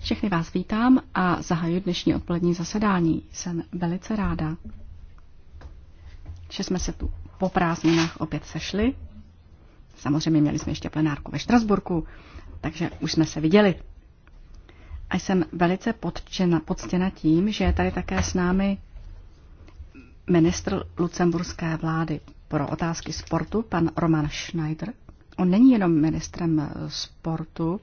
Všechny vás vítám a zahajuji dnešní odpolední zasedání. Jsem velice ráda, že jsme se tu po prázdninách opět sešli. Samozřejmě měli jsme ještě plenárku ve Štrasburku, takže už jsme se viděli. A jsem velice podčena, podstěna tím, že je tady také s námi ministr lucemburské vlády pro otázky sportu, pan Roman Schneider. On není jenom ministrem eh, sportu,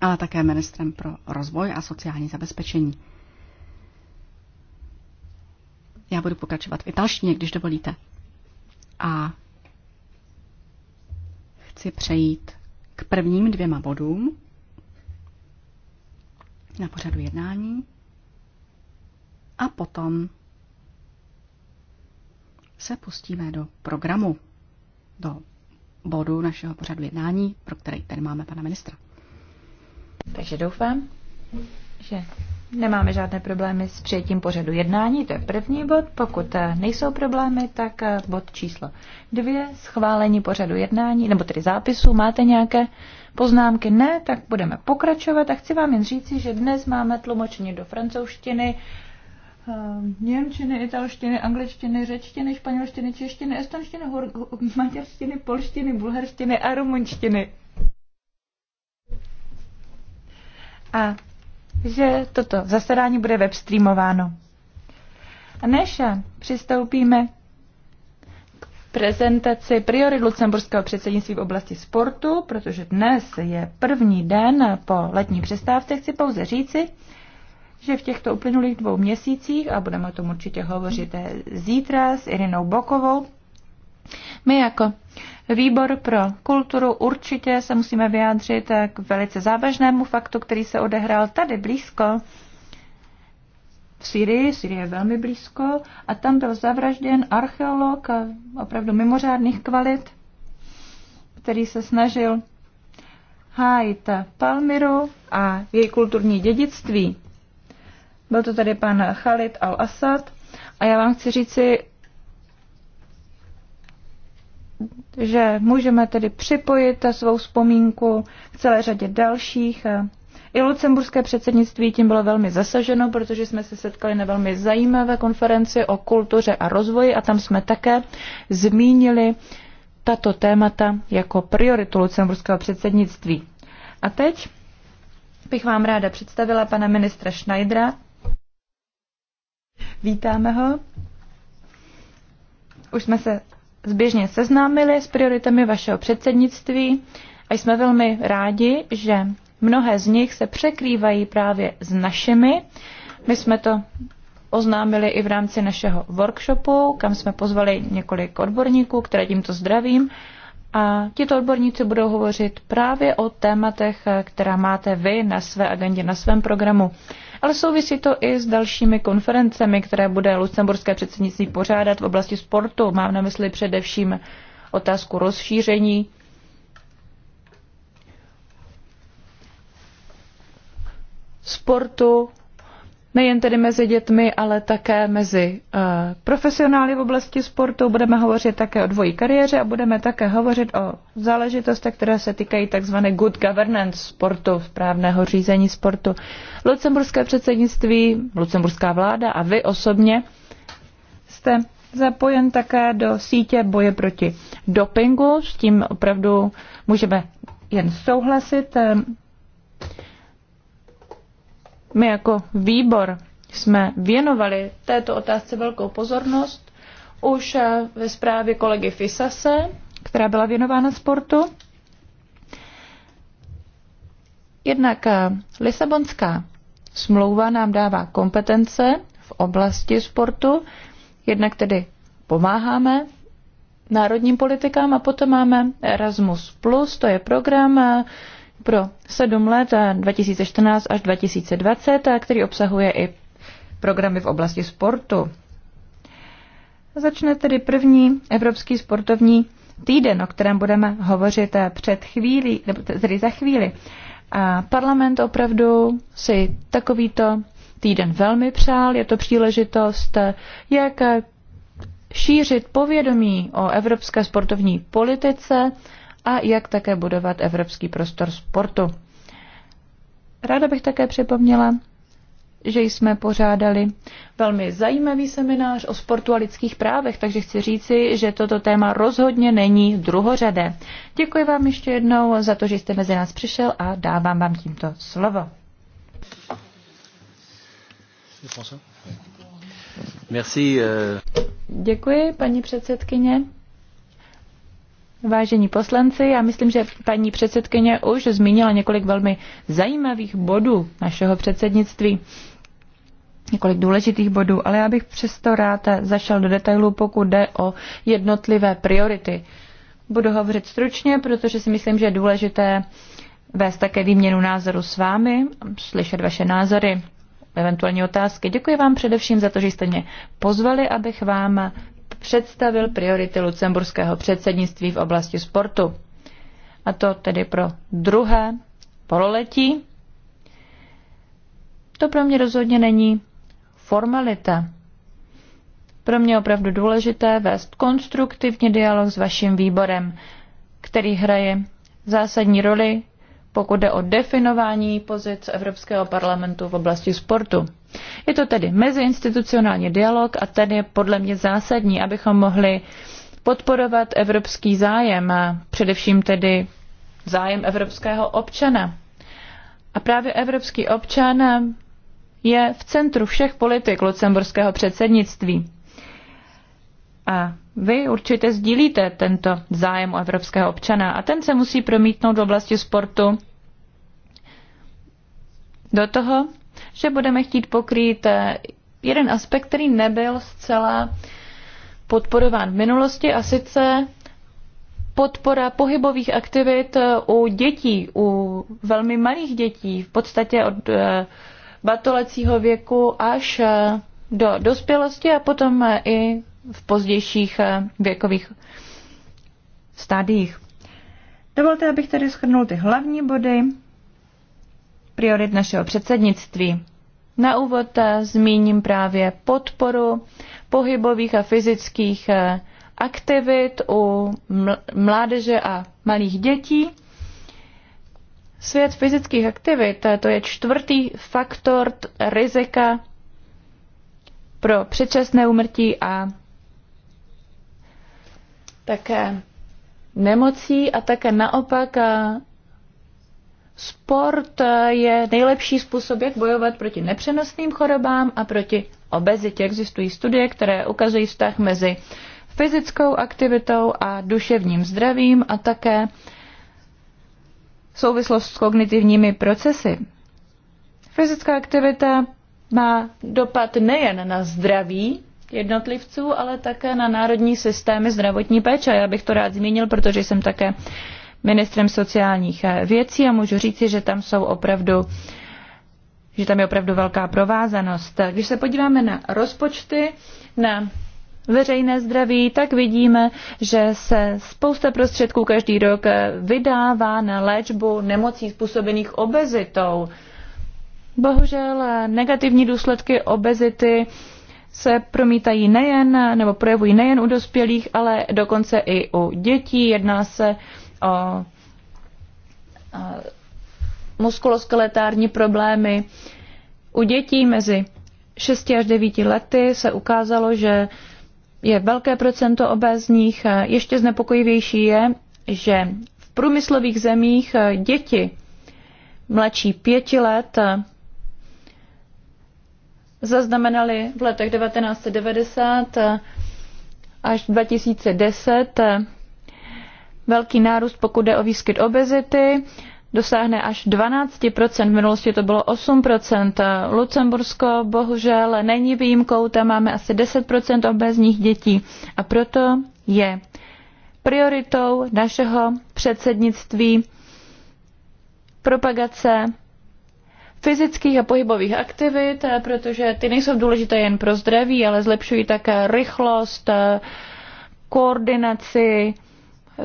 ale také ministrem pro rozvoj a sociální zabezpečení. Já budu pokračovat v italštině, když dovolíte. A chci přejít k prvním dvěma bodům na pořadu jednání a potom se pustíme do programu do bodu našeho pořadu jednání, pro který tady máme pana ministra. Takže doufám, že nemáme žádné problémy s přijetím pořadu jednání, to je první bod. Pokud eh, nejsou problémy, tak eh, bod číslo dvě, schválení pořadu jednání, nebo tedy zápisu, máte nějaké poznámky? Ne, tak budeme pokračovat a chci vám jen říci, že dnes máme tlumočení do francouzštiny, Eh, němčiny, italštiny, angličtiny, řečtiny, španělštiny, češtiny, estonštiny, maďarštiny, polštiny, bulharštiny a rumunštiny. A že toto zasedání bude webstreamováno. A než přistoupíme prezentaci priorit lucemburského předsednictví v oblasti sportu, protože dnes je první den po letní přestávce, chci pouze říci, že v těchto uplynulých dvou měsících, a budeme o tom určitě hovořit eh, zítra s Irinou Bokovou, my jako výbor pro kulturu určitě se musíme vyjádřit eh, k velice závažnému faktu, který se odehrál tady blízko v Syrii, Syrie je velmi blízko, a tam byl zavražděn archeolog eh, opravdu mimořádných kvalit, který se snažil hájit Palmyru a její kulturní dědictví. Byl to tady pan Khalid al-Assad. A já vám chci říci, že můžeme tedy připojit svou vzpomínku k celé řadě dalších. I lucemburské předsednictví tím bylo velmi zasaženo, protože jsme se setkali na velmi zajímavé konferenci o kultuře a rozvoji a tam jsme také zmínili tato témata jako prioritu lucemburského předsednictví. A teď bych vám ráda představila pana ministra Schneidera, Vítáme ho. Už jsme se zběžně seznámili s prioritami vašeho předsednictví a jsme velmi rádi, že mnohé z nich se překrývají právě s našimi. My jsme to oznámili i v rámci našeho workshopu, kam jsme pozvali několik odborníků, které tímto zdravím. A tito odborníci budou hovořit právě o tématech, která máte vy na své agendě, na svém programu ale souvisí to i s dalšími konferencemi, které bude lucemburské předsednictví pořádat v oblasti sportu. Mám na mysli především otázku rozšíření sportu nejen tedy mezi dětmi, ale také mezi eh, profesionály v oblasti sportu. Budeme hovořit také o dvojí kariéře a budeme také hovořit o záležitostech, které se týkají tzv. good governance sportu, správného řízení sportu. Lucemburské předsednictví, lucemburská vláda a vy osobně jste zapojen také do sítě boje proti dopingu. S tím opravdu můžeme jen souhlasit. My jako výbor jsme věnovali této otázce velkou pozornost už eh, ve zprávě kolegy Fisase, která byla věnována sportu. Jednak eh, Lisabonská smlouva nám dává kompetence v oblasti sportu, jednak tedy pomáháme národním politikám a potom máme Erasmus+, to je program, eh, pro sedm let 2014 eh, až 2020, eh, který obsahuje i programy v oblasti sportu. Začne tedy první Evropský sportovní týden, o kterém budeme hovořit eh, před chvílí, nebo tedy za chvíli. A parlament opravdu si takovýto týden velmi přál. Je to příležitost, jak šířit povědomí o evropské sportovní politice a jak také budovat evropský prostor sportu. Ráda bych také připomněla, že jsme pořádali velmi zajímavý seminář o sportu a lidských právech, takže chci říci, že toto téma rozhodně není druhořadé. Děkuji vám ještě jednou za to, že jste mezi nás přišel a dávám vám tímto slovo. Euh. Děkuji, paní předsedkyně. Vážení poslanci, já myslím, že paní předsedkyně už zmínila několik velmi zajímavých bodů našeho předsednictví, několik důležitých bodů, ale já bych přesto rád zašel do detailů, pokud jde o jednotlivé priority. Budu hovořit stručně, protože si myslím, že je důležité vést také výměnu názoru s vámi, slyšet vaše názory, eventuální otázky. Děkuji vám především za to, že jste mě pozvali, abych vám představil priority lucemburského předsednictví v oblasti sportu. A to tedy pro druhé pololetí. To pro mě rozhodně není formalita. Pro mě je opravdu důležité vést konstruktivní dialog s vaším výborem, který hraje zásadní roli, pokud jde o definování pozic Evropského parlamentu v oblasti sportu. Je to tedy meziinstitucionální dialog a ten je podle mě zásadní, abychom mohli podporovat evropský zájem a především tedy zájem evropského občana. A právě evropský občan je v centru všech politik lucemburského předsednictví. A vy určitě sdílíte tento zájem o evropského občana a ten se musí promítnout v oblasti sportu do toho, že budeme chtít pokrýt eh, jeden aspekt, který nebyl zcela podporován v minulosti, a sice podpora pohybových aktivit eh, u dětí, u velmi malých dětí, v podstatě od eh, batolecího věku až do dospělosti a potom i v pozdějších věkových stádiích. Dovolte, abych tady schrnul ty hlavní body priorit našeho předsednictví. Na úvod eh, zmíním právě podporu pohybových a fyzických eh, aktivit u mládeže a malých dětí. Svět fyzických aktivit eh, to je čtvrtý faktor rizika pro předčasné úmrtí a také nemocí a také naopak Sport eh, je nejlepší způsob, jak bojovat proti nepřenosným chorobám a proti obezitě. Existují studie, které ukazují vztah mezi fyzickou aktivitou a duševním zdravím a také souvislost s kognitivními procesy. Fyzická aktivita má dopad nejen na zdraví jednotlivců, ale také na národní systémy zdravotní péče. Já bych to rád zmínil, protože jsem také ministrem sociálních eh, věcí a můžu říci, že tam jsou opravdu že tam je opravdu velká provázanost. Když se podíváme na rozpočty, na veřejné zdraví, tak vidíme, že se spousta prostředků každý rok eh, vydává na léčbu nemocí způsobených obezitou. Bohužel eh, negativní důsledky obezity se promítají nejen nebo projevují nejen u dospělých, ale dokonce i u dětí. Jedná se o muskuloskeletární problémy. U dětí mezi 6 až 9 lety se ukázalo, že je velké procento obézních. Ještě znepokojivější je, že v průmyslových zemích děti mladší 5 let zaznamenali v letech 1990 až 2010 velký nárůst, pokud jde o výskyt obezity, dosáhne až 12%, v minulosti to bylo 8%. Lucembursko bohužel není výjimkou, tam máme asi 10% obezních dětí a proto je prioritou našeho předsednictví propagace fyzických a pohybových aktivit, protože ty nejsou důležité jen pro zdraví, ale zlepšují také rychlost, koordinaci,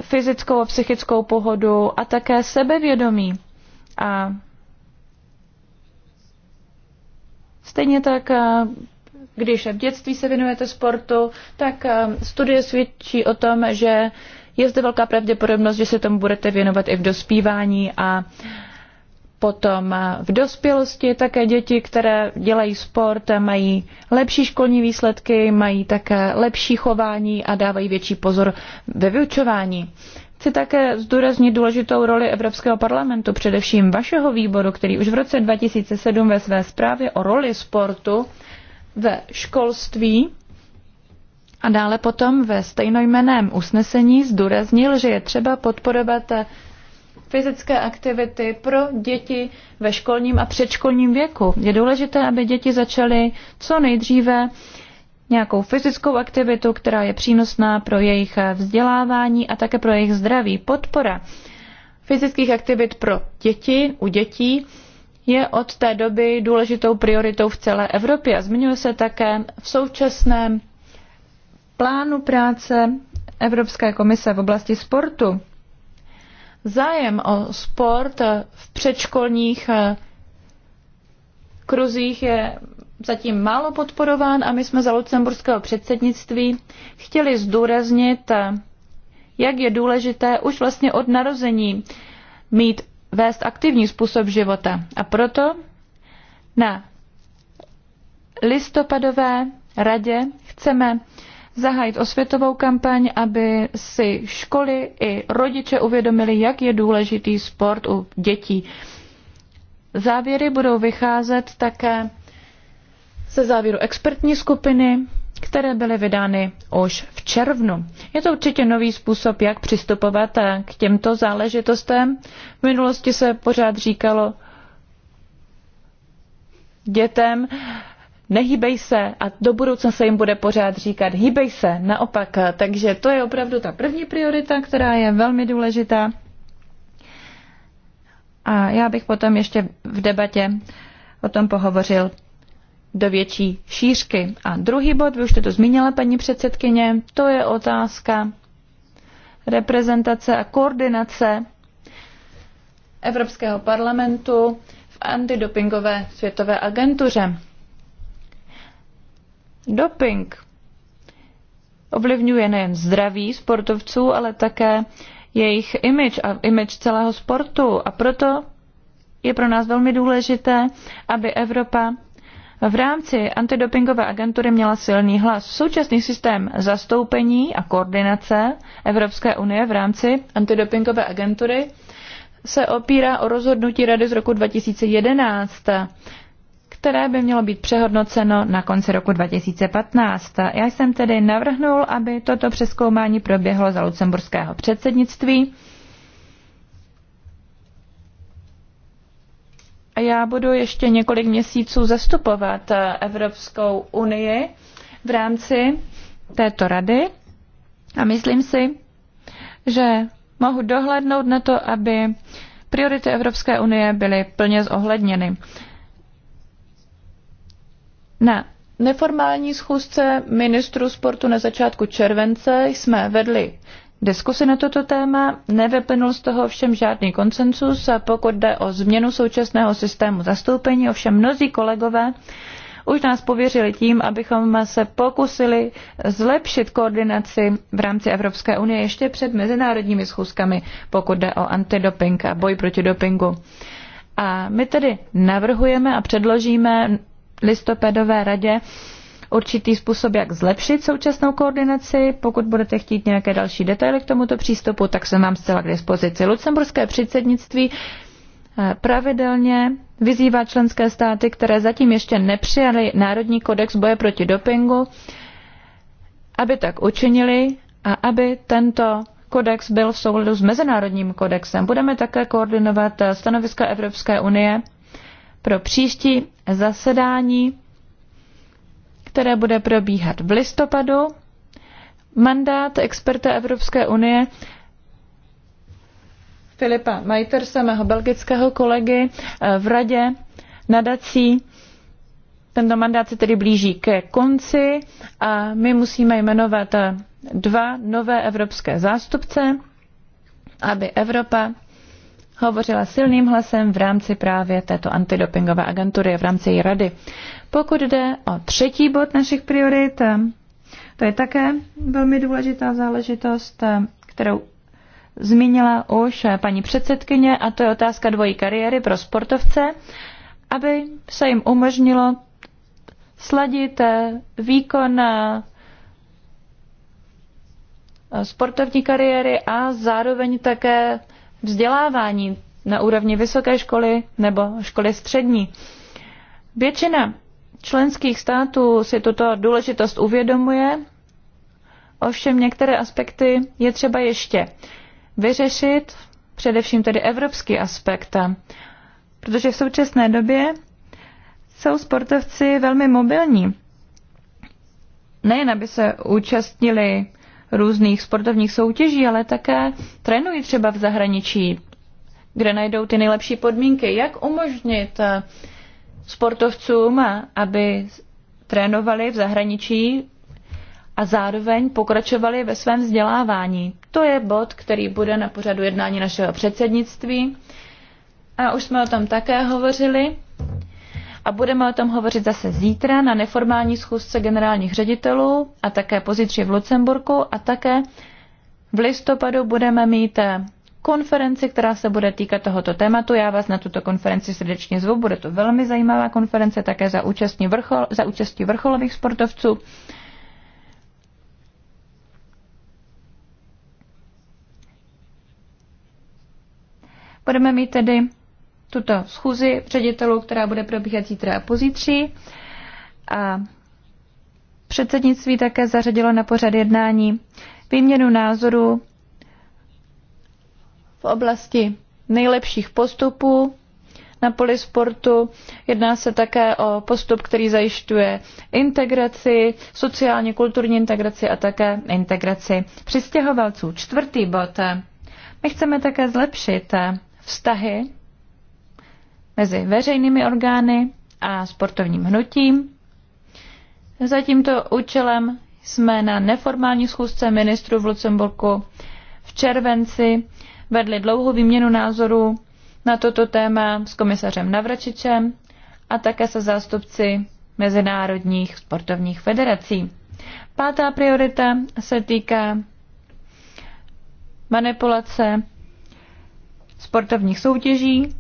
fyzickou a psychickou pohodu a také sebevědomí. A stejně tak eh, když v dětství se věnujete sportu, tak eh, studie svědčí o tom, že je zde velká pravděpodobnost, že se tomu budete věnovat i v dospívání a Potom eh, v dospělosti také děti, které dělají sport, eh, mají lepší školní výsledky, mají také lepší chování a dávají větší pozor ve vyučování. Chci také zdůraznit důležitou roli Evropského parlamentu, především vašeho výboru, který už v roce 2007 ve své zprávě o roli sportu ve školství a dále potom ve stejnojmeném usnesení zdůraznil, že je třeba podporovat fyzické aktivity pro děti ve školním a předškolním věku. Je důležité, aby děti začaly co nejdříve nějakou fyzickou aktivitu, která je přínosná pro jejich vzdělávání a také pro jejich zdraví. Podpora fyzických aktivit pro děti u dětí je od té doby důležitou prioritou v celé Evropě a zmiňuje se také v současném plánu práce Evropské komise v oblasti sportu zájem o sport v předškolních eh, kruzích je zatím málo podporován a my jsme za lucemburského předsednictví chtěli zdůraznit, eh, jak je důležité už vlastně od narození mít vést aktivní způsob života. A proto na listopadové radě chceme zahájit osvětovou kampaň, aby si školy i rodiče uvědomili, jak je důležitý sport u dětí. Závěry budou vycházet také ze závěru expertní skupiny, které byly vydány už v červnu. Je to určitě nový způsob, jak přistupovat eh, k těmto záležitostem. V minulosti se pořád říkalo dětem, nehýbej se a do budoucna se jim bude pořád říkat hýbej se, naopak. Takže to je opravdu ta první priorita, která je velmi důležitá. A já bych potom ještě v debatě o tom pohovořil do větší šířky. A druhý bod, vy už jste to zmínila, paní předsedkyně, to je otázka reprezentace a koordinace Evropského parlamentu v antidopingové světové agentuře. Doping ovlivňuje nejen zdraví sportovců, ale také jejich image a image celého sportu. A proto je pro nás velmi důležité, aby Evropa v rámci antidopingové agentury měla silný hlas. Současný systém zastoupení a koordinace Evropské unie v rámci antidopingové agentury se opírá o rozhodnutí Rady z roku 2011, které by mělo být přehodnoceno na konci roku 2015. Já jsem tedy navrhnul, aby toto přeskoumání proběhlo za lucemburského předsednictví. Já budu ještě několik měsíců zastupovat Evropskou unii v rámci této rady a myslím si, že mohu dohlednout na to, aby priority Evropské unie byly plně zohledněny. Na neformální schůzce ministrů sportu na začátku července jsme vedli diskusi na toto téma, nevyplnul z toho všem žádný konsensus, pokud jde o změnu současného systému zastoupení, ovšem mnozí kolegové už nás pověřili tím, abychom se pokusili zlepšit koordinaci v rámci Evropské unie ještě před mezinárodními schůzkami, pokud jde o antidoping a boj proti dopingu. A my tedy navrhujeme a předložíme listopadové radě určitý způsob, jak zlepšit současnou koordinaci. Pokud budete chtít nějaké další detaily k tomuto přístupu, tak jsem vám zcela k dispozici. Lucemburské předsednictví eh, pravidelně vyzývá členské státy, které zatím ještě nepřijali Národní kodex boje proti dopingu, aby tak učinili a aby tento kodex byl v souladu s mezinárodním kodexem. Budeme také koordinovat eh, stanoviska Evropské unie pro příští zasedání, které bude probíhat v listopadu. Mandát experta Evropské unie Filipa Majterse, mého belgického kolegy eh, v radě nadací. Tento mandát se tedy blíží ke konci a my musíme jmenovat eh, dva nové evropské zástupce, aby Evropa hovořila silným hlasem v rámci právě této antidopingové agentury, v rámci její rady. Pokud jde o třetí bod našich priorit, to je také velmi důležitá záležitost, kterou zmínila už paní předsedkyně, a to je otázka dvojí kariéry pro sportovce, aby se jim umožnilo sladit výkon sportovní kariéry a zároveň také vzdělávání na úrovni vysoké školy nebo školy střední. Většina členských států si tuto důležitost uvědomuje, ovšem některé aspekty je třeba ještě vyřešit, především tedy evropský aspekt, protože v současné době jsou sportovci velmi mobilní. Nejen, aby se účastnili různých sportovních soutěží, ale také trénují třeba v zahraničí, kde najdou ty nejlepší podmínky. Jak umožnit eh, sportovcům, eh, aby trénovali v zahraničí a zároveň pokračovali ve svém vzdělávání. To je bod, který bude na pořadu jednání našeho předsednictví. A už jsme o tom také hovořili a budeme o tom hovořit zase zítra na neformální schůzce generálních ředitelů a také pozítří v Lucemburku a také v listopadu budeme mít eh, konferenci, která se bude týkat tohoto tématu. Já vás na tuto konferenci srdečně zvu, bude to velmi zajímavá konference také za účastí, vrchol, za účastí vrcholových sportovců. Budeme mít tedy tuto schůzi ředitelů, která bude probíhat zítra a pozítří. A předsednictví také zařadilo na pořad jednání výměnu názorů v oblasti nejlepších postupů na poli sportu. Jedná se také o postup, který zajišťuje integraci, sociálně kulturní integraci a také integraci přistěhovalců. Čtvrtý bod. My chceme také zlepšit vztahy mezi veřejnými orgány a sportovním hnutím. Za tímto účelem jsme na neformální schůzce ministru v Lucemburku v červenci vedli dlouhou výměnu názorů na toto téma s komisařem Navračičem a také se zástupci mezinárodních sportovních federací. Pátá priorita se týká manipulace sportovních soutěží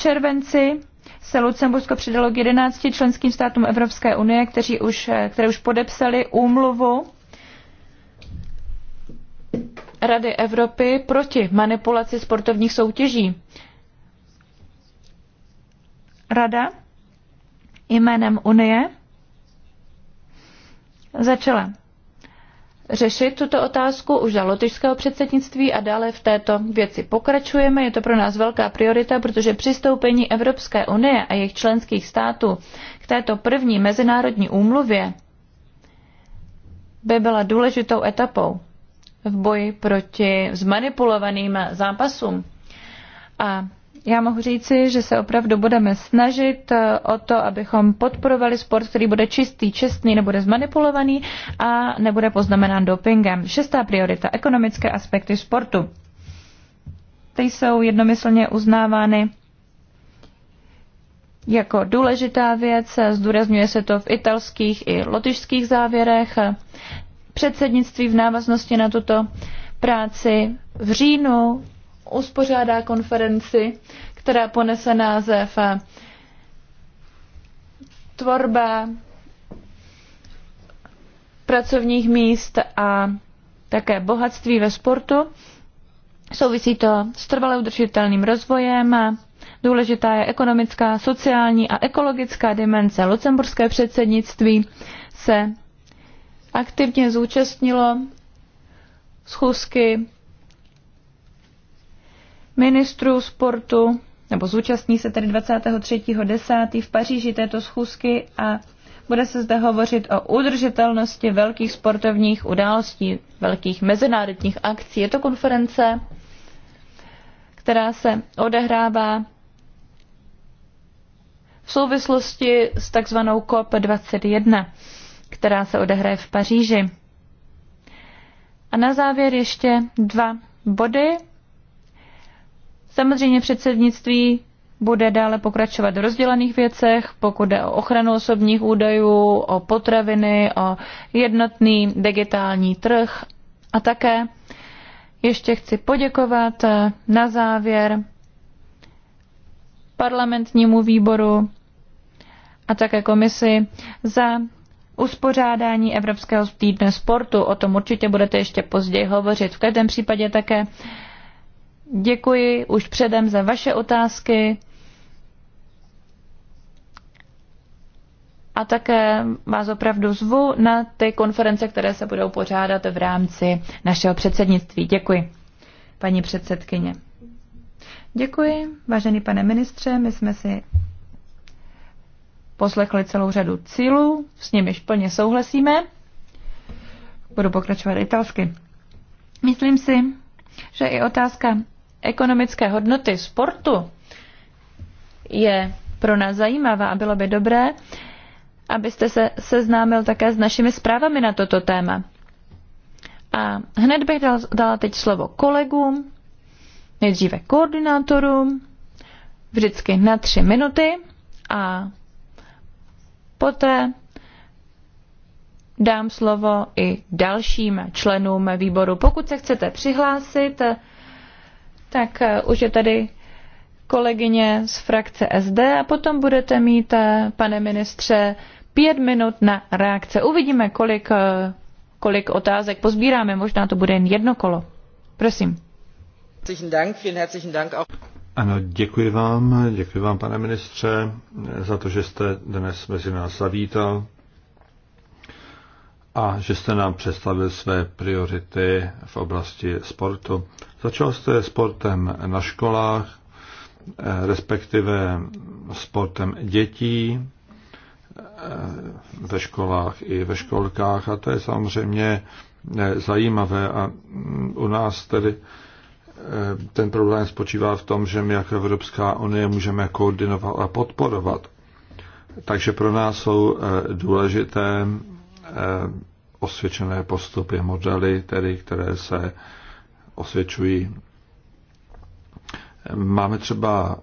červenci se Lucembursko přidalo k 11 členským státům Evropské unie, kteří už, které už podepsali úmluvu Rady Evropy proti manipulaci sportovních soutěží. Rada jménem Unie začala řešit tuto otázku už za lotyšského předsednictví a dále v této věci pokračujeme. Je to pro nás velká priorita, protože přistoupení Evropské unie a jejich členských států k této první mezinárodní úmluvě by byla důležitou etapou v boji proti zmanipulovaným zápasům. A já mohu říci, že se opravdu budeme snažit eh, o to, abychom podporovali sport, který bude čistý, čestný, nebude zmanipulovaný a nebude poznamenán dopingem. Šestá priorita, ekonomické aspekty sportu. Ty jsou jednomyslně uznávány jako důležitá věc, zdůrazňuje se to v italských i lotyšských závěrech. Předsednictví v návaznosti na tuto práci v říjnu uspořádá konferenci, která ponese název eh, Tvorba pracovních míst a také bohatství ve sportu. Souvisí to s trvale udržitelným rozvojem. Důležitá je ekonomická, sociální a ekologická dimenze. Lucemburské předsednictví se aktivně zúčastnilo schůzky ministrů sportu, nebo zúčastní se tedy 23.10. v Paříži této schůzky a bude se zde hovořit o udržitelnosti velkých sportovních událostí, velkých mezinárodních akcí. Je to konference, která se odehrává v souvislosti s takzvanou COP21, která se odehraje v Paříži. A na závěr ještě dva body, Samozřejmě předsednictví bude dále pokračovat v rozdělených věcech, pokud jde o ochranu osobních údajů, o potraviny, o jednotný digitální trh a také ještě chci poděkovat eh, na závěr parlamentnímu výboru a také komisi za uspořádání Evropského týdne sportu. O tom určitě budete ještě později hovořit. V každém případě také Děkuji už předem za vaše otázky a také vás opravdu zvu na ty konference, které se budou pořádat v rámci našeho předsednictví. Děkuji, paní předsedkyně. Děkuji, vážený pane ministře. My jsme si poslechli celou řadu cílů, s nimiž plně souhlasíme. Budu pokračovat italsky. Myslím si, že i otázka ekonomické hodnoty sportu je pro nás zajímavá a bylo by dobré, abyste se seznámil také s našimi zprávami na toto téma. A hned bych dal, dala teď slovo kolegům, nejdříve koordinátorům, vždycky na tři minuty a poté dám slovo i dalším členům výboru. Pokud se chcete přihlásit, tak eh, už je tady kolegyně z frakce SD a potom budete mít, eh, pane ministře, pět minut na reakce. Uvidíme, kolik, eh, kolik otázek pozbíráme. Možná to bude jen jedno kolo. Prosím. Ano, děkuji vám, děkuji vám, pane ministře, za to, že jste dnes mezi nás zavítal a že jste nám představil své priority v oblasti sportu. Začal jste sportem na školách, eh, respektive sportem dětí eh, ve školách i ve školkách a to je samozřejmě eh, zajímavé a mm, u nás tedy ten problém spočívá v tom, že my jako Evropská unie můžeme koordinovat a podporovat. Takže pro nás jsou důležité Eh, osvědčené postupy, modely, tedy, které se osvědčují. Máme třeba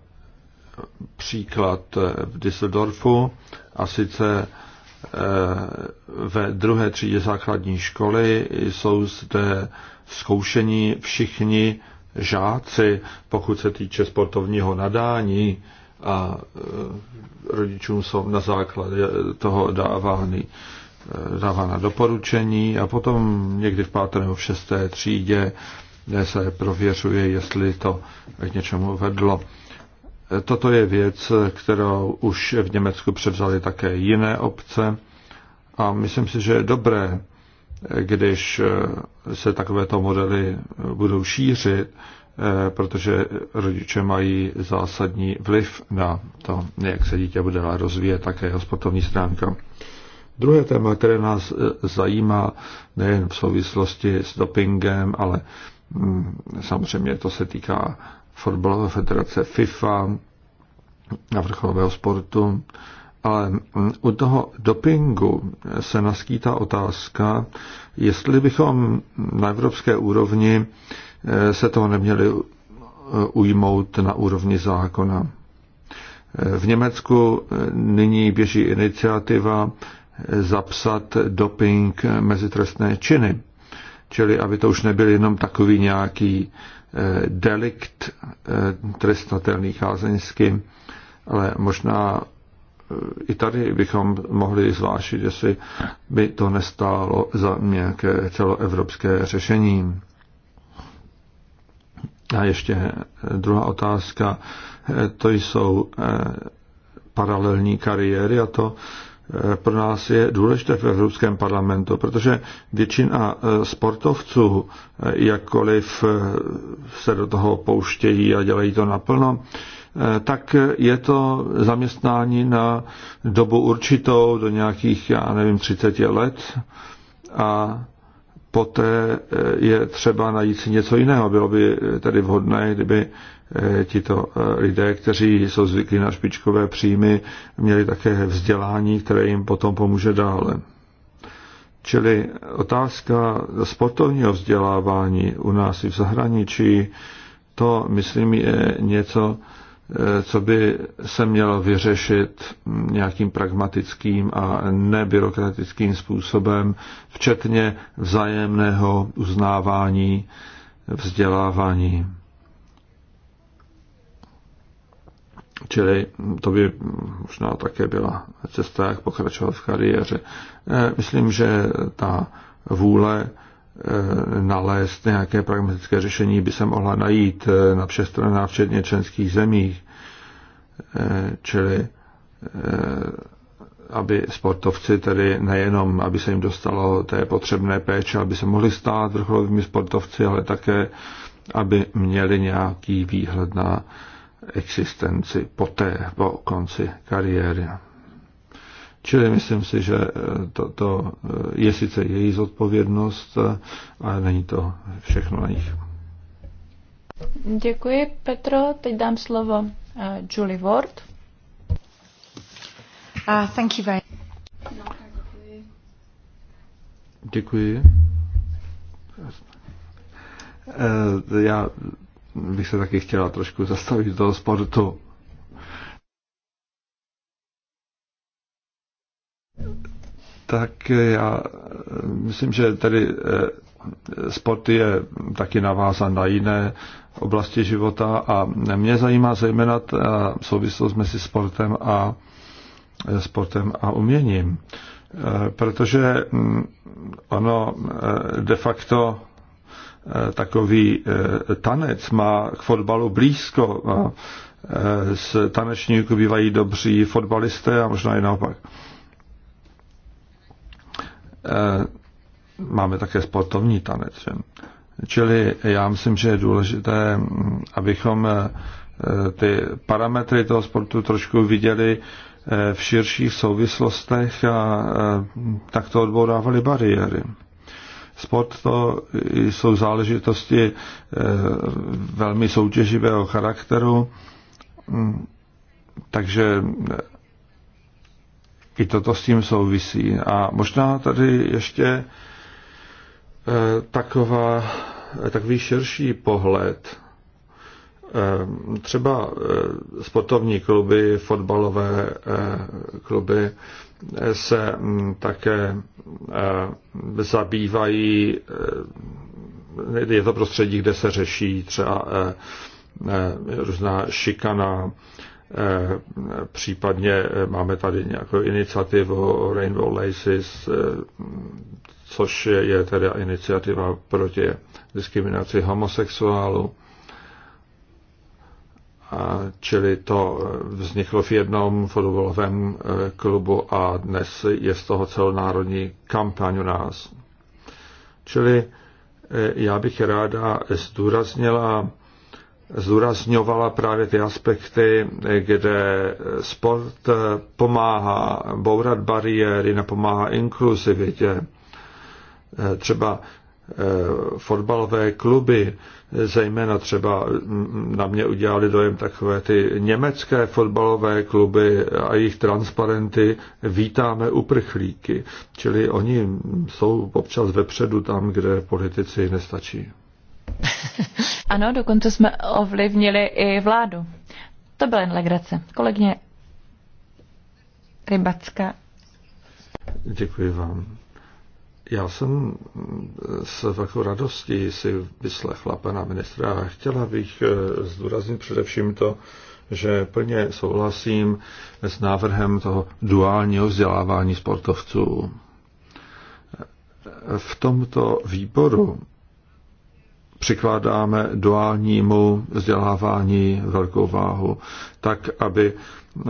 příklad eh, v Düsseldorfu a sice eh, ve druhé třídě základní školy jsou zde zkoušení všichni žáci, pokud se týče sportovního nadání a rodičům jsou na základě toho dávány Eh, dává na doporučení a potom někdy v páté nebo v šesté třídě se prověřuje, jestli to k něčemu vedlo. Eh, toto je věc, kterou už v Německu převzali také jiné obce a myslím si, že je dobré, eh, když se takovéto modely budou šířit, protože rodiče mají zásadní vliv na to, jak se dítě bude rozvíjet, také jeho sportovní stránka. Druhé téma, které nás e, zajímá nejen v souvislosti s dopingem, ale mm, samozřejmě to se týká fotbalové federace FIFA a vrcholového sportu, ale mm, u toho dopingu se naskýtá otázka, jestli bychom na evropské úrovni e, se toho neměli e, ujmout na úrovni zákona. V Německu nyní běží iniciativa zapsat doping mezi trestné činy. Čili aby to už nebyl jenom takový nějaký eh, delikt eh, trestnatelný cházeňsky, ale možná eh, i tady bychom mohli zvážit, jestli by to nestálo za nějaké celoevropské řešení. A ještě druhá otázka, to jsou paralelní kariéry a to Eh, pro nás je důležité v Evropském parlamentu, protože většina eh, sportovců, eh, jakkoliv se do toho pouštějí a dělají to naplno, tak je to zaměstnání na dobu určitou, do nějakých, já nevím, 30 let a poté je třeba najít si něco jiného. Bylo by tedy vhodné, kdyby Eh, tito eh, lidé, kteří jsou zvyklí na špičkové příjmy, měli také vzdělání, které jim potom pomůže dále. Čili otázka sportovního vzdělávání u nás i v zahraničí, to, myslím, je něco, eh, co by se mělo vyřešit nějakým pragmatickým a nebyrokratickým způsobem, včetně vzájemného uznávání vzdělávání. Čili to by možná také byla cesta, jak pokračovat v kariéře. Eh, myslím, že ta vůle eh, nalézt nějaké pragmatické řešení by se mohla najít eh, na všech stranách, včetně členských zemích, čili aby sportovci tedy nejenom, aby se jim dostalo té potřebné péče, aby se mohli stát vrcholovými sportovci, ale také, aby měli nějaký výhled na existenci poté, po konci kariéry. Čili myslím si, že eh, to, to eh, je sice její zodpovědnost, eh, ale není to všechno na nich. Děkuji, Petro. Teď dám slovo Julie Ward. Uh, thank you very Děkuji. Já bych se taky chtěla trošku zastavit do toho sportu. Tak já eh, myslím, že tady eh, sport je taky navázan na jiné oblasti života a mě zajímá zejména ta souvislost mezi sportem a eh, sportem a uměním. Protože mm, ono de facto Eh, takový eh, tanec má k fotbalu blízko. A z eh, tanečníků bývají dobří fotbalisté a možná i naopak. Máme také sportovní tanec. Čili já myslím, že je důležité, mm, abychom ty parametry toho sportu trošku viděli v širších souvislostech a takto odbourávali bariéry. Sport to jsou záležitosti eh, velmi soutěživého charakteru, mm, takže eh, i toto s tím souvisí. A možná tady ještě eh, taková, takový širší pohled. Třeba sportovní kluby, fotbalové kluby, se mm, také eh, zabývají, eh, je to prostředí, kde se řeší třeba eh, různá šikana, případně máme tady nějakou iniciativu Rainbow Laces, což je tedy iniciativa proti diskriminaci homosexuálů čili to eh, vzniklo v jednom fotbalovém eh, klubu a dnes je z toho celonárodní kampaň u nás. Čili eh, já bych ráda zdůraznila, zdůrazňovala právě ty aspekty, kde sport pomáhá bourat bariéry, napomáhá inkluzivitě. Třeba Eh, fotbalové kluby, zejména třeba na mě udělali dojem takové ty německé fotbalové kluby a jejich transparenty vítáme uprchlíky. Čili oni jsou občas vepředu tam, kde politici nestačí. ano, dokonce jsme ovlivnili i vládu. To byla jen legrace. Kolegně Rybacka. Děkuji vám. Já jsem mm, s velkou radostí si vyslechla pana ministra a chtěla bych e, zdůraznit především to, že plně souhlasím s návrhem toho duálního vzdělávání sportovců. V tomto výboru přikládáme duálnímu vzdělávání velkou váhu, tak aby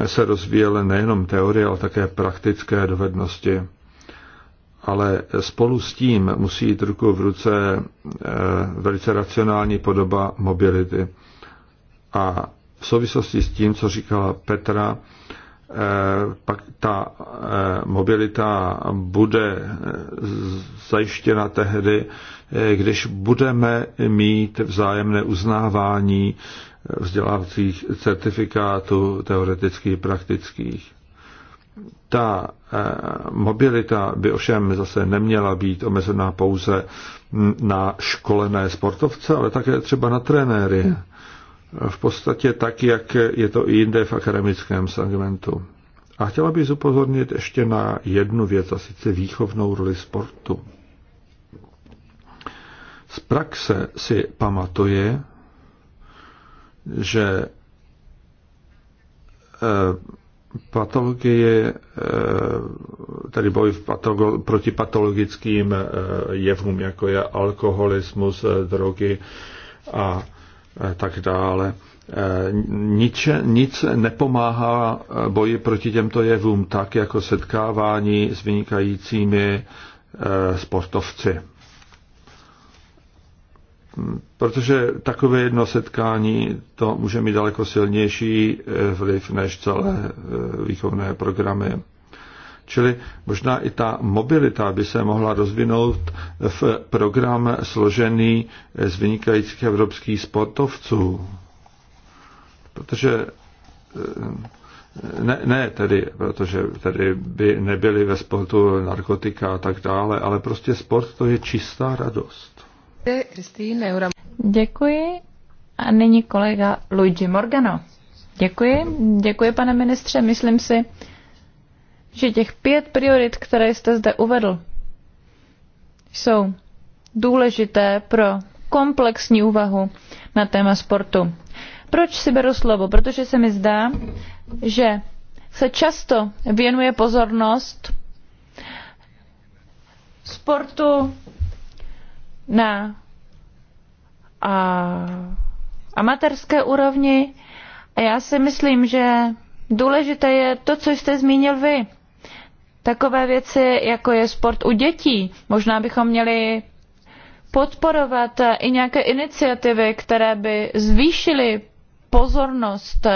se rozvíjely nejenom teorie, ale také praktické dovednosti ale spolu s tím musí jít ruku v ruce eh, velice racionální podoba mobility. A v souvislosti s tím, co říkala Petra, eh, pak ta eh, mobilita bude zajištěna tehdy, když budeme mít vzájemné uznávání vzdělávacích certifikátů teoretických i praktických ta eh, mobilita by ovšem zase neměla být omezená pouze na školené sportovce, ale také třeba na trenéry. V podstatě tak, jak je to i jinde v akademickém segmentu. A chtěla bych upozornit ještě na jednu věc, a sice výchovnou roli sportu. Z praxe si pamatuje, že eh, Patologie eh, tedy boj patolo- proti patologickým eh, jevům, jako je alkoholismus, eh, drogy a tak dále. Nic, nic nepomáhá boji proti těmto jevům tak, jako setkávání s vynikajícími sportovci protože takové jedno setkání to může mít daleko silnější eh, vliv než celé eh, výchovné programy. Čili možná i ta mobilita by se mohla rozvinout v program složený eh, z vynikajících evropských sportovců. Protože ne, ne tedy, protože tedy by nebyly ve sportu narkotika a tak dále, ale prostě sport to je čistá radost. Děkuji. A nyní kolega Luigi Morgano. Děkuji. Děkuji, pane ministře. Myslím si, že těch pět priorit, které jste zde uvedl, jsou důležité pro komplexní úvahu na téma sportu. Proč si beru slovo? Protože se mi zdá, že se často věnuje pozornost sportu na a, amatérské úrovni. A já si myslím, že důležité je to, co jste zmínil vy. Takové věci, jako je sport u dětí. Možná bychom měli podporovat i nějaké iniciativy, které by zvýšily pozornost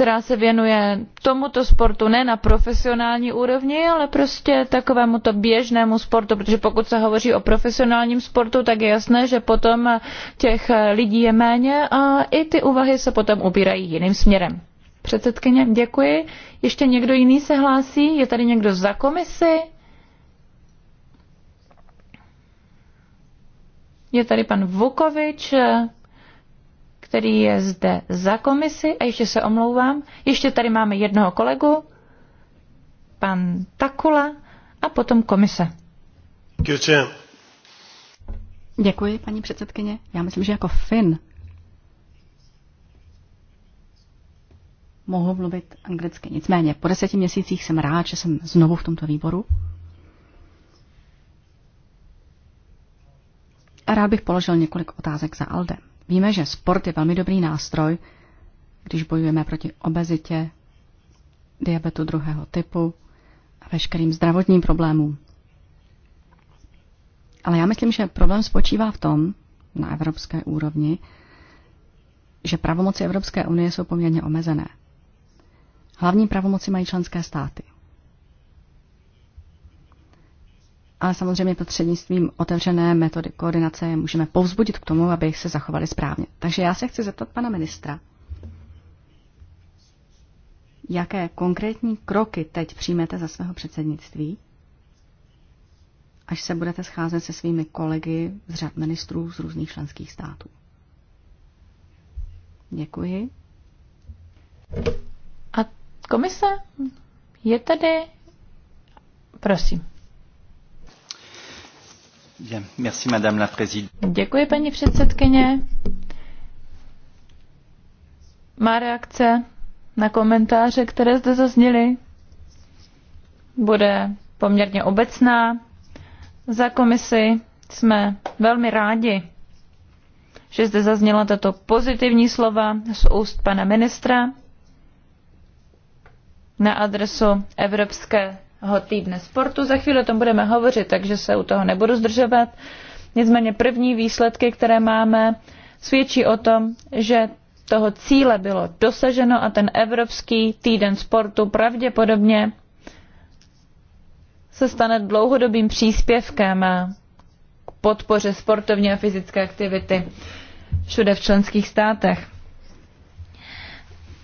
která se věnuje tomuto sportu ne na profesionální úrovni, ale prostě takovému to běžnému sportu, protože pokud se hovoří o profesionálním sportu, tak je jasné, že potom těch lidí je méně a i ty úvahy se potom ubírají jiným směrem. Předsedkyně, děkuji. Ještě někdo jiný se hlásí? Je tady někdo za komisi? Je tady pan Vukovič, který je zde za komisi a ještě se omlouvám. Ještě tady máme jednoho kolegu, pan Takula a potom komise. Děkuji. Děkuji, paní předsedkyně. Já myslím, že jako Fin mohu mluvit anglicky. Nicméně, po deseti měsících jsem rád, že jsem znovu v tomto výboru. A rád bych položil několik otázek za Aldem. Víme, že sport je velmi dobrý nástroj, když bojujeme proti obezitě, diabetu druhého typu a veškerým zdravotním problémům. Ale já myslím, že problém spočívá v tom, na evropské úrovni, že pravomoci Evropské unie jsou poměrně omezené. Hlavní pravomoci mají členské státy. A samozřejmě prostřednictvím otevřené metody koordinace je můžeme povzbudit k tomu, aby se zachovali správně. Takže já se chci zeptat pana ministra, jaké konkrétní kroky teď přijmete za svého předsednictví, až se budete scházet se svými kolegy z řad ministrů z různých členských států. Děkuji. A komise je tady? Prosím. Děkuji, paní předsedkyně. Má reakce na komentáře, které zde zazněly? Bude poměrně obecná. Za komisi jsme velmi rádi, že zde zazněla tato pozitivní slova z úst pana ministra na adresu Evropské týdne sportu. Za chvíli o tom budeme hovořit, takže se u toho nebudu zdržovat. Nicméně první výsledky, které máme, svědčí o tom, že toho cíle bylo dosaženo a ten Evropský týden sportu pravděpodobně se stane dlouhodobým příspěvkem k podpoře sportovní a fyzické aktivity všude v členských státech.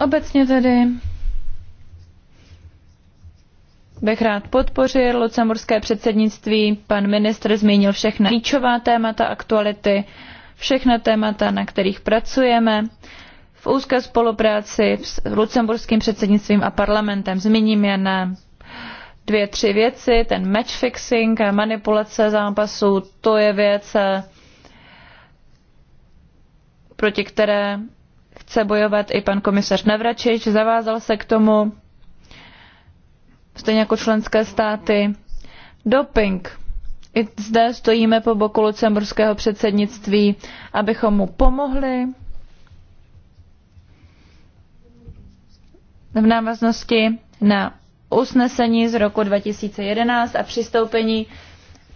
Obecně tedy bych rád podpořil lucemburské předsednictví. Pan ministr zmínil všechna klíčová témata aktuality, všechna témata, na kterých pracujeme v úzké spolupráci s lucemburským předsednictvím a parlamentem. Zmíním jen dvě, tři věci. Ten match fixing a manipulace zápasů, to je věc, proti které chce bojovat i pan komisař Navračič. Zavázal se k tomu stejně jako členské státy. Doping. I zde stojíme po boku lucemburského předsednictví, abychom mu pomohli v návaznosti na usnesení z roku 2011 a přistoupení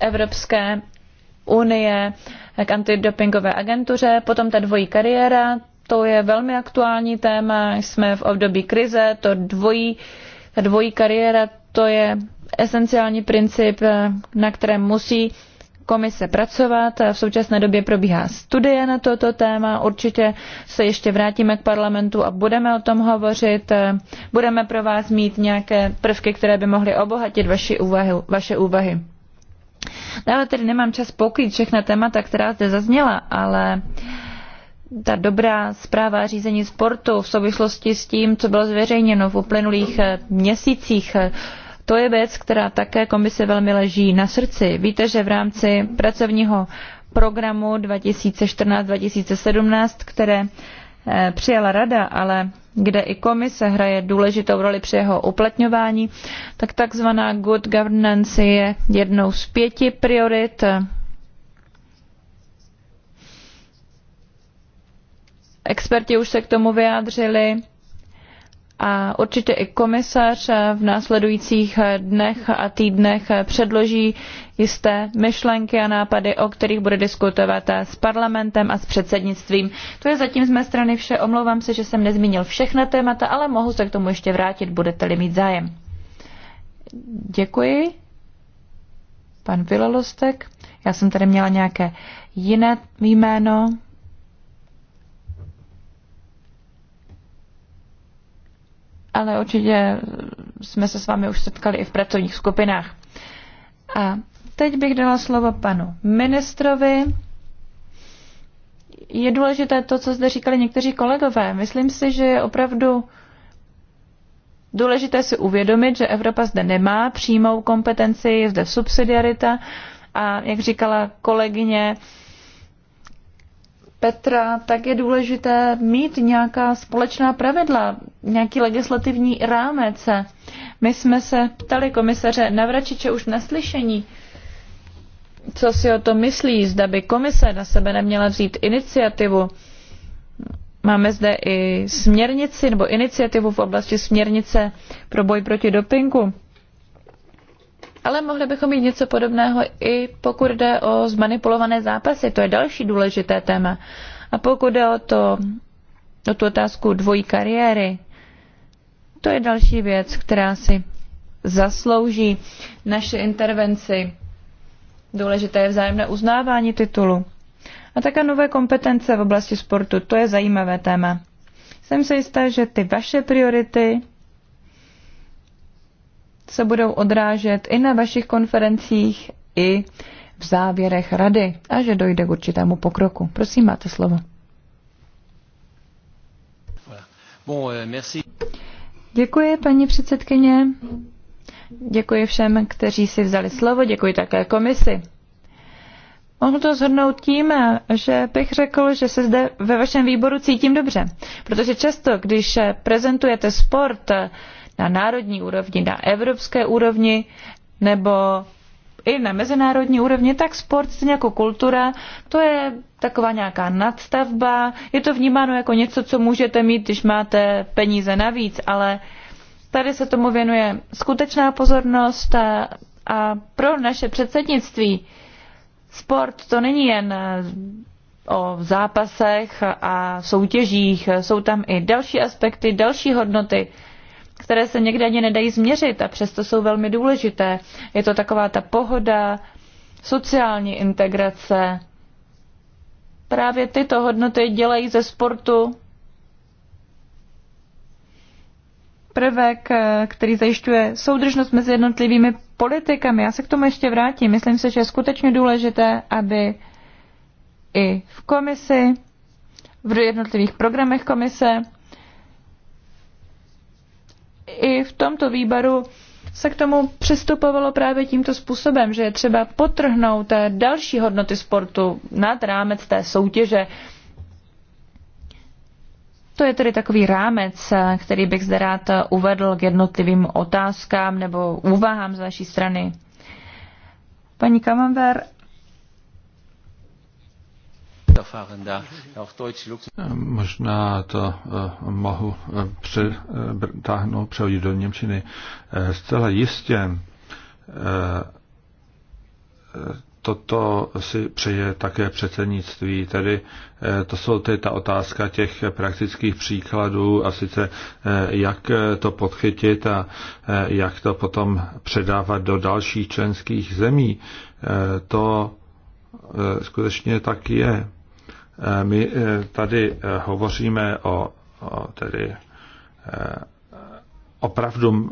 Evropské unie k antidopingové agentuře. Potom ta dvojí kariéra, to je velmi aktuální téma, jsme v období krize, to dvojí uh, ta dvojí kariéra to je esenciální princip, eh, na kterém musí komise pracovat. V současné době probíhá studie na toto téma. Určitě se ještě vrátíme k parlamentu a budeme o tom hovořit. Eh, budeme pro vás mít nějaké prvky, které by mohly obohatit vaši úvahy, vaše úvahy. Dále tedy nemám čas pokrýt všechna témata, která zde zazněla, ale uh, ta dobrá zpráva řízení sportu v souvislosti s tím, co bylo zveřejněno v uplynulých eh, měsících, eh, to je věc, která také komise velmi leží na srdci. Víte, že v rámci pracovního programu 2014-2017, které eh, přijala rada, ale kde i komise hraje důležitou roli při jeho uplatňování, tak takzvaná good governance je jednou z pěti priorit Experti už se k tomu vyjádřili a určitě i komisař v následujících dnech a týdnech předloží jisté myšlenky a nápady, o kterých bude diskutovat s parlamentem a s předsednictvím. To je zatím z mé strany vše. Omlouvám se, že jsem nezmínil všechna témata, ale mohu se k tomu ještě vrátit, budete-li mít zájem. Děkuji. Pan Vilolostek. Já jsem tady měla nějaké jiné jméno. ale určitě jsme se s vámi už setkali i v pracovních skupinách. A teď bych dala slovo panu ministrovi. Je důležité to, co zde říkali někteří kolegové. Myslím si, že je opravdu důležité si uvědomit, že Evropa zde nemá přímou kompetenci, je zde subsidiarita a, jak říkala kolegyně, Petra, tak je důležité mít nějaká společná pravidla, nějaký legislativní rámec. My jsme se ptali komisaře Navračiče už na slyšení, co si o to myslí, zda by komise na sebe neměla vzít iniciativu. Máme zde i směrnici nebo iniciativu v oblasti směrnice pro boj proti dopingu. Ale mohli bychom mít něco podobného i pokud jde o zmanipulované zápasy, to je další důležité téma. A pokud jde o, to, o tu otázku dvojí kariéry, to je další věc, která si zaslouží naše intervenci. Důležité je vzájemné uznávání titulu. A také nové kompetence v oblasti sportu, to je zajímavé téma. Jsem si jistá, že ty vaše priority se budou odrážet i na vašich konferencích, i v závěrech rady a že dojde k určitému pokroku. Prosím, máte slovo. Eh, Děkuji, paní předsedkyně. Děkuji všem, kteří si vzali slovo. Děkuji také komisi. Mohu to zhrnout tím, že bych řekl, že se zde ve vašem výboru cítím dobře. Protože často, když prezentujete sport, na národní úrovni, na evropské úrovni nebo i na mezinárodní úrovni, tak sport stejně jako kultura, to je taková nějaká nadstavba, je to vnímáno jako něco, co můžete mít, když máte peníze navíc, ale tady se tomu věnuje skutečná pozornost a, a pro naše předsednictví sport to není jen o zápasech a soutěžích, jsou tam i další aspekty, další hodnoty které se někde ani nedají změřit a přesto jsou velmi důležité. Je to taková ta pohoda, sociální integrace. Právě tyto hodnoty dělají ze sportu prvek, který zajišťuje soudržnost mezi jednotlivými politikami. Já se k tomu ještě vrátím. Myslím si, že je skutečně důležité, aby i v komisi, v jednotlivých programech komise i v tomto výbaru se k tomu přistupovalo právě tímto způsobem, že je třeba potrhnout další hodnoty sportu nad rámec té soutěže. To je tedy takový rámec, který bych zde rád uvedl k jednotlivým otázkám nebo úvahám z vaší strany. Paní Kamember Možná to eh, mohu eh, přetáhnout, eh, přehodit do Němčiny. Zcela jistě toto si přeje také předsednictví, tedy to jsou ty ta otázka těch praktických příkladů a sice jak to podchytit a jak to potom předávat do dalších členských zemí. To skutečně tak je. Eh, my eh, tady eh, hovoříme o, o tedy opravdu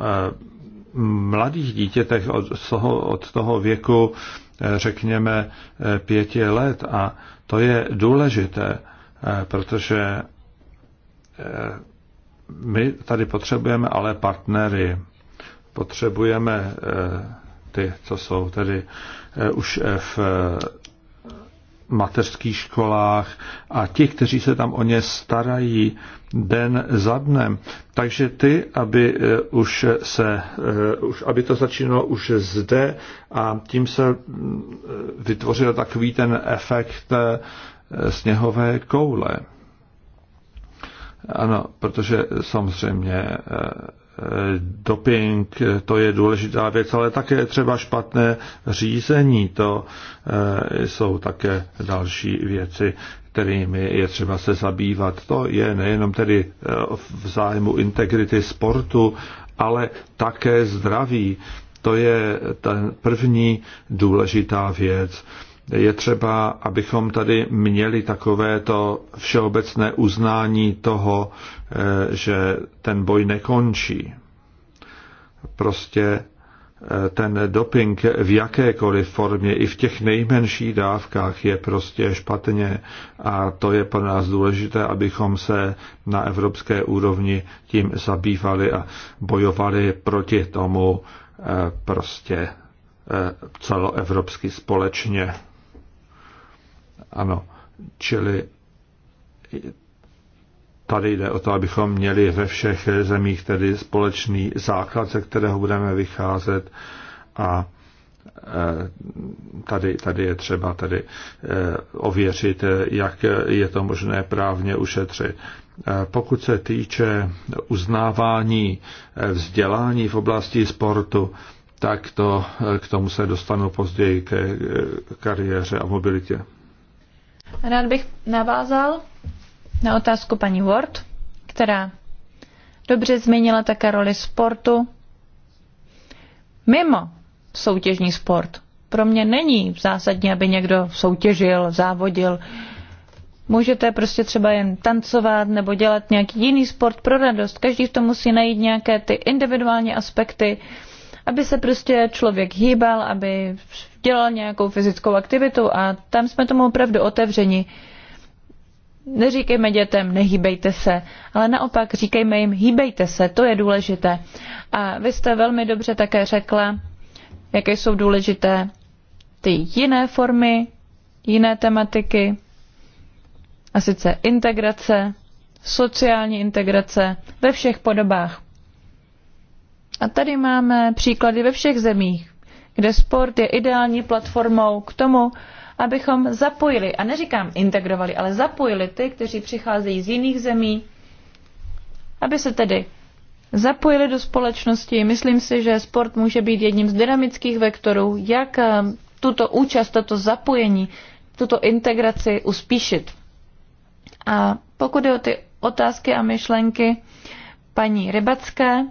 mladých dítětech od toho, od toho věku, řekněme, pěti let. A to je důležité, protože my tady potřebujeme ale partnery. Potřebujeme ty, co jsou tedy už v mateřských školách a ti, kteří se tam o ně starají den za dnem. Takže ty, aby eh, už se, eh, už, aby to začínalo už zde a tím se mm, eh, vytvořil takový ten efekt sněhové koule. Ano, protože samozřejmě doping, to je důležitá věc, ale také třeba špatné řízení, to eh, jsou také další věci, kterými je třeba se zabývat. To je nejenom tedy eh, v zájmu integrity sportu, ale také zdraví. To je ta první důležitá věc je třeba, abychom tady měli takovéto všeobecné uznání toho, eh, že ten boj nekončí. Prostě eh, ten doping v jakékoliv formě, i v těch nejmenších dávkách, je prostě špatně a to je pro nás důležité, abychom se na evropské úrovni tím zabývali a bojovali proti tomu eh, prostě celoevropsky společně. Ano, čili tady jde o to, abychom měli ve všech zemích tedy společný základ, ze kterého budeme vycházet a e, tady, tady je třeba tady e, ověřit, jak je to možné právně ušetřit. E, pokud se týče uznávání vzdělání v oblasti sportu, tak to, k tomu se dostanu později ke kariéře a mobilitě. Rád bych navázal na otázku paní Ward, která dobře zmínila také roli sportu mimo soutěžní sport. Pro mě není zásadní, aby někdo soutěžil, závodil. Můžete prostě třeba jen tancovat nebo dělat nějaký jiný sport pro radost. Každý v tom musí najít nějaké ty individuální aspekty, aby se prostě člověk hýbal, aby dělal nějakou fyzickou aktivitu a tam jsme tomu opravdu otevřeni. Neříkejme dětem, nehýbejte se, ale naopak říkejme jim, hýbejte se, to je důležité. A vy jste velmi dobře také řekla, jaké jsou důležité ty jiné formy, jiné tematiky, a sice integrace, sociální integrace ve všech podobách. A tady máme příklady ve všech zemích kde sport je ideální platformou k tomu, abychom zapojili, a neříkám integrovali, ale zapojili ty, kteří přicházejí z jiných zemí, aby se tedy zapojili do společnosti. Myslím si, že sport může být jedním z dynamických vektorů, jak eh, tuto účast, toto zapojení, tuto integraci uspíšit. A pokud je o ty otázky a myšlenky paní Rybacké,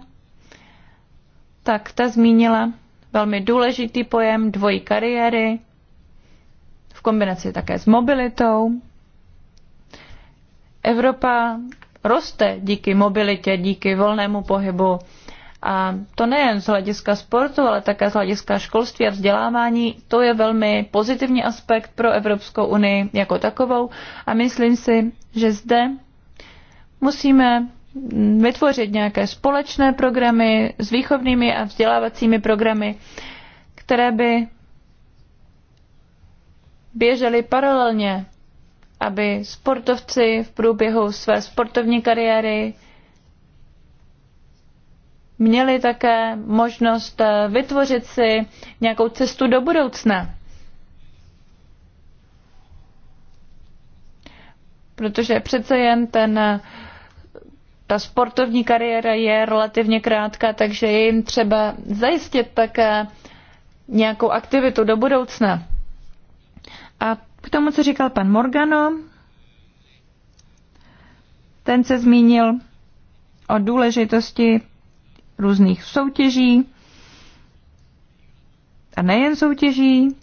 tak ta zmínila, velmi důležitý pojem dvojí kariéry v kombinaci také s mobilitou. Evropa roste díky mobilitě, díky volnému pohybu. A to nejen z hlediska sportu, ale také z hlediska školství a vzdělávání. To je velmi pozitivní aspekt pro Evropskou unii jako takovou a myslím si, že zde musíme vytvořit nějaké společné programy s výchovnými a vzdělávacími programy, které by běžely paralelně, aby sportovci v průběhu své sportovní kariéry měli také možnost eh, vytvořit si nějakou cestu do budoucna. Protože přece jen ten eh, ta sportovní kariéra je relativně krátká, takže je jim třeba zajistit také nějakou aktivitu do budoucna. A k tomu, co říkal pan Morgano, ten se zmínil o důležitosti různých soutěží a nejen soutěží.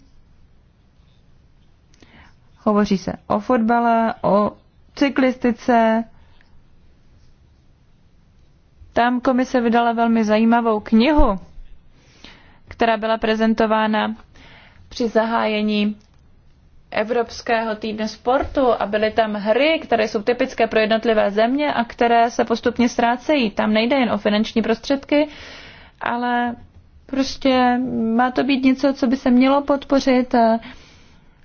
Hovoří se o fotbale, o cyklistice, tam komise vydala velmi zajímavou knihu, která byla prezentována při zahájení Evropského týdne sportu a byly tam hry, které jsou typické pro jednotlivé země a které se postupně ztrácejí. Tam nejde jen o finanční prostředky, ale prostě má to být něco, co by se mělo podpořit,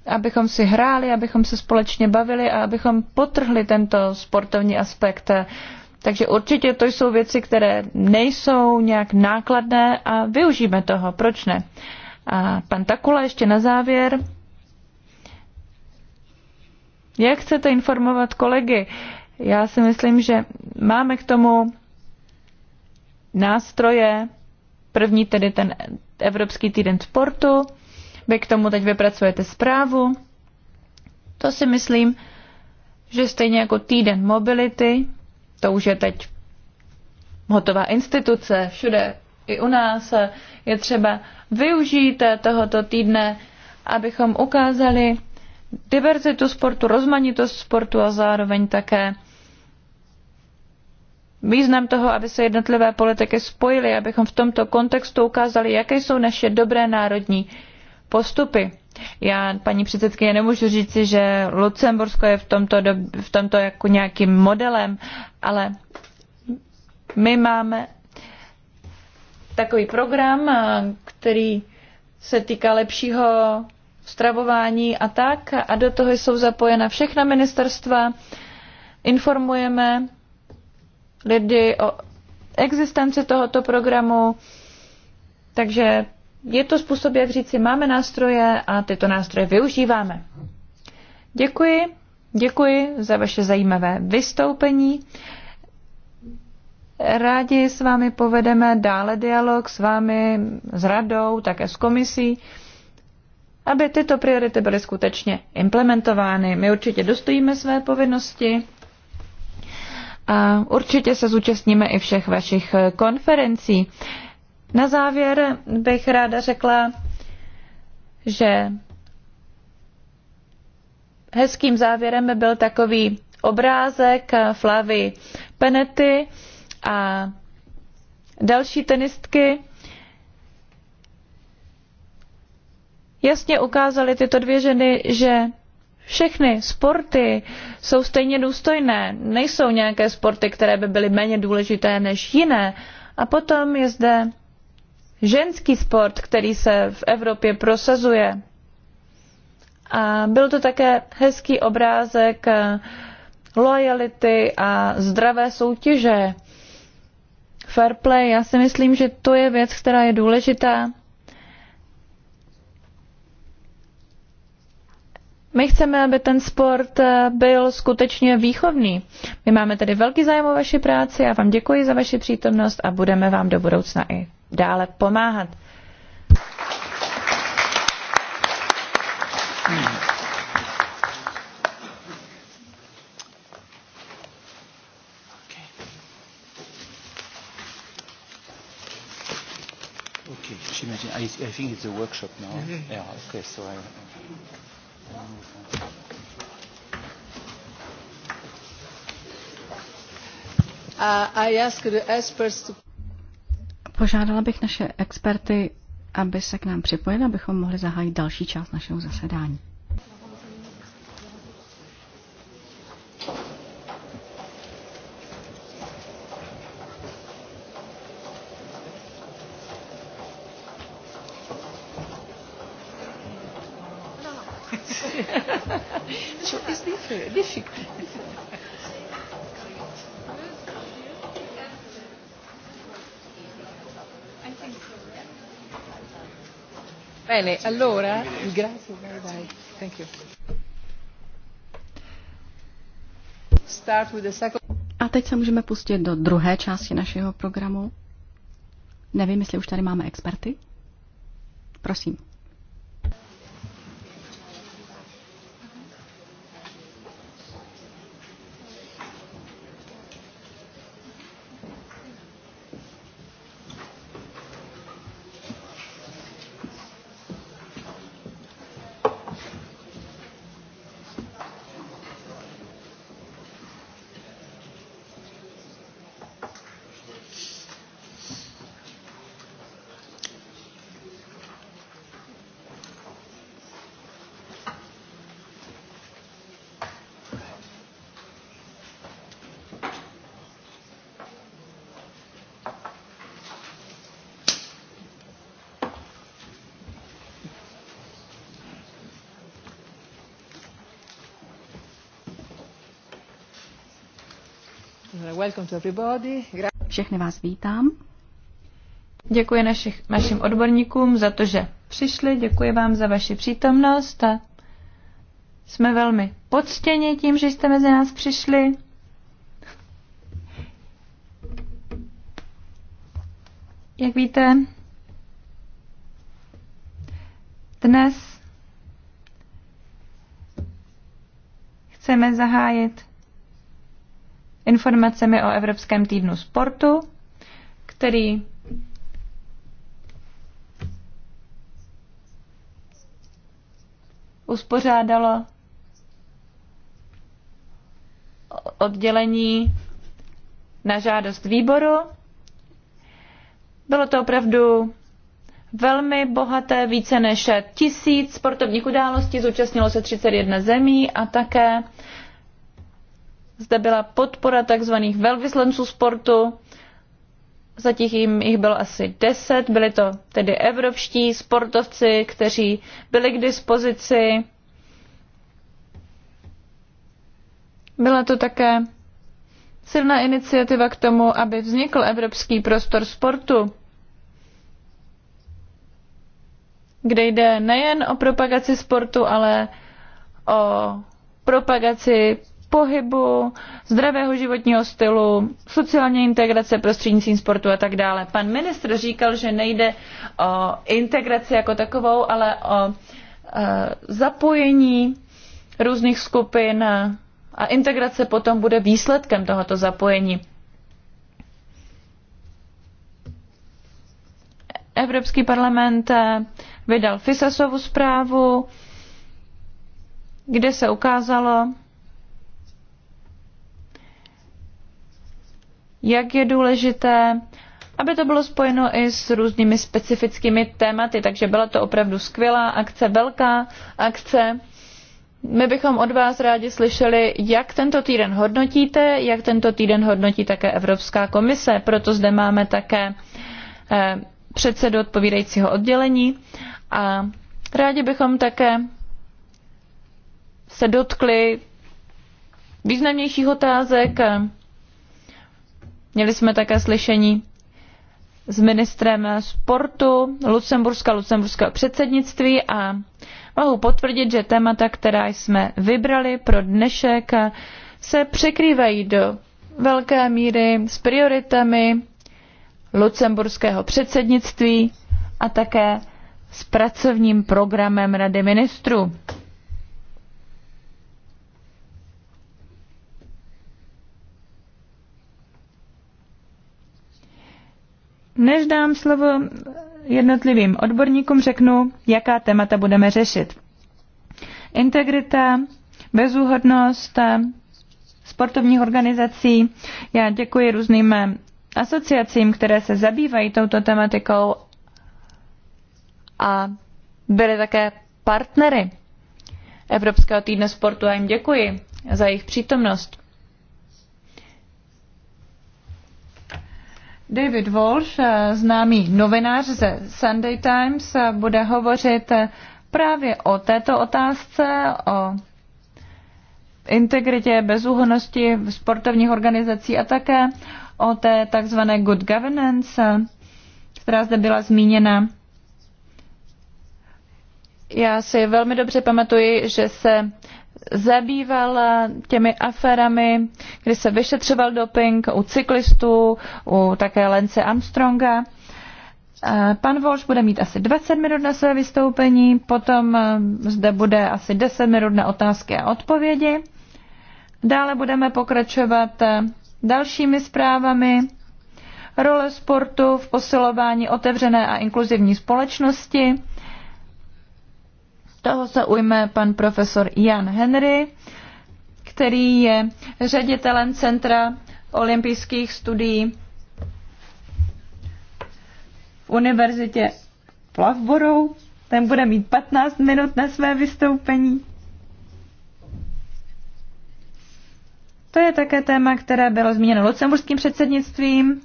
abychom si hráli, abychom se společně bavili a abychom potrhli tento sportovní aspekt. Takže určitě to jsou věci, které nejsou nějak nákladné a využijeme toho, proč ne. A pan Takula ještě na závěr. Jak chcete informovat kolegy? Já si myslím, že máme k tomu nástroje. První tedy ten Evropský týden sportu. Vy k tomu teď vypracujete zprávu. To si myslím, že stejně jako týden mobility, to už je teď hotová instituce všude i u nás. Je třeba využít tohoto týdne, abychom ukázali diverzitu sportu, rozmanitost sportu a zároveň také význam toho, aby se jednotlivé politiky spojily, abychom v tomto kontextu ukázali, jaké jsou naše dobré národní postupy. Já, paní předsedkyně, nemůžu říci, že Lucembursko je v tomto, v tomto jako nějakým modelem, ale my máme takový program, eh, který se týká lepšího stravování a tak. A do toho jsou zapojena všechna ministerstva. Informujeme lidi o existenci tohoto programu, takže je to způsob, jak říci, máme nástroje a tyto nástroje využíváme. Děkuji, děkuji za vaše zajímavé vystoupení. Rádi s vámi povedeme dále dialog s vámi, s radou, také s komisí, aby tyto priority byly skutečně implementovány. My určitě dostojíme své povinnosti a určitě se zúčastníme i všech vašich konferencí. Na závěr bych ráda řekla, že hezkým závěrem byl takový obrázek Flavy Penety a další tenistky. Jasně ukázaly tyto dvě ženy, že všechny sporty jsou stejně důstojné. Nejsou nějaké sporty, které by byly méně důležité než jiné. A potom je zde ženský sport, který se v Evropě prosazuje. A byl to také hezký obrázek lojality a zdravé soutěže. Fair play, já si myslím, že to je věc, která je důležitá. My chceme, aby ten sport byl skutečně výchovný. My máme tedy velký zájem o vaši práci a vám děkuji za vaši přítomnost a budeme vám do budoucna i dále pomáhat. Okay, Shimajin, I, I think it's a workshop now. Mm-hmm. Yeah, okay, so I. Uh, I asked the experts to. Požádala bych naše experty, aby se k nám připojili, abychom mohli zahájit další část našeho zasedání. It's difficult. A teď se můžeme pustit do druhé části našeho programu. Nevím, jestli už tady máme experty. Prosím. Všechny vás vítám. Děkuji našich, našim odborníkům za to, že přišli. Děkuji vám za vaši přítomnost. A jsme velmi poctěni tím, že jste mezi nás přišli. Jak víte, dnes chceme zahájit informacemi o Evropském týdnu sportu, který uspořádalo oddělení na žádost výboru. Bylo to opravdu velmi bohaté, více než tisíc sportovních událostí, zúčastnilo se 31 zemí a také zde byla podpora tzv. velvyslanců sportu, zatím jich bylo asi deset, byli to tedy evropští sportovci, kteří byli k dispozici. Byla to také silná iniciativa k tomu, aby vznikl evropský prostor sportu, kde jde nejen o propagaci sportu, ale o propagaci pohybu, zdravého životního stylu, sociální integrace prostřednictvím sportu a tak dále. Pan ministr říkal, že nejde o integraci jako takovou, ale o e, zapojení různých skupin a integrace potom bude výsledkem tohoto zapojení. Evropský parlament e, vydal Fisasovu zprávu, kde se ukázalo, jak je důležité, aby to bylo spojeno i s různými specifickými tématy. Takže byla to opravdu skvělá akce, velká akce. My bychom od vás rádi slyšeli, jak tento týden hodnotíte, jak tento týden hodnotí také Evropská komise. Proto zde máme také eh, předsedu odpovídajícího oddělení a rádi bychom také se dotkli významnějších otázek, eh, Měli jsme také slyšení s ministrem sportu Lucemburska, Lucemburského předsednictví a mohu potvrdit, že témata, která jsme vybrali pro dnešek, se překrývají do velké míry s prioritami lucemburského předsednictví a také s pracovním programem Rady ministrů. Než dám slovo jednotlivým odborníkům, řeknu, jaká témata budeme řešit. Integrita, bezúhodnost sportovních organizací. Já děkuji různým asociacím, které se zabývají touto tematikou a byly také partnery Evropského týdne sportu a jim děkuji za jejich přítomnost. David Walsh, eh, známý novinář ze Sunday Times, eh, bude hovořit eh, právě o této otázce, o integritě, bezúhonosti sportovních organizací a také o té takzvané good governance, která zde byla zmíněna. Já si velmi dobře pamatuji, že se zabýval těmi aferami, kdy se vyšetřoval doping u cyklistů, u také Lence Armstronga. Pan Volš bude mít asi 20 minut na své vystoupení, potom zde bude asi 10 minut na otázky a odpovědi. Dále budeme pokračovat dalšími zprávami. Role sportu v posilování otevřené a inkluzivní společnosti. Toho se ujme pan profesor Jan Henry, který je ředitelem Centra olympijských studií v univerzitě Plavborou. Ten bude mít 15 minut na své vystoupení. To je také téma, které bylo zmíněno lucemburským předsednictvím.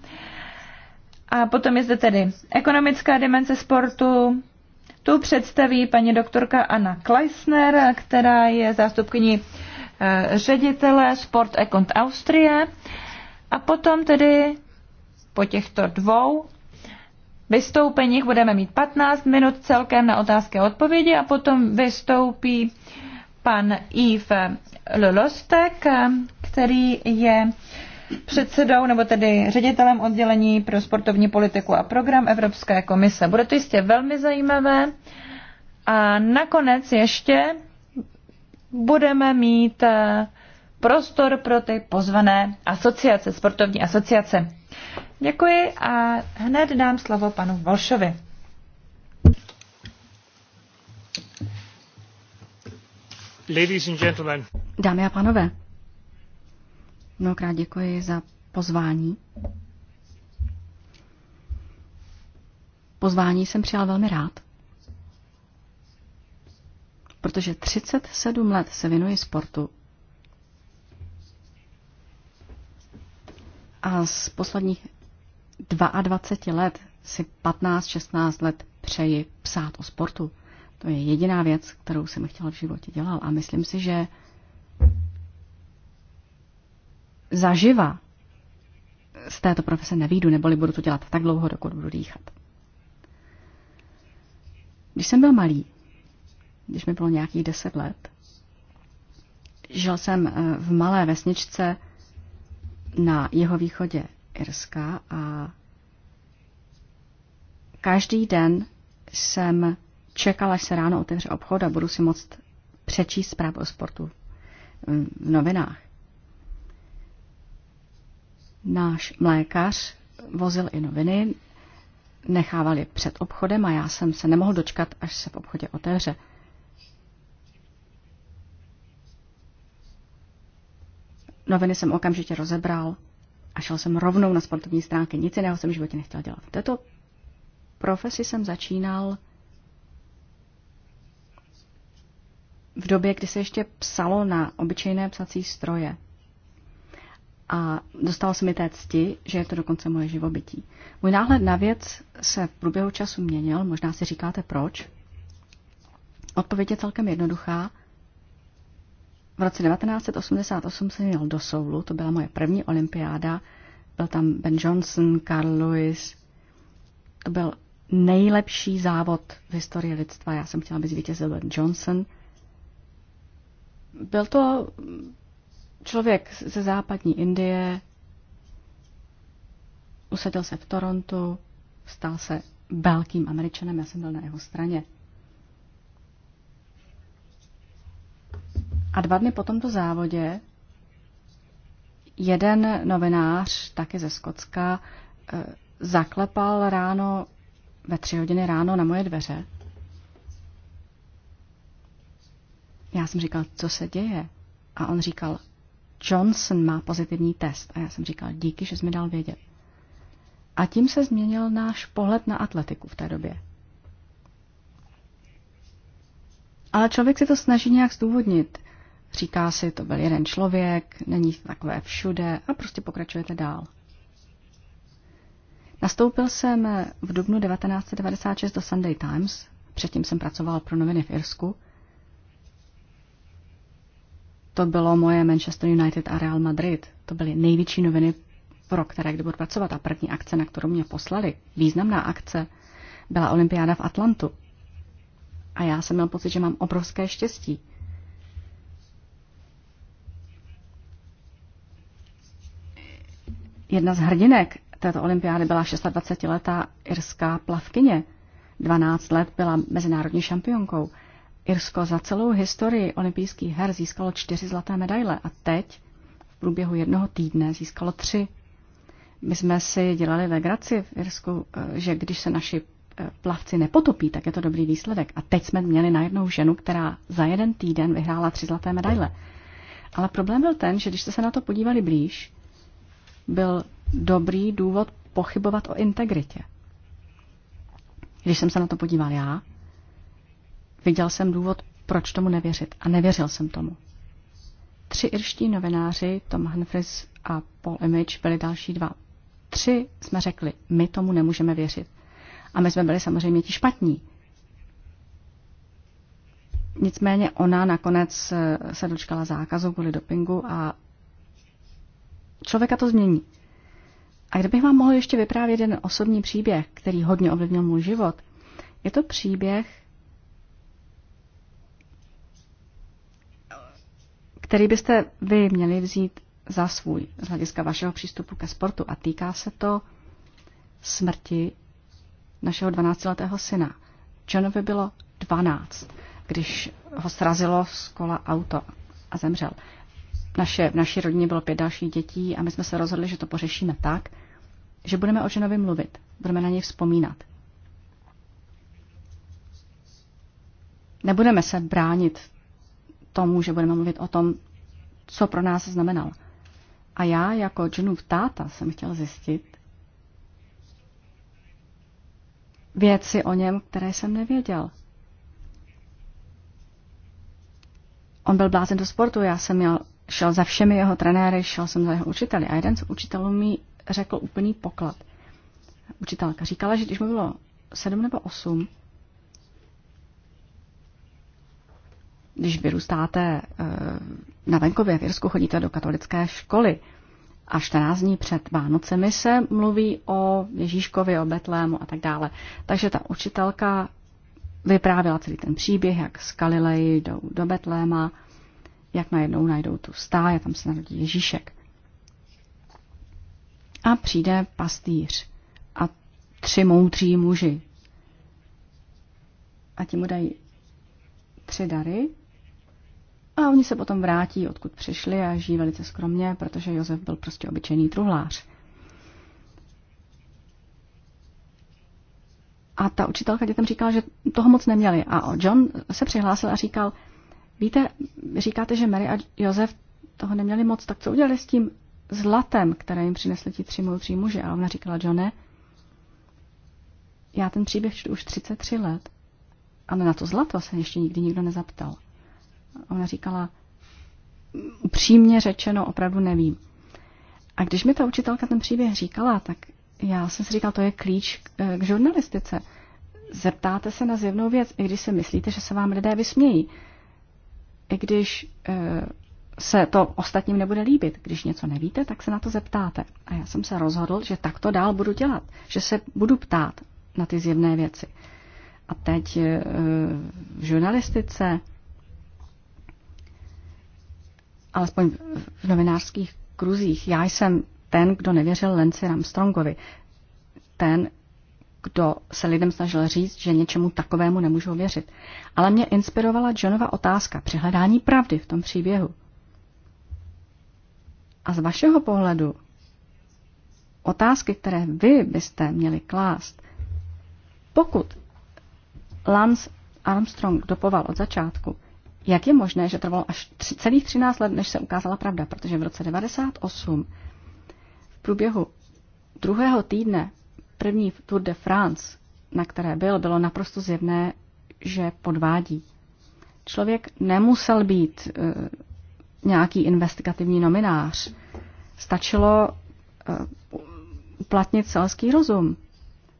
A potom je zde tedy ekonomická dimenze sportu, tu představí paní doktorka Anna Kleisner, která je zástupkyní eh, ředitele Sport Econt Austrie. A potom tedy po těchto dvou vystoupeních budeme mít 15 minut celkem na otázky a odpovědi a potom vystoupí pan Yves Lulostek, eh, který je předsedou nebo tedy ředitelem oddělení pro sportovní politiku a program Evropské komise. Bude to jistě velmi zajímavé. A nakonec ještě budeme mít eh, prostor pro ty pozvané asociace, sportovní asociace. Děkuji a hned dám slovo panu Volšovi. Ladies and gentlemen. Dámy a pánové. Mnohokrát děkuji za pozvání. Pozvání jsem přijal velmi rád, protože 37 let se věnuji sportu a z posledních 22 let si 15-16 let přeji psát o sportu. To je jediná věc, kterou jsem chtěla v životě dělat a myslím si, že zaživa z této profese nevídu, neboli budu to dělat tak dlouho, dokud budu dýchat. Když jsem byl malý, když mi bylo nějakých deset let, žil jsem eh, v malé vesničce na jeho východě Irska a každý den jsem čekal, až se ráno otevře obchod a budu si moct přečíst zprávu o sportu hm, v novinách. Náš mlékař vozil i noviny, nechával je před obchodem a já jsem se nemohl dočkat, až se v obchodě otevře. Noviny jsem okamžitě rozebral a šel jsem rovnou na sportovní stránky. Nic jiného jsem v životě nechtěl dělat. V této profesi jsem začínal v době, kdy se ještě psalo na obyčejné psací stroje a dostalo se mi té cti, že je to dokonce moje živobytí. Můj náhled na věc se v průběhu času měnil, možná si říkáte proč. Odpověď je celkem jednoduchá. V roce 1988 jsem jel do Soulu, to byla moje první olympiáda. Byl tam Ben Johnson, Carl Lewis. To byl nejlepší závod v historii lidstva. Já jsem chtěla, aby zvítězil Ben Johnson. Byl to člověk ze západní Indie usadil se v Torontu, stal se velkým američanem, já jsem byl na jeho straně. A dva dny po tomto závodě jeden novinář, taky ze Skotska, eh, zaklepal ráno ve tři hodiny ráno na moje dveře. Já jsem říkal, co se děje? A on říkal, Johnson má pozitivní test. A já jsem říkal, díky, že jsi mi dal vědět. A tím se změnil náš pohled na atletiku v té době. Ale člověk se to snaží nějak zdůvodnit. Říká si, to byl jeden člověk, není to takové všude a prostě pokračujete dál. Nastoupil jsem v dubnu 1996 do Sunday Times, předtím jsem pracoval pro noviny v Irsku to bylo moje Manchester United a Real Madrid. To byly největší noviny, pro které kdy budu pracovat. A první akce, na kterou mě poslali, významná akce, byla olympiáda v Atlantu. A já jsem měl pocit, že mám obrovské štěstí. Jedna z hrdinek této olympiády byla 26-letá irská plavkyně. 12 let byla mezinárodní šampionkou. Irsko za celou historii olympijských her získalo čtyři zlaté medaile a teď v průběhu jednoho týdne získalo tři. My jsme si dělali legraci v Irsku, eh, že když se naši eh, plavci nepotopí, tak je to dobrý výsledek. A teď jsme měli najednou ženu, která za jeden týden vyhrála tři zlaté medaile. Ale problém byl ten, že když jste se na to podívali blíž, byl dobrý důvod pochybovat o integritě. Když jsem se na to podíval já, Viděl jsem důvod, proč tomu nevěřit a nevěřil jsem tomu. Tři irští novináři, Tom Humphries a Paul Image, byli další dva. Tři jsme řekli, my tomu nemůžeme věřit. A my jsme byli samozřejmě ti špatní. Nicméně ona nakonec eh, se dočkala zákazu kvůli dopingu a člověka to změní. A kdybych vám mohl ještě vyprávět jeden osobní příběh, který hodně ovlivnil můj život, je to příběh který byste vy měli vzít za svůj z hlediska vašeho přístupu ke sportu. A týká se to smrti našeho 12-letého syna. Johnovi bylo 12, když ho srazilo z kola auto a zemřel. Naše, v naší rodině bylo pět dalších dětí a my jsme se rozhodli, že to pořešíme tak, že budeme o Johnovi mluvit, budeme na něj vzpomínat. Nebudeme se bránit tomu, že budeme mluvit o tom, co pro nás znamenal. A já jako Junův táta jsem chtěl zjistit věci o něm, které jsem nevěděl. On byl blázen do sportu, já jsem měl, šel za všemi jeho trenéry, šel jsem za jeho učiteli a jeden z učitelů mi řekl úplný poklad. Učitelka říkala, že když mu bylo sedm nebo osm, Když vyrůstáte eh, na venkově v Jirsku, chodíte do katolické školy a 14 dní před Vánocemi se mluví o Ježíškovi, o Betlému a tak dále. Takže ta učitelka vyprávěla celý ten příběh, jak z Galileji jdou do Betléma, jak najednou najdou tu stáje, tam se narodí Ježíšek. A přijde pastýř a tři moudří muži. A ti mu dají tři dary a oni se potom vrátí, odkud přišli a žijí velice skromně, protože Josef byl prostě obyčejný truhlář. A ta učitelka dětem říkala, že toho moc neměli. A John se přihlásil a říkal, víte, říkáte, že Mary a Josef toho neměli moc, tak co udělali s tím zlatem, které jim přinesli ti tři moudří muži? A ona říkala, Johne, já ten příběh čtu už 33 let, ale na to zlato se ještě nikdy nikdo nezaptal. Ona říkala, upřímně řečeno, opravdu nevím. A když mi ta učitelka ten příběh říkala, tak já jsem si říkal, to je klíč eh, k, žurnalistice. Zeptáte se na zjevnou věc, i když si myslíte, že se vám lidé vysmějí. I když e, se to ostatním nebude líbit. Když něco nevíte, tak se na to zeptáte. A já jsem se rozhodl, že tak to dál budu dělat. Že se budu ptát na ty zjevné věci. A teď e, v žurnalistice alespoň v novinářských kruzích. Já jsem ten, kdo nevěřil Lenci Armstrongovi. Ten, kdo se lidem snažil říct, že něčemu takovému nemůžou věřit. Ale mě inspirovala Johnova otázka při hledání pravdy v tom příběhu. A z vašeho pohledu, otázky, které vy byste měli klást, pokud Lance Armstrong dopoval od začátku, jak je možné, že trvalo až tři, celých 13 let, než se ukázala pravda? Protože v roce 98 v průběhu druhého týdne první Tour de France, na které byl, bylo naprosto zjevné, že podvádí. Člověk nemusel být e, nějaký investigativní nominář. Stačilo e, uplatnit selský rozum,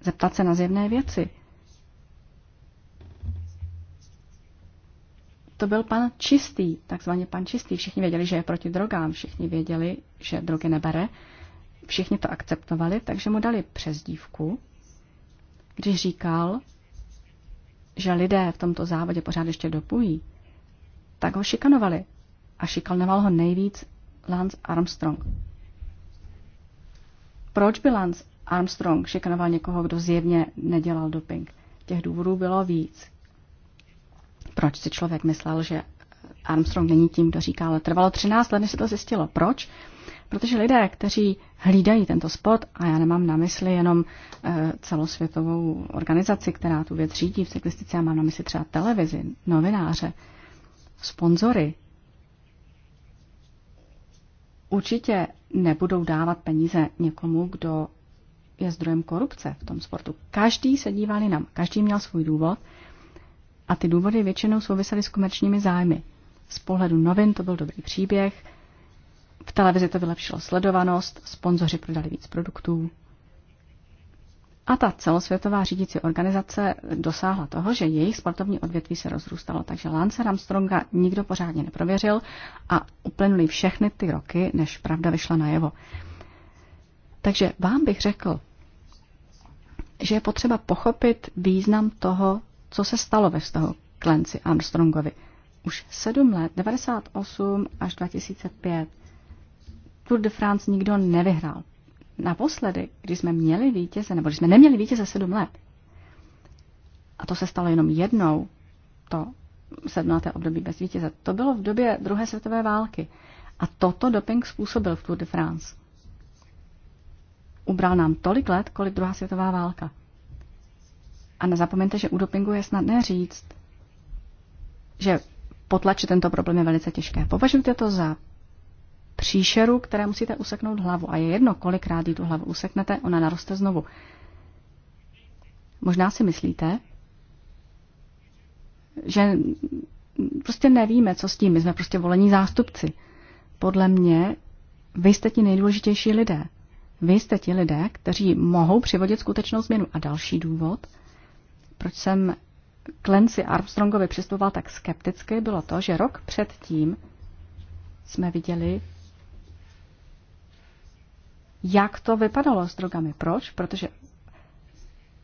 zeptat se na zjevné věci – to byl pan Čistý, takzvaně pan Čistý. Všichni věděli, že je proti drogám, všichni věděli, že drogy nebere, všichni to akceptovali, takže mu dali přezdívku, když říkal, že lidé v tomto závodě pořád ještě dopují, tak ho šikanovali. A šikanoval ho nejvíc Lance Armstrong. Proč by Lance Armstrong šikanoval někoho, kdo zjevně nedělal doping? Těch důvodů bylo víc. Proč si člověk myslel, že Armstrong není tím, kdo říká, ale trvalo 13 let, než se to zjistilo. Proč? Protože lidé, kteří hlídají tento sport, a já nemám na mysli jenom eh, celosvětovou organizaci, která tu věc řídí v cyklistice, já mám na mysli třeba televizi, novináře, sponzory, určitě nebudou dávat peníze někomu, kdo je zdrojem korupce v tom sportu. Každý se díval jinam, každý měl svůj důvod a ty důvody většinou souvisely s komerčními zájmy. Z pohledu novin to byl dobrý příběh, v televizi to vylepšilo sledovanost, sponzoři prodali víc produktů. A ta celosvětová řídící organizace dosáhla toho, že jejich sportovní odvětví se rozrůstalo, takže Lance Armstronga nikdo pořádně neprověřil a uplynuly všechny ty roky, než pravda vyšla najevo. Takže vám bych řekl, že je potřeba pochopit význam toho, co se stalo ve vztahu k Lenci Armstrongovi. Už sedm let, 98 až 2005, Tour de France nikdo nevyhrál. Naposledy, když jsme měli vítěze, nebo když jsme neměli vítěze sedm let, a to se stalo jenom jednou, to sedmleté období bez vítěze, to bylo v době druhé světové války. A toto doping způsobil v Tour de France. Ubral nám tolik let, kolik druhá světová válka. A nezapomeňte, že u dopingu je snadné říct, že potlačit tento problém je velice těžké. Považujte to za příšeru, které musíte useknout hlavu. A je jedno, kolikrát jí tu hlavu useknete, ona naroste znovu. Možná si myslíte, že prostě nevíme, co s tím. My jsme prostě volení zástupci. Podle mě vy jste ti nejdůležitější lidé. Vy jste ti lidé, kteří mohou přivodit skutečnou změnu. A další důvod – proč jsem k Lenci Armstrongovi přistupoval tak skepticky, bylo to, že rok předtím jsme viděli, jak to vypadalo s drogami. Proč? Protože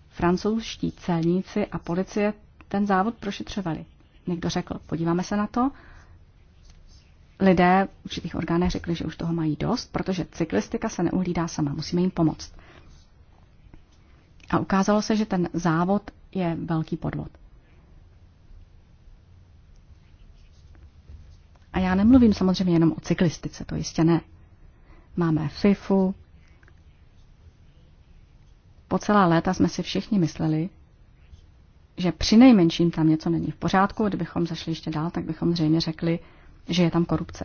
francouzští celníci a policie ten závod prošetřovali. Někdo řekl, podíváme se na to. Lidé v určitých orgánech řekli, že už toho mají dost, protože cyklistika se neuhlídá sama, musíme jim pomoct. A ukázalo se, že ten závod je velký podvod. A já nemluvím samozřejmě jenom o cyklistice, to jistě ne. Máme FIFU. Po celá léta jsme si všichni mysleli, že při nejmenším tam něco není v pořádku, kdybychom zašli ještě dál, tak bychom zřejmě řekli, že je tam korupce.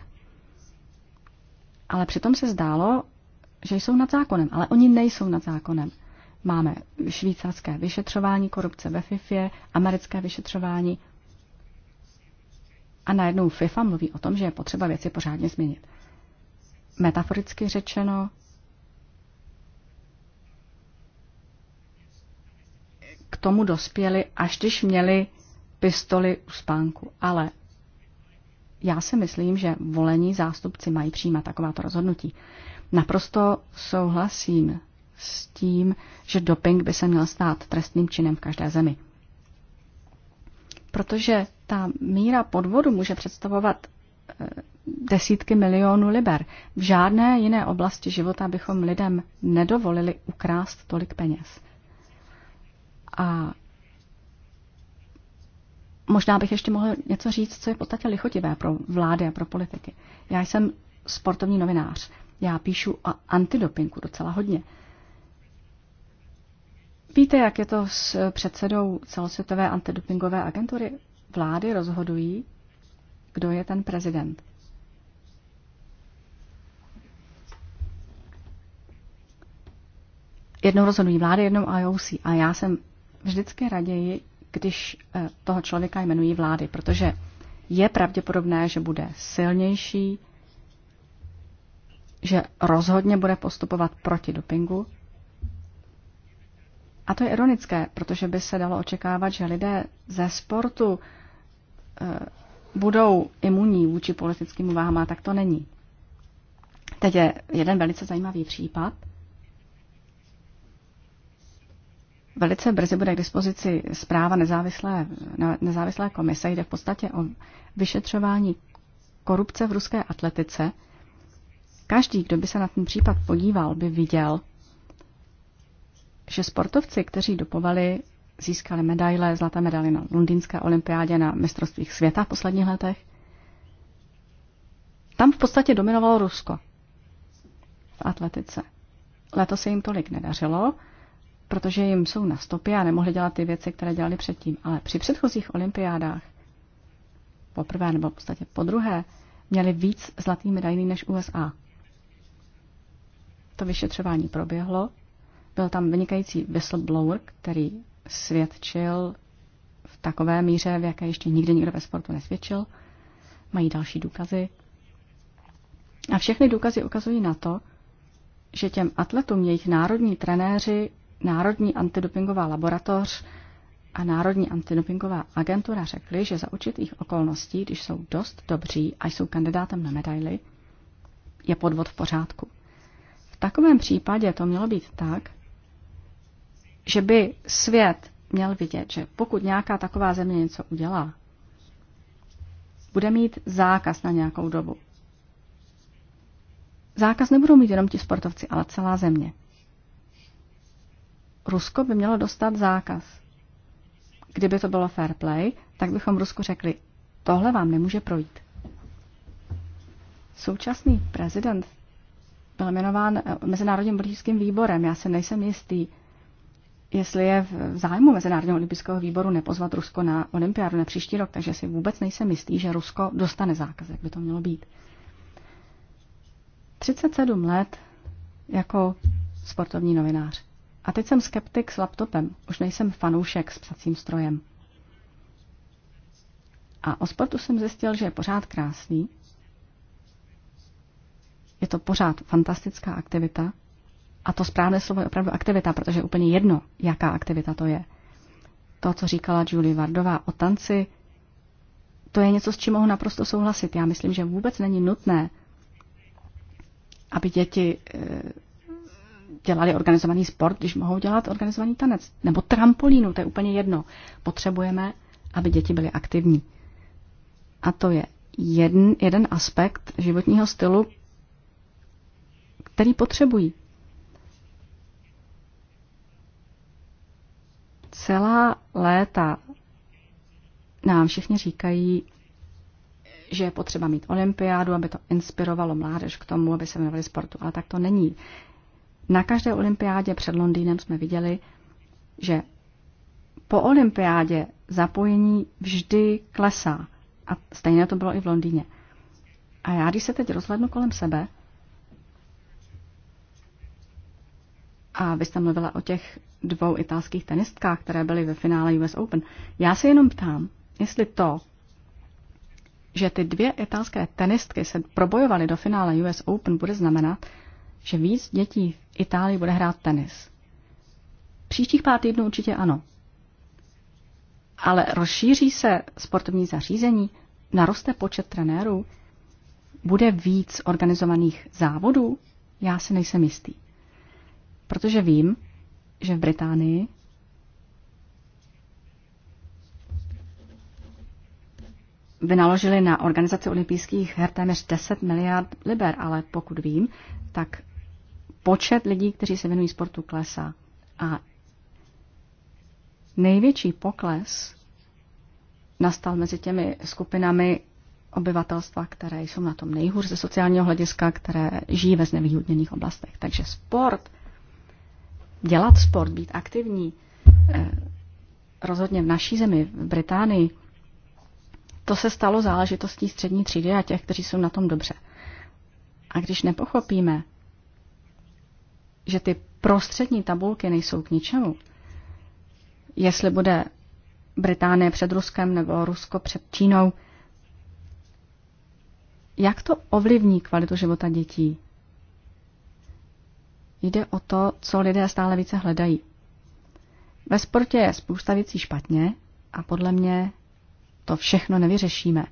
Ale přitom se zdálo, že jsou nad zákonem, ale oni nejsou nad zákonem. Máme švýcarské vyšetřování korupce ve FIFA, americké vyšetřování a najednou FIFA mluví o tom, že je potřeba věci pořádně změnit. Metaforicky řečeno, k tomu dospěli, až když měli pistoli u spánku. Ale já si myslím, že volení zástupci mají přijímat takováto rozhodnutí. Naprosto souhlasím s tím, že doping by se měl stát trestným činem v každé zemi. Protože ta míra podvodu může představovat eh, desítky milionů liber. V žádné jiné oblasti života bychom lidem nedovolili ukrást tolik peněz. A možná bych ještě mohl něco říct, co je v podstatě lichotivé pro vlády a pro politiky. Já jsem sportovní novinář. Já píšu o antidopinku docela hodně. Víte, jak je to s předsedou celosvětové antidopingové agentury? Vlády rozhodují, kdo je ten prezident. Jednou rozhodují vlády, jednou IOC. A já jsem vždycky raději, když eh, toho člověka jmenují vlády, protože je pravděpodobné, že bude silnější, že rozhodně bude postupovat proti dopingu a to je ironické, protože by se dalo očekávat, že lidé ze sportu eh, budou imunní vůči politickým uvahám, a tak to není. Teď je jeden velice zajímavý případ. Velice brzy bude k dispozici zpráva nezávislé, nezávislé komise. Jde v podstatě o vyšetřování korupce v ruské atletice. Každý, kdo by se na ten případ podíval, by viděl, že sportovci, kteří dopovali, získali medaile, zlaté medaily na londýnské olympiádě, na mistrovstvích světa v posledních letech. Tam v podstatě dominovalo Rusko v atletice. Letos se jim tolik nedařilo, protože jim jsou na stopě a nemohli dělat ty věci, které dělali předtím. Ale při předchozích olympiádách, poprvé nebo v podstatě po druhé, měli víc zlatých medailí než USA. To vyšetřování proběhlo byl tam vynikající whistleblower, který svědčil v takové míře, v jaké ještě nikdy nikdo ve sportu nesvědčil. Mají další důkazy. A všechny důkazy ukazují na to, že těm atletům jejich národní trenéři, národní antidopingová laboratoř a Národní antidopingová agentura řekli, že za určitých okolností, když jsou dost dobří a jsou kandidátem na medaily, je podvod v pořádku. V takovém případě to mělo být tak, že by svět měl vidět, že pokud nějaká taková země něco udělá, bude mít zákaz na nějakou dobu. Zákaz nebudou mít jenom ti sportovci, ale celá země. Rusko by mělo dostat zákaz. Kdyby to bylo fair play, tak bychom Rusku řekli, tohle vám nemůže projít. Současný prezident byl jmenován eh, Mezinárodním politickým výborem. Já se nejsem jistý, jestli je v zájmu Mezinárodního olympijského výboru nepozvat Rusko na olympiádu na příští rok, takže si vůbec nejsem jistý, že Rusko dostane zákaz, jak by to mělo být. 37 let jako sportovní novinář. A teď jsem skeptik s laptopem, už nejsem fanoušek s psacím strojem. A o sportu jsem zjistil, že je pořád krásný, je to pořád fantastická aktivita, a to správné slovo je opravdu aktivita, protože je úplně jedno, jaká aktivita to je. To, co říkala Julie Vardová o tanci, to je něco, s čím mohu naprosto souhlasit. Já myslím, že vůbec není nutné, aby děti eh, dělali organizovaný sport, když mohou dělat organizovaný tanec. Nebo trampolínu, to je úplně jedno. Potřebujeme, aby děti byly aktivní. A to je jeden, jeden aspekt životního stylu, který potřebují. celá léta nám všichni říkají, že je potřeba mít olympiádu, aby to inspirovalo mládež k tomu, aby se věnovali sportu. Ale tak to není. Na každé olympiádě před Londýnem jsme viděli, že po olympiádě zapojení vždy klesá. A stejně to bylo i v Londýně. A já, když se teď rozhlednu kolem sebe, a vy jste mluvila o těch dvou italských tenistkách, které byly ve finále US Open. Já se jenom ptám, jestli to, že ty dvě italské tenistky se probojovaly do finále US Open, bude znamenat, že víc dětí v Itálii bude hrát tenis. Příštích pár týdnů určitě ano. Ale rozšíří se sportovní zařízení, naroste počet trenérů, bude víc organizovaných závodů? Já si nejsem jistý. Protože vím, že v Británii vynaložili na organizaci olympijských her téměř 10 miliard liber, ale pokud vím, tak počet lidí, kteří se věnují sportu, klesá. A největší pokles nastal mezi těmi skupinami obyvatelstva, které jsou na tom nejhůř ze sociálního hlediska, které žijí ve znevýhodněných oblastech. Takže sport dělat sport, být aktivní, eh, rozhodně v naší zemi, v Británii, to se stalo záležitostí střední třídy a těch, kteří jsou na tom dobře. A když nepochopíme, že ty prostřední tabulky nejsou k ničemu, jestli bude Británie před Ruskem nebo Rusko před Čínou, jak to ovlivní kvalitu života dětí? Jde o to, co lidé stále více hledají. Ve sportě je spousta věcí špatně a podle mě to všechno nevyřešíme.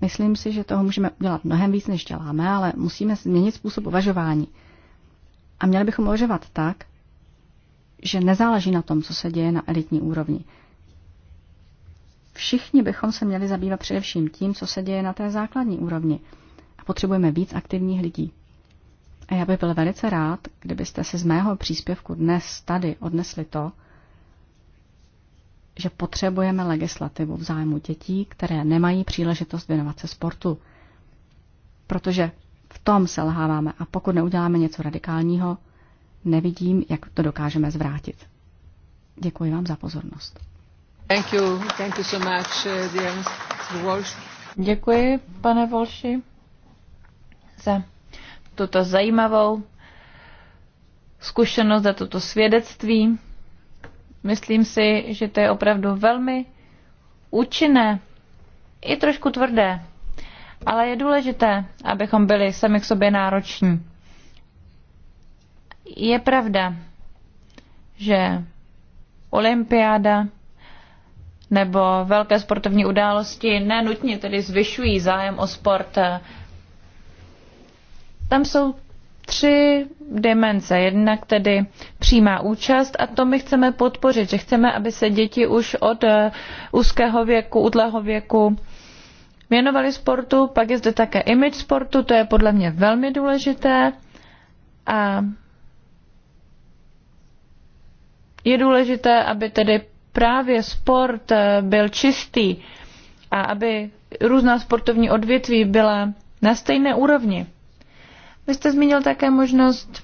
Myslím si, že toho můžeme udělat mnohem víc, než děláme, ale musíme změnit způsob uvažování. A měli bychom uvažovat tak, že nezáleží na tom, co se děje na elitní úrovni. Všichni bychom se měli zabývat především tím, co se děje na té základní úrovni. A potřebujeme víc aktivních lidí. A já bych byl velice rád, kdybyste si z mého příspěvku dnes tady odnesli to, že potřebujeme legislativu v zájmu dětí, které nemají příležitost věnovat se sportu. Protože v tom selháváme a pokud neuděláme něco radikálního, nevidím, jak to dokážeme zvrátit. Děkuji vám za pozornost. Thank you. Thank you so much, uh, dear Mr. Walsh. Děkuji, pane Volši, za tuto zajímavou zkušenost, za toto svědectví. Myslím si, že to je opravdu velmi účinné, i trošku tvrdé, ale je důležité, abychom byli sami k sobě nároční. Je pravda, že olympiáda nebo velké sportovní události nenutně tedy zvyšují zájem o sport tam jsou tři dimenze. Jednak tedy přímá účast a to my chceme podpořit, že chceme, aby se děti už od eh, úzkého věku, útlého věku věnovaly sportu. Pak je zde také image sportu, to je podle mě velmi důležité. A je důležité, aby tedy právě sport eh, byl čistý a aby různá sportovní odvětví byla na stejné úrovni. Vy jste zmínil také možnost,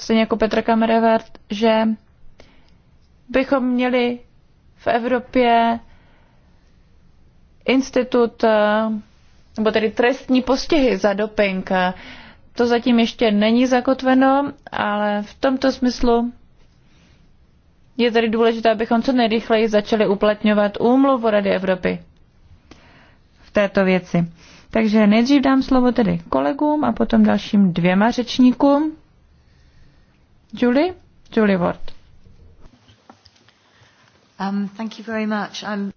stejně jako Petr Kamerevert, že bychom měli v Evropě institut, eh, nebo tedy trestní postihy za doping. To zatím ještě není zakotveno, ale v tomto smyslu je tedy důležité, abychom co nejrychleji začali uplatňovat úmluvu Rady Evropy v této věci. Takže nejdřív dám slovo tedy kolegům a potom dalším dvěma řečníkům. Julie? Julie Ward. Um, thank you very much. I'm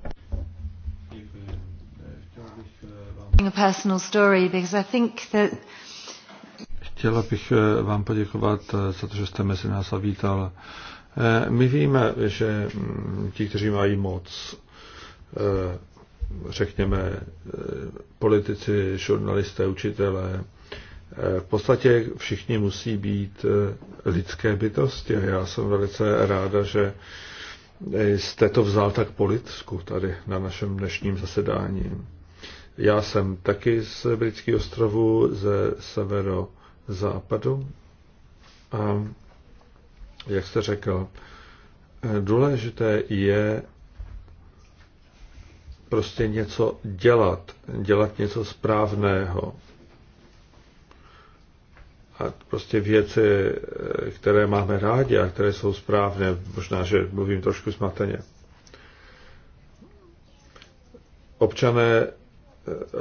a personal story because I think that Chtěla bych eh, vám poděkovat eh, za to, že jste mezi nás zavítal. Eh, my víme, že mm, ti, kteří mají moc, řekněme, eh, politici, žurnalisté, učitelé, eh, v podstatě všichni musí být eh, lidské bytosti. A já jsem velice ráda, že jste to vzal tak politicku tady na našem dnešním zasedání. Já jsem taky z Britského ostrovu, ze severozápadu. A jak jste řekl, důležité je prostě něco dělat, dělat něco správného. A prostě věci, které máme rádi a které jsou správné, možná, že mluvím trošku smateně. Občané eh,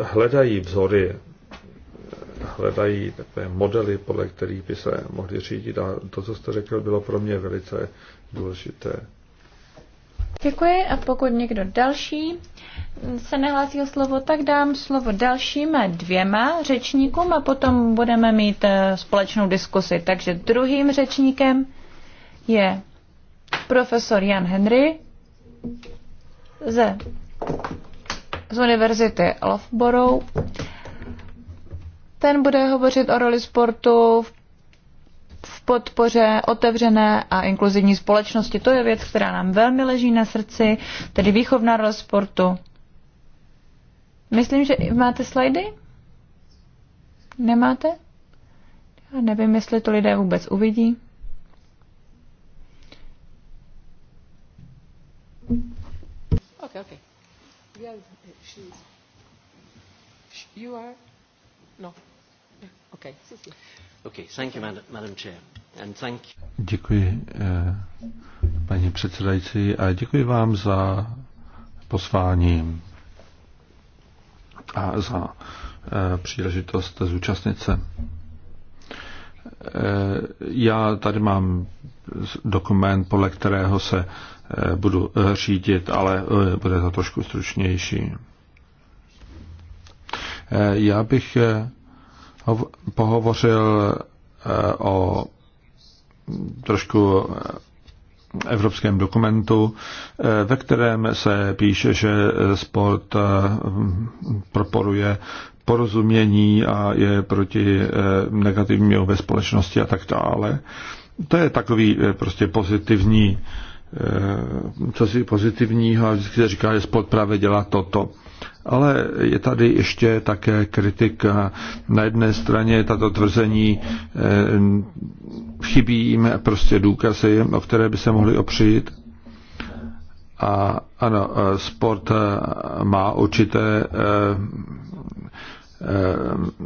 hledají vzory, hledají takové modely, podle kterých by se mohli řídit a to, co jste řekl, bylo pro mě velice důležité. Děkuji a pokud někdo další se nehlásí o slovo, tak dám slovo dalším dvěma řečníkům a potom budeme mít eh, společnou diskusi. Takže druhým řečníkem je profesor Jan Henry ze, z Univerzity Loughborough. Ten bude hovořit o roli sportu v v podpoře otevřené a inkluzivní společnosti. To je věc, která nám velmi leží na srdci, tedy výchovná roz sportu. Myslím, že máte slajdy? Nemáte? Já nevím, jestli to lidé vůbec uvidí. Okay, okay. We are, she's, you are, no, okay. Děkuji, paní předsedající, a děkuji vám za pozvání a za eh, příležitost zúčastnit se. Eh, já tady mám dokument, podle kterého se eh, budu řídit, ale bude to trošku stručnější. Já bych pohovořil eh, o trošku eh, evropském dokumentu, eh, ve kterém se píše, že sport proporuje porozumění a je proti negativnímu ve společnosti a tak dále. To je takový prostě pozitivní Eh, co si pozitivního a vždycky se říká, že sport právě dělá toto. Ale je tady ještě také kritika. Na jedné straně tato tvrzení eh, chybí jim prostě důkazy, o které by se mohli opřít. A ano, eh, sport má určité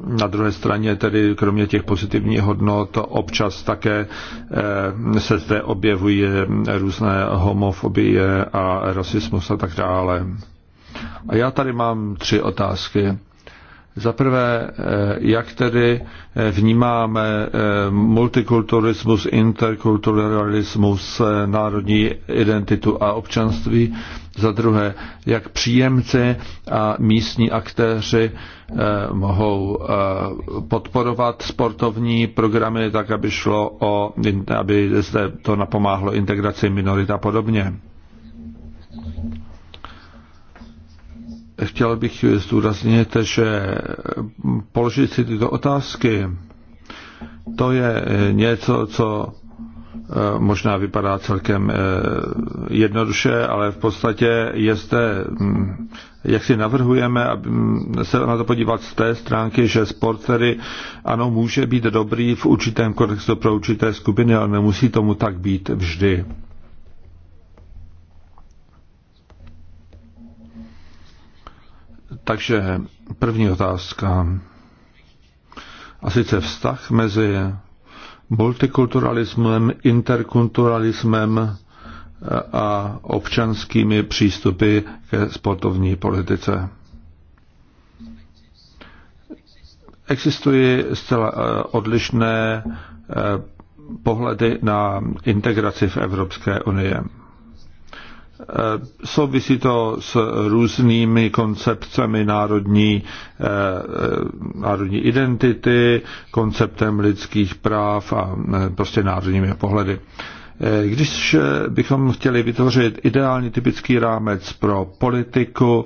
na druhé straně tedy kromě těch pozitivních hodnot občas také eh, se zde objevují různé homofobie a rasismus a tak dále. A já tady mám tři otázky. Za prvé, eh, jak tedy eh, vnímáme eh, multikulturismus, interkulturalismus, národní identitu a občanství. Za druhé, jak příjemci a místní aktéři mohou podporovat sportovní programy tak, aby, šlo o, aby zde to napomáhlo integraci minorit a podobně chtěl bych zdůraznit, že položit si tyto otázky, to je něco, co eh, možná vypadá celkem eh, jednoduše, ale v podstatě je zde, hm, jak si navrhujeme, aby hm, se na to podívat z té stránky, že sport tedy ano, může být dobrý v určitém kontextu pro určité skupiny, ale nemusí tomu tak být vždy. Takže první otázka. A sice vztah mezi multikulturalismem, interkulturalismem eh, a občanskými přístupy ke sportovní politice. Existují zcela eh, odlišné eh, pohledy na integraci v Evropské unii. Eh, souvisí to s různými koncepcemi národní, eh, národní identity, konceptem lidských práv a eh, prostě národními pohledy. Když bychom chtěli vytvořit ideální typický rámec pro politiku,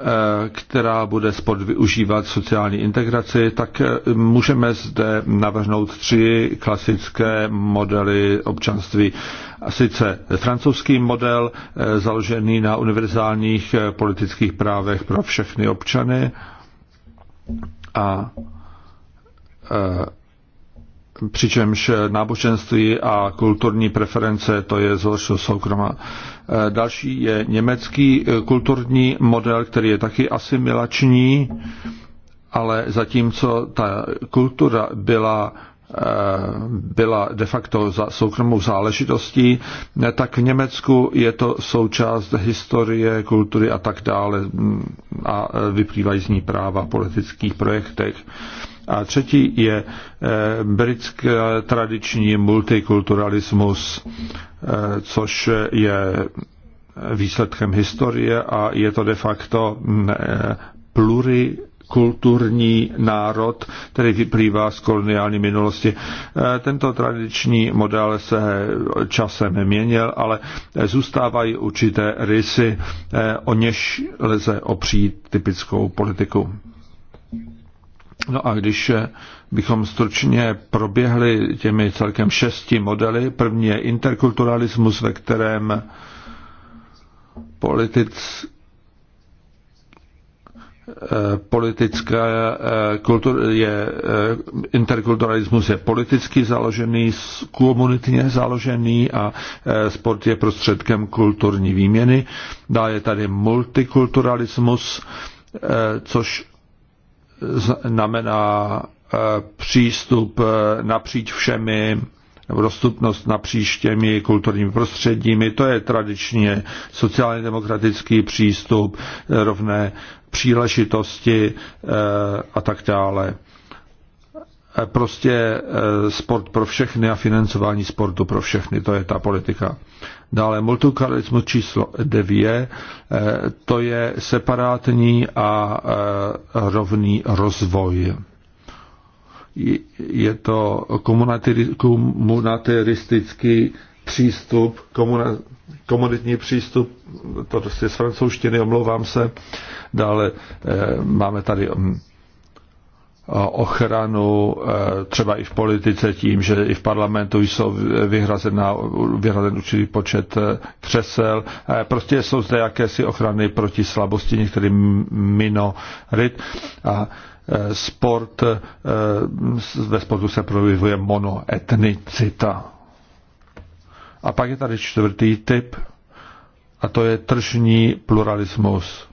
Eh, která bude spod využívat sociální integraci, tak eh, můžeme zde navrhnout tři klasické modely občanství. A sice francouzský model eh, založený na univerzálních politických právech pro všechny občany a přičemž náboženství a kulturní preference to je zhoršil soukroma. E, další je německý e, kulturní model, který je taky asimilační, ale zatímco ta kultura byla e, byla de facto za soukromou záležitostí, tak v Německu je to součást historie, kultury a tak dále a vyplývají z ní práva v politických projektech. A třetí je eh, britský tradiční multikulturalismus, eh, což je výsledkem historie a je to de facto mm, eh, pluri kulturní národ, který vyplývá z koloniální minulosti. Tento tradiční model se časem měnil, ale zůstávají určité rysy, o něž lze opřít typickou politiku. No a když eh, bychom stručně proběhli těmi celkem šesti modely, první je interkulturalismus, ve kterém politic, eh, politická eh, kultura je, interkulturalismus je politicky založený, komunitně založený a sport je prostředkem kulturní výměny. Dále je tady multikulturalismus, což znamená eh, přístup eh, napříč všemi nebo dostupnost napříč těmi kulturními prostředími. To je tradičně sociálně demokratický přístup, eh, rovné příležitosti a tak dále. Eh, prostě eh, sport pro všechny a financování sportu pro všechny, to je ta politika. Dále multikulturalismus číslo 9, eh, to je separátní a rovný rozvoj. Je to komunitaristický přístup, komunitní komoditní přístup, to je z francouzštiny, omlouvám se. Dále máme tady hm, ochranu e, třeba i v politice tím, že i v parlamentu jsou vyhrazená, vyhrazen určitý počet křesel. E, e, prostě jsou zde jakési ochrany proti slabosti některým minorit a sport, ve sportu se projevuje monoetnicita. A pak je tady čtvrtý typ a to je tržní pluralismus.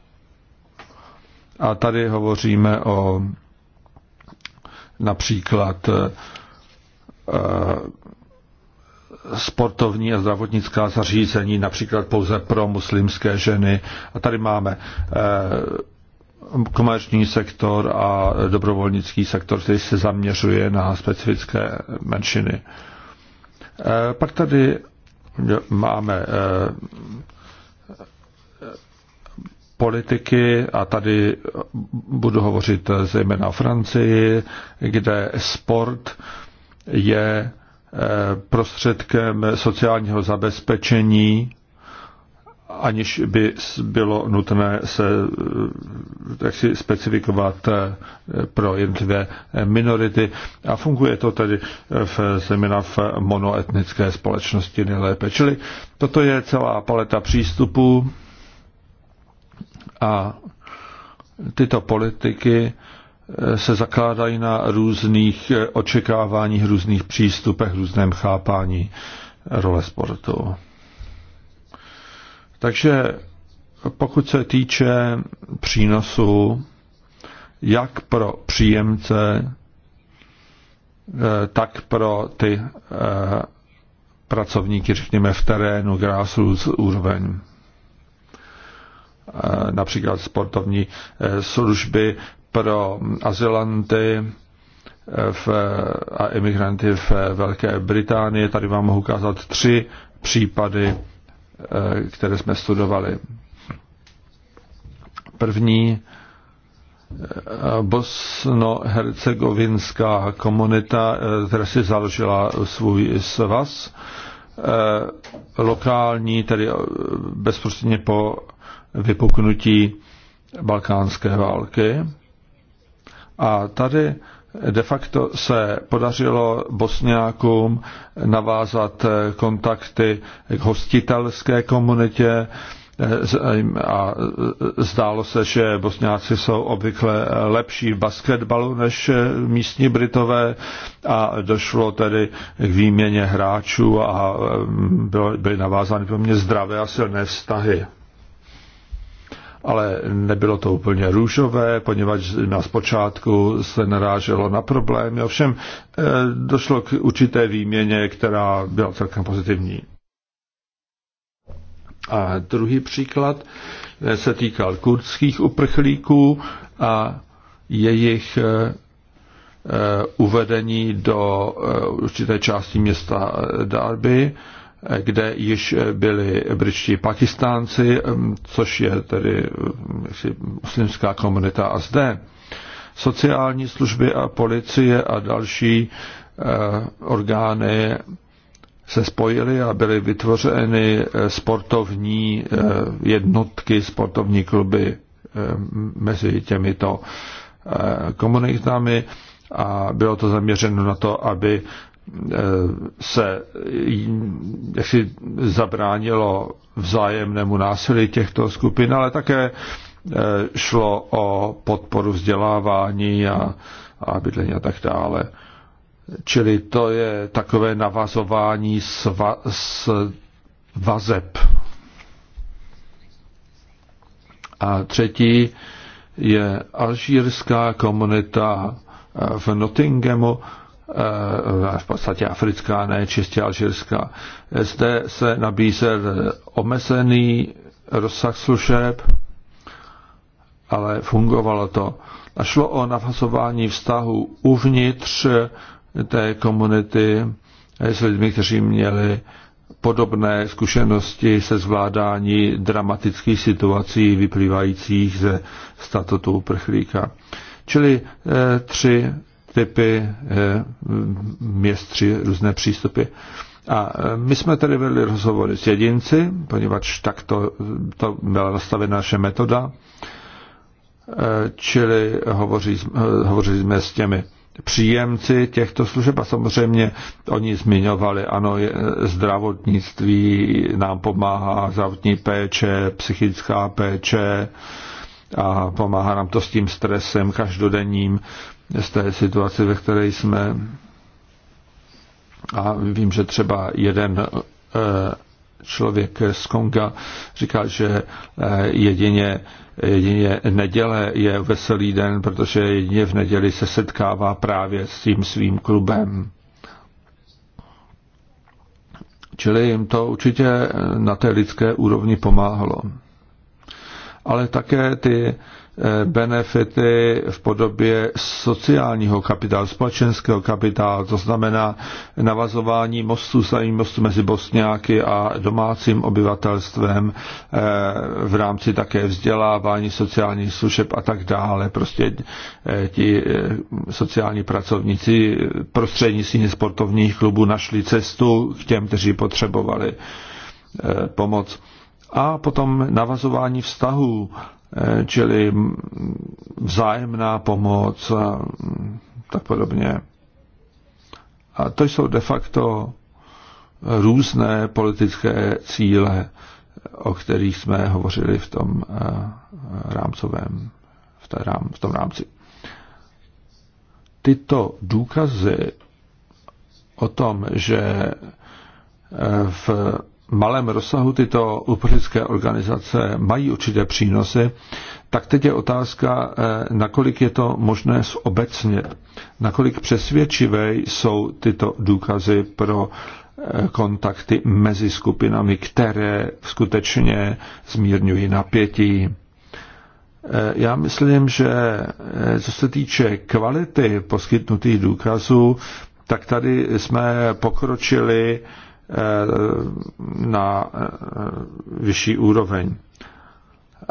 A tady hovoříme o například eh, eh, sportovní a zdravotnická zařízení, například pouze pro muslimské ženy. A tady máme eh, komerční sektor a dobrovolnický sektor, který se zaměřuje na specifické menšiny. Pak tady máme politiky, a tady budu hovořit zejména o Francii, kde sport je eh, prostředkem sociálního zabezpečení, aniž by bylo nutné se eh, tak si specifikovat eh, pro jednotlivé minority. A funguje to tedy v, zejména v monoetnické společnosti nejlépe. Čili toto je celá paleta přístupů a tyto politiky eh, se zakládají na různých eh, očekáváních, různých přístupech, různém chápání role sportu. Takže pokud se týče přínosu, jak pro příjemce, eh, tak pro ty pracovníky, řekněme, v terénu grassroots úroveň. Eh, například sportovní eh, služby pro azylanty eh, v, a imigranty v Velké Británii. Tady vám mohu ukázat tři případy, které jsme studovali. První bosno-hercegovinská komunita, která si založila svůj svaz, lokální, tedy bezprostředně po vypuknutí balkánské války. A tady de facto se podařilo Bosňákům navázat kontakty k hostitelské komunitě a zdálo se, že Bosňáci jsou obvykle lepší v basketbalu než místní Britové a došlo tedy k výměně hráčů a byly navázány poměrně zdravé a silné vztahy ale nebylo to úplně růžové, poněvadž na zpočátku se naráželo na problémy, ovšem eh, došlo k určité výměně, která byla celkem pozitivní. A druhý příklad eh, se týkal kurdských uprchlíků a jejich eh, uvedení do určité části města Darby kde již byli britští pakistánci, mm, což je tedy mm, muslimská komunita a zde. Sociální služby a policie a další eh, orgány se spojily a byly vytvořeny eh, sportovní eh, jednotky, sportovní kluby mezi těmito komunitami a bylo to zaměřeno na to, aby Eh, se eh, jaksi zabránilo vzájemnému násilí těchto skupin, ale také eh, šlo o podporu vzdělávání a, a bydlení a tak dále. Čili to je takové navazování sva, s vazeb. A třetí je alžírská komunita v Nottinghamu, Eh, v podstatě africká, ne čistě alžírská. Zde se nabízel omezený rozsah služeb, ale fungovalo to. A šlo o navazování vztahu uvnitř té komunity eh, s lidmi, kteří měli podobné zkušenosti se zvládání dramatických situací vyplývajících ze statutu prchlíka. Čili eh, tři typy, eh, městři, různé přístupy. A eh, my jsme tedy vedli rozhovory s jedinci, poněvadž takto to byla nastavena naše metoda, eh, čili hovoří, hovořili jsme s těmi příjemci těchto služeb a samozřejmě oni zmiňovali, ano, zdravotnictví nám pomáhá, zdravotní péče, psychická péče a pomáhá nám to s tím stresem každodenním, z té situace, ve které jsme. A vím, že třeba jeden eh, člověk z Konga říká, že eh, jedině, jedině neděle je veselý den, protože jedině v neděli se setkává právě s tím svým klubem. Čili jim to určitě na té lidské úrovni pomáhalo. Ale také ty Eh, benefity v podobě sociálního kapitálu, společenského kapitálu, to znamená navazování mostů, stavení mostů mezi Bosňáky a domácím obyvatelstvem eh, v rámci také vzdělávání sociálních služeb a tak dále. Prostě eh, ti sociální pracovníci prostřednictvím sportovních klubů našli cestu k těm, kteří potřebovali pomoc. A potom navazování vztahů Eh, čili vzájemná pomoc a tak podobně. A to jsou de facto různé politické cíle, o kterých jsme hovořili v tom eh, rámcovém, v, té rám, v tom rámci. Tyto důkazy o tom, že eh, v malém rozsahu tyto uprchlické organizace mají určité přínosy, tak teď je otázka, eh, nakolik je to možné zobecnit, nakolik přesvědčivé jsou tyto důkazy pro eh, kontakty mezi skupinami, které skutečně zmírňují napětí. Eh, já myslím, že co se týče kvality poskytnutých důkazů, tak tady jsme pokročili Eh, na eh, vyšší úroveň.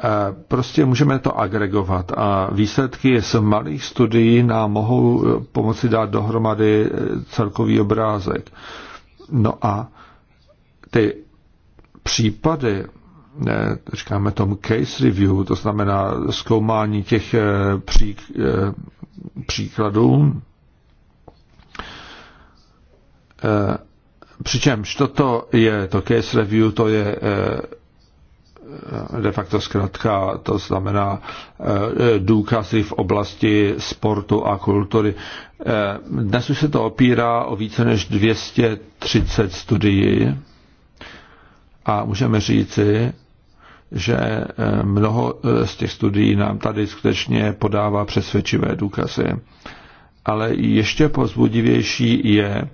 Eh, prostě můžeme to agregovat a výsledky z malých studií nám mohou pomoci dát dohromady celkový obrázek. No a ty případy, říkáme tomu case review, to znamená zkoumání těch příkladů, Přičemž toto je, to case review, to je eh, eh, de facto zkrátka, to znamená eh, důkazy v oblasti sportu a kultury. Dnes už se to opírá o více než 230 studií a můžeme říci, že mnoho z těch studií nám tady skutečně podává přesvědčivé důkazy. Ale ještě pozbudivější je,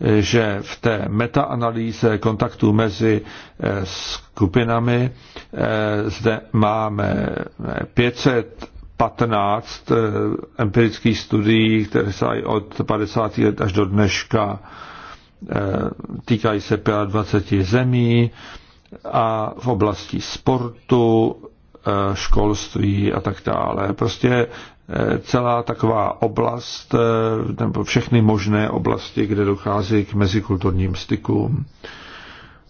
že v té metaanalýze kontaktů mezi eh, skupinami eh, zde máme 515 eh, empirických studií, které se od 50. let až do dneška týkají se 25 zemí a v oblasti sportu, Eh, školství a tak dále. Prostě eh, celá taková oblast, eh, nebo všechny možné oblasti, kde dochází k mezikulturním stykům.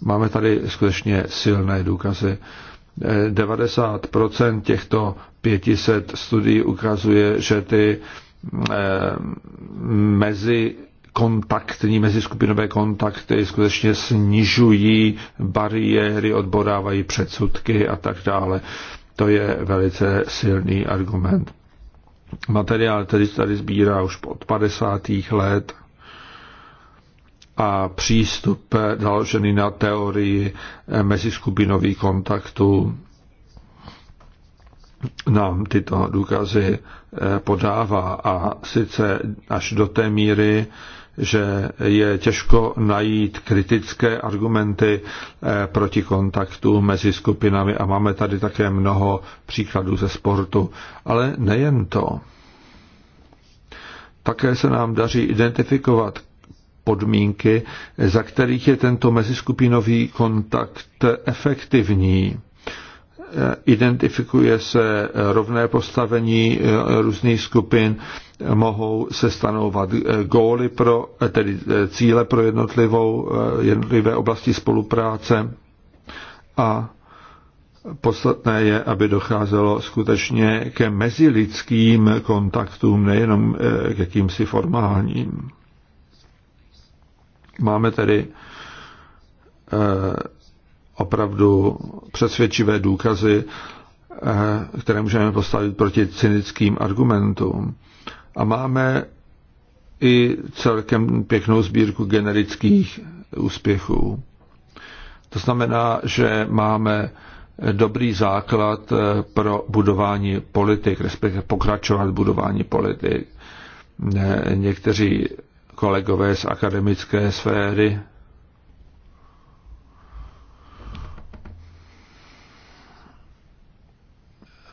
Máme tady skutečně silné důkazy. 90% těchto 500 studií ukazuje, že ty mezi kontaktní, meziskupinové kontakty skutečně snižují bariéry, odborávají předsudky a tak dále. To je velice silný argument. Materiál se tady sbírá už od 50. let a přístup založený na teorii meziskupinových kontaktů nám tyto důkazy eh, podává a sice až do té míry, že je těžko najít kritické argumenty eh, proti kontaktu mezi skupinami a máme tady také mnoho příkladů ze sportu. Ale nejen to. Také se nám daří identifikovat podmínky, za kterých je tento meziskupinový kontakt efektivní identifikuje se rovné postavení eh, různých skupin, mohou se stanovat eh, góly pro, eh, tedy cíle pro jednotlivou, jednotlivé oblasti spolupráce a podstatné je, aby docházelo skutečně ke mezilidským kontaktům, nejenom k jakýmsi formálním. Máme tedy opravdu přesvědčivé důkazy, eh, které můžeme postavit proti cynickým argumentům. A máme i celkem pěknou sbírku generických úspěchů. To znamená, že máme dobrý základ eh, pro budování politik, respektive pokračovat budování politik. Eh, někteří kolegové z akademické sféry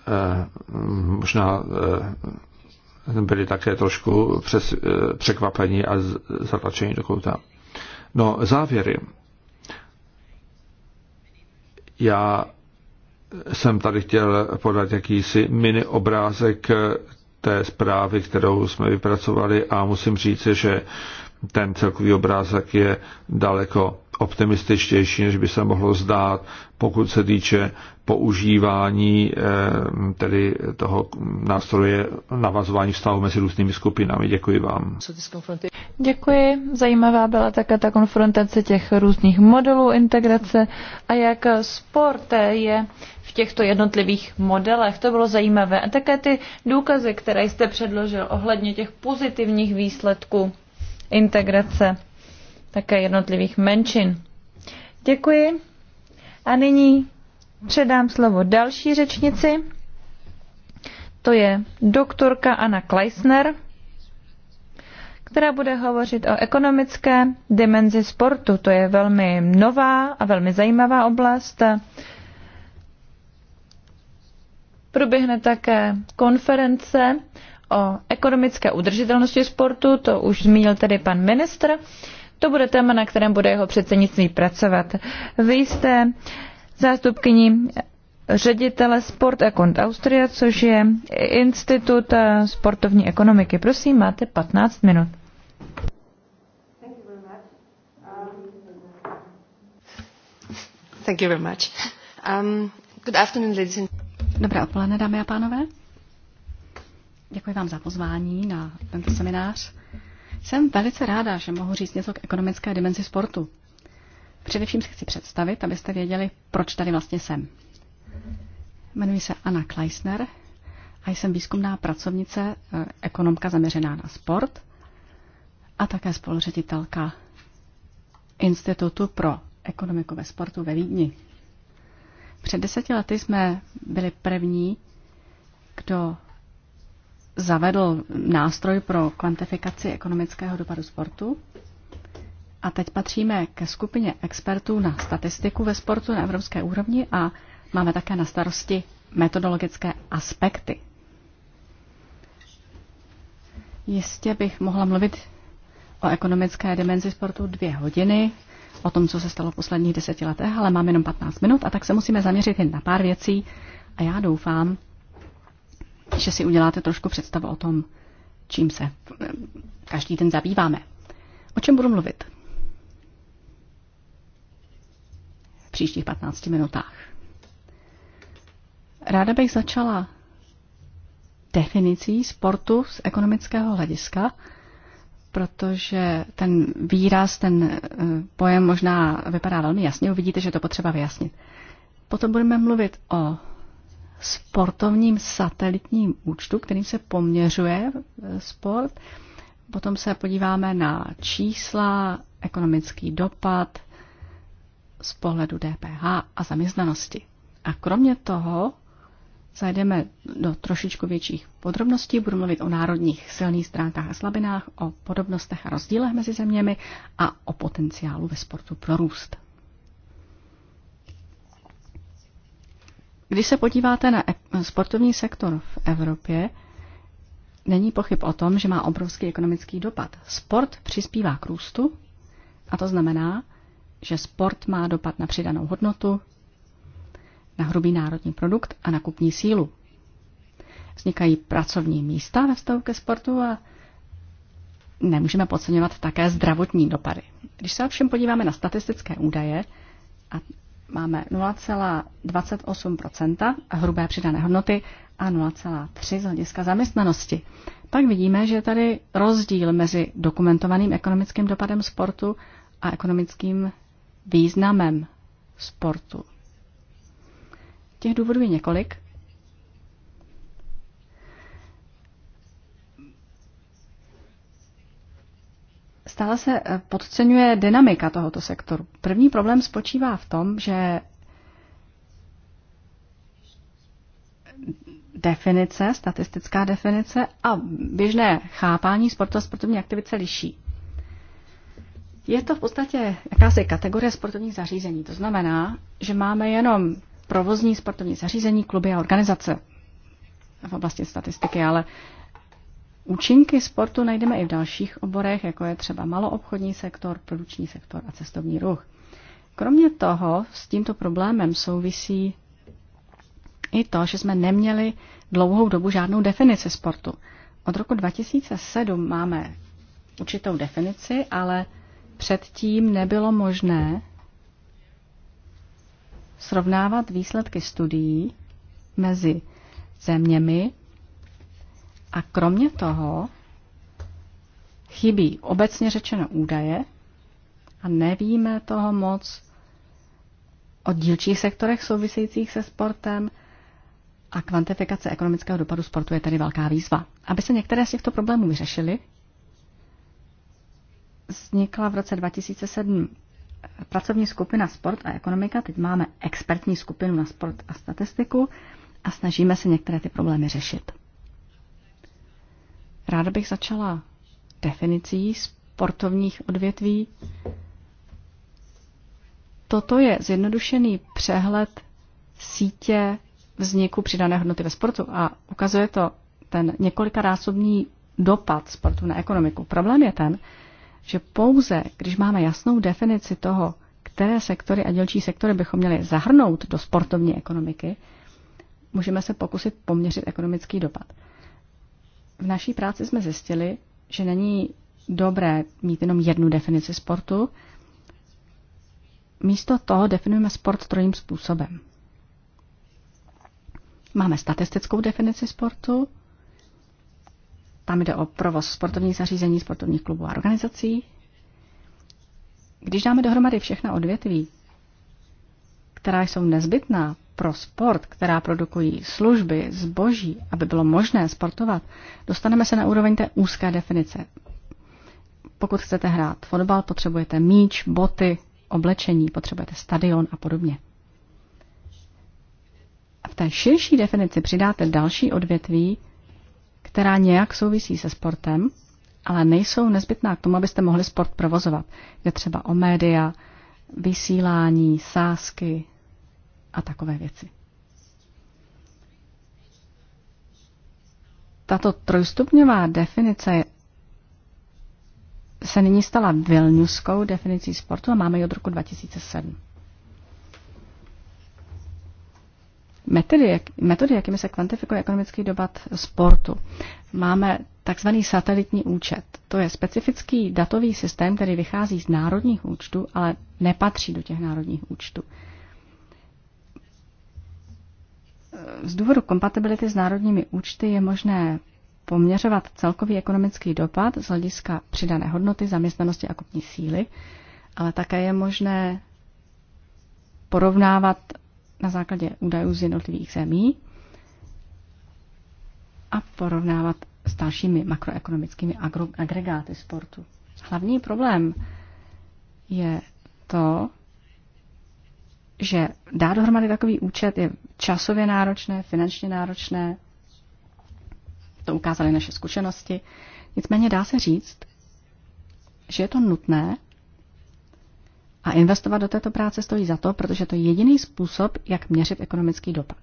Eh, možná eh, byli také trošku přes, eh, překvapení a zatlačení do kouta. No, závěry. Já jsem tady chtěl podat jakýsi mini obrázek té zprávy, kterou jsme vypracovali a musím říci, že ten celkový obrázek je daleko optimističtější, než by se mohlo zdát, pokud se týče používání eh, tedy toho nástroje navazování vztahu mezi různými skupinami. Děkuji vám. Děkuji. Zajímavá byla také ta konfrontace těch různých modelů integrace a jak sport je v těchto jednotlivých modelech. To bylo zajímavé. A také ty důkazy, které jste předložil ohledně těch pozitivních výsledků integrace také jednotlivých menšin. Děkuji. A nyní předám slovo další řečnici. To je doktorka Anna Kleisner, která bude hovořit o ekonomické dimenzi sportu. To je velmi nová a velmi zajímavá oblast. Proběhne také konference o ekonomické udržitelnosti sportu, to už zmínil tedy pan ministr. To bude téma, na kterém bude jeho předsednictví pracovat. Vy jste zástupkyní ředitele Sport Econ Austria, což je Institut eh, sportovní ekonomiky. Prosím, máte 15 minut. Thank you very much. Um, good afternoon, ladies and... Dobré odpoledne, dámy a pánové. Děkuji vám za pozvání na tento seminář. Jsem velice ráda, že mohu říct něco k ekonomické dimenzi sportu. Především si chci představit, abyste věděli, proč tady vlastně jsem. Jmenuji se Anna Kleisner a jsem výzkumná pracovnice, eh, ekonomka zaměřená na sport a také spoluředitelka Institutu pro ekonomiku ve sportu ve Vídni. Před deseti lety jsme byli první, kdo zavedl nástroj pro kvantifikaci ekonomického dopadu sportu. A teď patříme ke skupině expertů na statistiku ve sportu na evropské úrovni a máme také na starosti metodologické aspekty. Jistě bych mohla mluvit o ekonomické dimenzi sportu dvě hodiny, o tom, co se stalo v posledních deseti letech, ale mám jenom 15 minut a tak se musíme zaměřit jen na pár věcí a já doufám, že si uděláte trošku představu o tom, čím se každý den zabýváme. O čem budu mluvit? V příštích 15 minutách. Ráda bych začala definicí sportu z ekonomického hlediska, protože ten výraz, ten eh, pojem možná vypadá velmi jasně, uvidíte, že to potřeba vyjasnit. Potom budeme mluvit o sportovním satelitním účtu, kterým se poměřuje eh, sport. Potom se podíváme na čísla, ekonomický dopad z pohledu DPH a zaměstnanosti. A kromě toho zajdeme do trošičku větších podrobností, budu mluvit o národních silných stránkách a slabinách, o podobnostech a rozdílech mezi zeměmi a o potenciálu ve sportu pro růst. Když se podíváte na e- sportovní sektor v Evropě, není pochyb o tom, že má obrovský ekonomický dopad. Sport přispívá k růstu a to znamená, že sport má dopad na přidanou hodnotu, na hrubý národní produkt a na kupní sílu. Vznikají pracovní místa ve vztahu ke sportu a nemůžeme podceňovat také zdravotní dopady. Když se ovšem podíváme na statistické údaje, a máme 0,28 hrubé přidané hodnoty a 0,3 z hlediska zaměstnanosti. Pak vidíme, že je tady rozdíl mezi dokumentovaným ekonomickým dopadem sportu a ekonomickým významem sportu. Těch důvodů je několik stále se eh, podceňuje dynamika tohoto sektoru. První problém spočívá v tom, že definice, statistická definice a běžné chápání sportu a sportovní aktivice liší. Je to v podstatě jakási kategorie sportovních zařízení. To znamená, že máme jenom provozní sportovní zařízení, kluby a organizace v oblasti statistiky, ale Účinky sportu najdeme i v dalších oborech, jako je třeba maloobchodní sektor, produční sektor a cestovní ruch. Kromě toho s tímto problémem souvisí i to, že jsme neměli dlouhou dobu žádnou definici sportu. Od roku 2007 máme určitou definici, ale předtím nebylo možné srovnávat výsledky studií mezi zeměmi, a kromě toho chybí obecně řečeno údaje a nevíme toho moc o dílčích sektorech souvisejících se sportem a kvantifikace ekonomického dopadu sportu je tedy velká výzva. Aby se některé z těchto problémů vyřešily, vznikla v roce 2007 pracovní skupina Sport a ekonomika. Teď máme expertní skupinu na sport a statistiku a snažíme se některé ty problémy řešit. Ráda bych začala definicí sportovních odvětví. Toto je zjednodušený přehled sítě vzniku přidané hodnoty ve sportu a ukazuje to ten několikarásobný dopad sportu na ekonomiku. Problém je ten, že pouze když máme jasnou definici toho, které sektory a dělčí sektory bychom měli zahrnout do sportovní ekonomiky, můžeme se pokusit poměřit ekonomický dopad v naší práci jsme zjistili, že není dobré mít jenom jednu definici sportu. Místo toho definujeme sport trojím způsobem. Máme statistickou definici sportu, tam jde o provoz sportovních zařízení, sportovních klubů a organizací. Když dáme dohromady všechna odvětví, která jsou nezbytná pro sport, která produkují služby, zboží, aby bylo možné sportovat, dostaneme se na úroveň té úzké definice. Pokud chcete hrát fotbal, potřebujete míč, boty, oblečení, potřebujete stadion a podobně. A v té širší definici přidáte další odvětví, která nějak souvisí se sportem, ale nejsou nezbytná k tomu, abyste mohli sport provozovat. je třeba o média, vysílání, sásky a takové věci. Tato trojstupňová definice se nyní stala vilňuskou definicí sportu a máme ji od roku 2007. Metody, jak, metody, jakými se kvantifikuje ekonomický dopad sportu máme takzvaný satelitní účet. To je specifický datový systém, který vychází z národních účtů, ale nepatří do těch národních účtů. Z důvodu kompatibility s národními účty je možné poměřovat celkový ekonomický dopad z hlediska přidané hodnoty, zaměstnanosti a kupní síly, ale také je možné porovnávat na základě údajů z jednotlivých zemí a porovnávat s dalšími makroekonomickými agregáty sportu. Hlavní problém je to, že dá dohromady takový účet je časově náročné, finančně náročné, to ukázaly naše zkušenosti. Nicméně dá se říct, že je to nutné a investovat do této práce stojí za to, protože to je jediný způsob, jak měřit ekonomický dopad.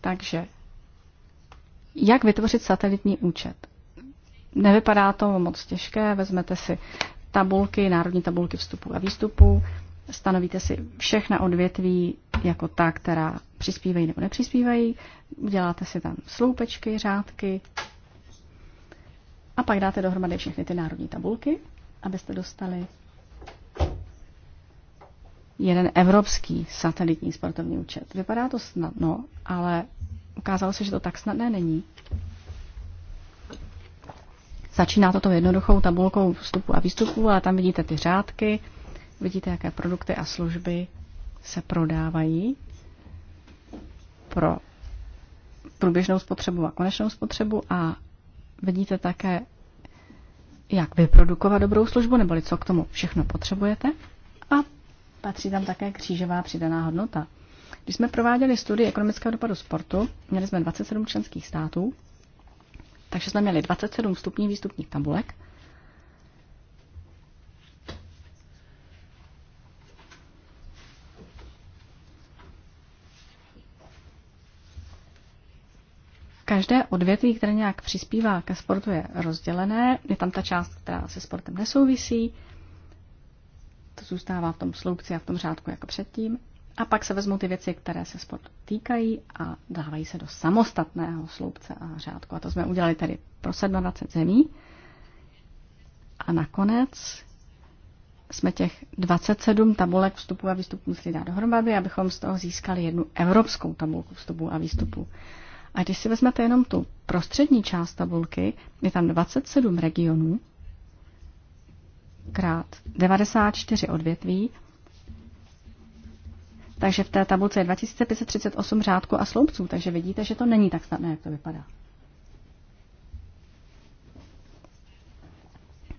Takže jak vytvořit satelitní účet? Nevypadá to moc těžké, vezmete si tabulky, národní tabulky vstupu a výstupu, stanovíte si všechna odvětví jako ta, která přispívají nebo nepřispívají, uděláte si tam sloupečky, řádky a pak dáte dohromady všechny ty národní tabulky, abyste dostali jeden evropský satelitní sportovní účet. Vypadá to snadno, ale ukázalo se, že to tak snadné není. Začíná to tou jednoduchou tabulkou vstupu a výstupu, ale tam vidíte ty řádky, vidíte, jaké produkty a služby se prodávají pro průběžnou spotřebu a konečnou spotřebu a vidíte také, jak vyprodukovat dobrou službu, neboli co k tomu všechno potřebujete. A patří tam také křížová přidaná hodnota. Když jsme prováděli studii ekonomického dopadu sportu, měli jsme 27 členských států, takže jsme měli 27 stupní výstupních tabulek. Každé odvětví, které nějak přispívá ke sportu, je rozdělené. Je tam ta část, která se sportem nesouvisí, to zůstává v tom sloupci a v tom řádku jako předtím. A pak se vezmou ty věci, které se spod týkají a dávají se do samostatného sloupce a řádku. A to jsme udělali tedy pro 27 zemí. A nakonec jsme těch 27 tabulek vstupu a výstupu museli dát dohromady, abychom z toho získali jednu evropskou tabulku vstupu a výstupu. A když si vezmete jenom tu prostřední část tabulky, je tam 27 regionů krát 94 odvětví, takže v té tabulce je 2538 řádků a sloupců, takže vidíte, že to není tak snadné, jak to vypadá.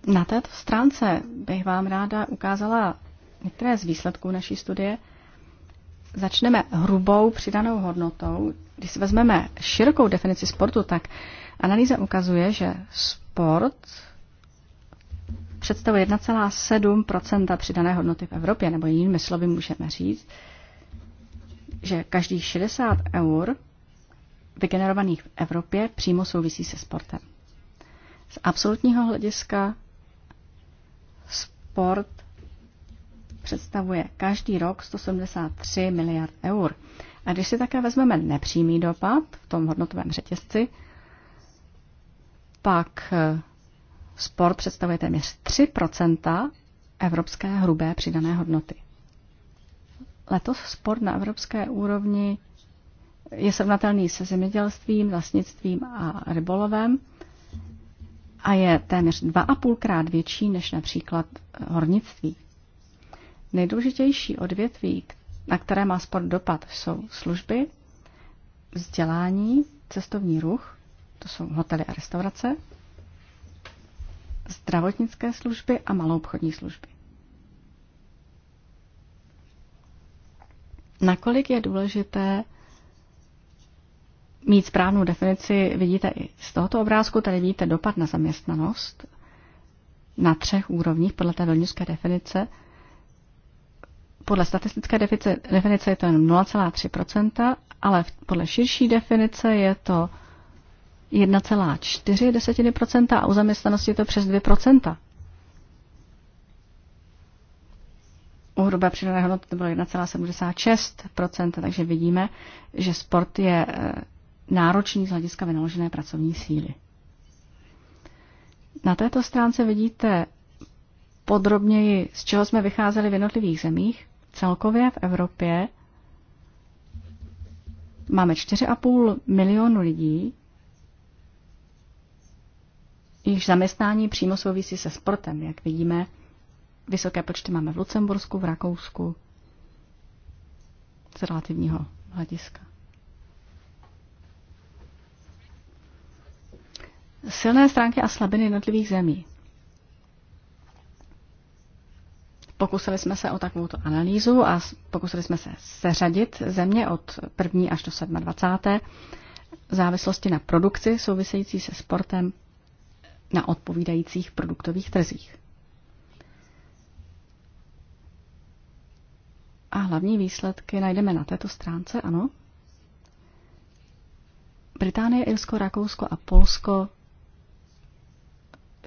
Na této stránce bych vám ráda ukázala některé z výsledků naší studie. Začneme hrubou přidanou hodnotou. Když si vezmeme širokou definici sportu, tak analýza ukazuje, že sport představuje 1,7 přidané hodnoty v Evropě, nebo jinými slovy můžeme říct, že každých 60 eur vygenerovaných v Evropě přímo souvisí se sportem. Z absolutního hlediska sport představuje každý rok 173 miliard eur. A když si také vezmeme nepřímý dopad v tom hodnotovém řetězci, pak eh, Sport představuje téměř 3 evropské hrubé přidané hodnoty. Letos sport na evropské úrovni je srovnatelný se zemědělstvím, vlastnictvím a rybolovem a je téměř 2,5 krát větší než například hornictví. Nejdůležitější odvětví, na které má sport dopad, jsou služby, vzdělání, cestovní ruch, to jsou hotely a restaurace, zdravotnické služby a obchodní služby. Nakolik je důležité mít správnou definici, vidíte i z tohoto obrázku, tady vidíte dopad na zaměstnanost na třech úrovních podle té vilniuské definice. Podle statistické definice, definice je to jen 0,3%, ale podle širší definice je to 1,4 a u zaměstnanosti je to přes 2 U hrubé přidané hodnoty to bylo 1,76 takže vidíme, že sport je eh, náročný z hlediska vynaložené pracovní síly. Na této stránce vidíte podrobněji, z čeho jsme vycházeli v jednotlivých zemích. Celkově v Evropě máme 4,5 milionu lidí, Již zaměstnání přímo souvisí se sportem, jak vidíme. Vysoké počty máme v Lucembursku, v Rakousku, z relativního hlediska. Silné stránky a slabiny jednotlivých zemí. Pokusili jsme se o takovou analýzu a pokusili jsme se seřadit země od 1. až do 27. závislosti na produkci související se sportem, na odpovídajících produktových trzích. A hlavní výsledky najdeme na této stránce, ano? Británie, Irsko, Rakousko a Polsko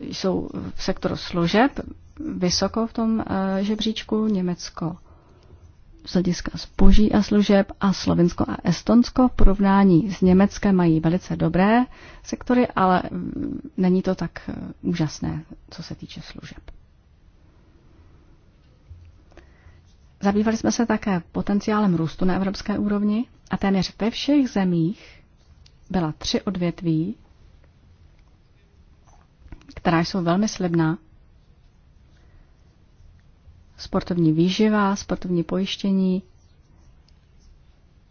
jsou v sektoru služeb vysoko v tom eh, žebříčku, Německo z hlediska zboží a služeb a Slovinsko a Estonsko v porovnání s Německem mají velice dobré sektory, ale mm, není to tak eh, úžasné, co se týče služeb. Zabývali jsme se také potenciálem růstu na evropské úrovni a téměř ve všech zemích byla tři odvětví, která jsou velmi slibná sportovní výživa, sportovní pojištění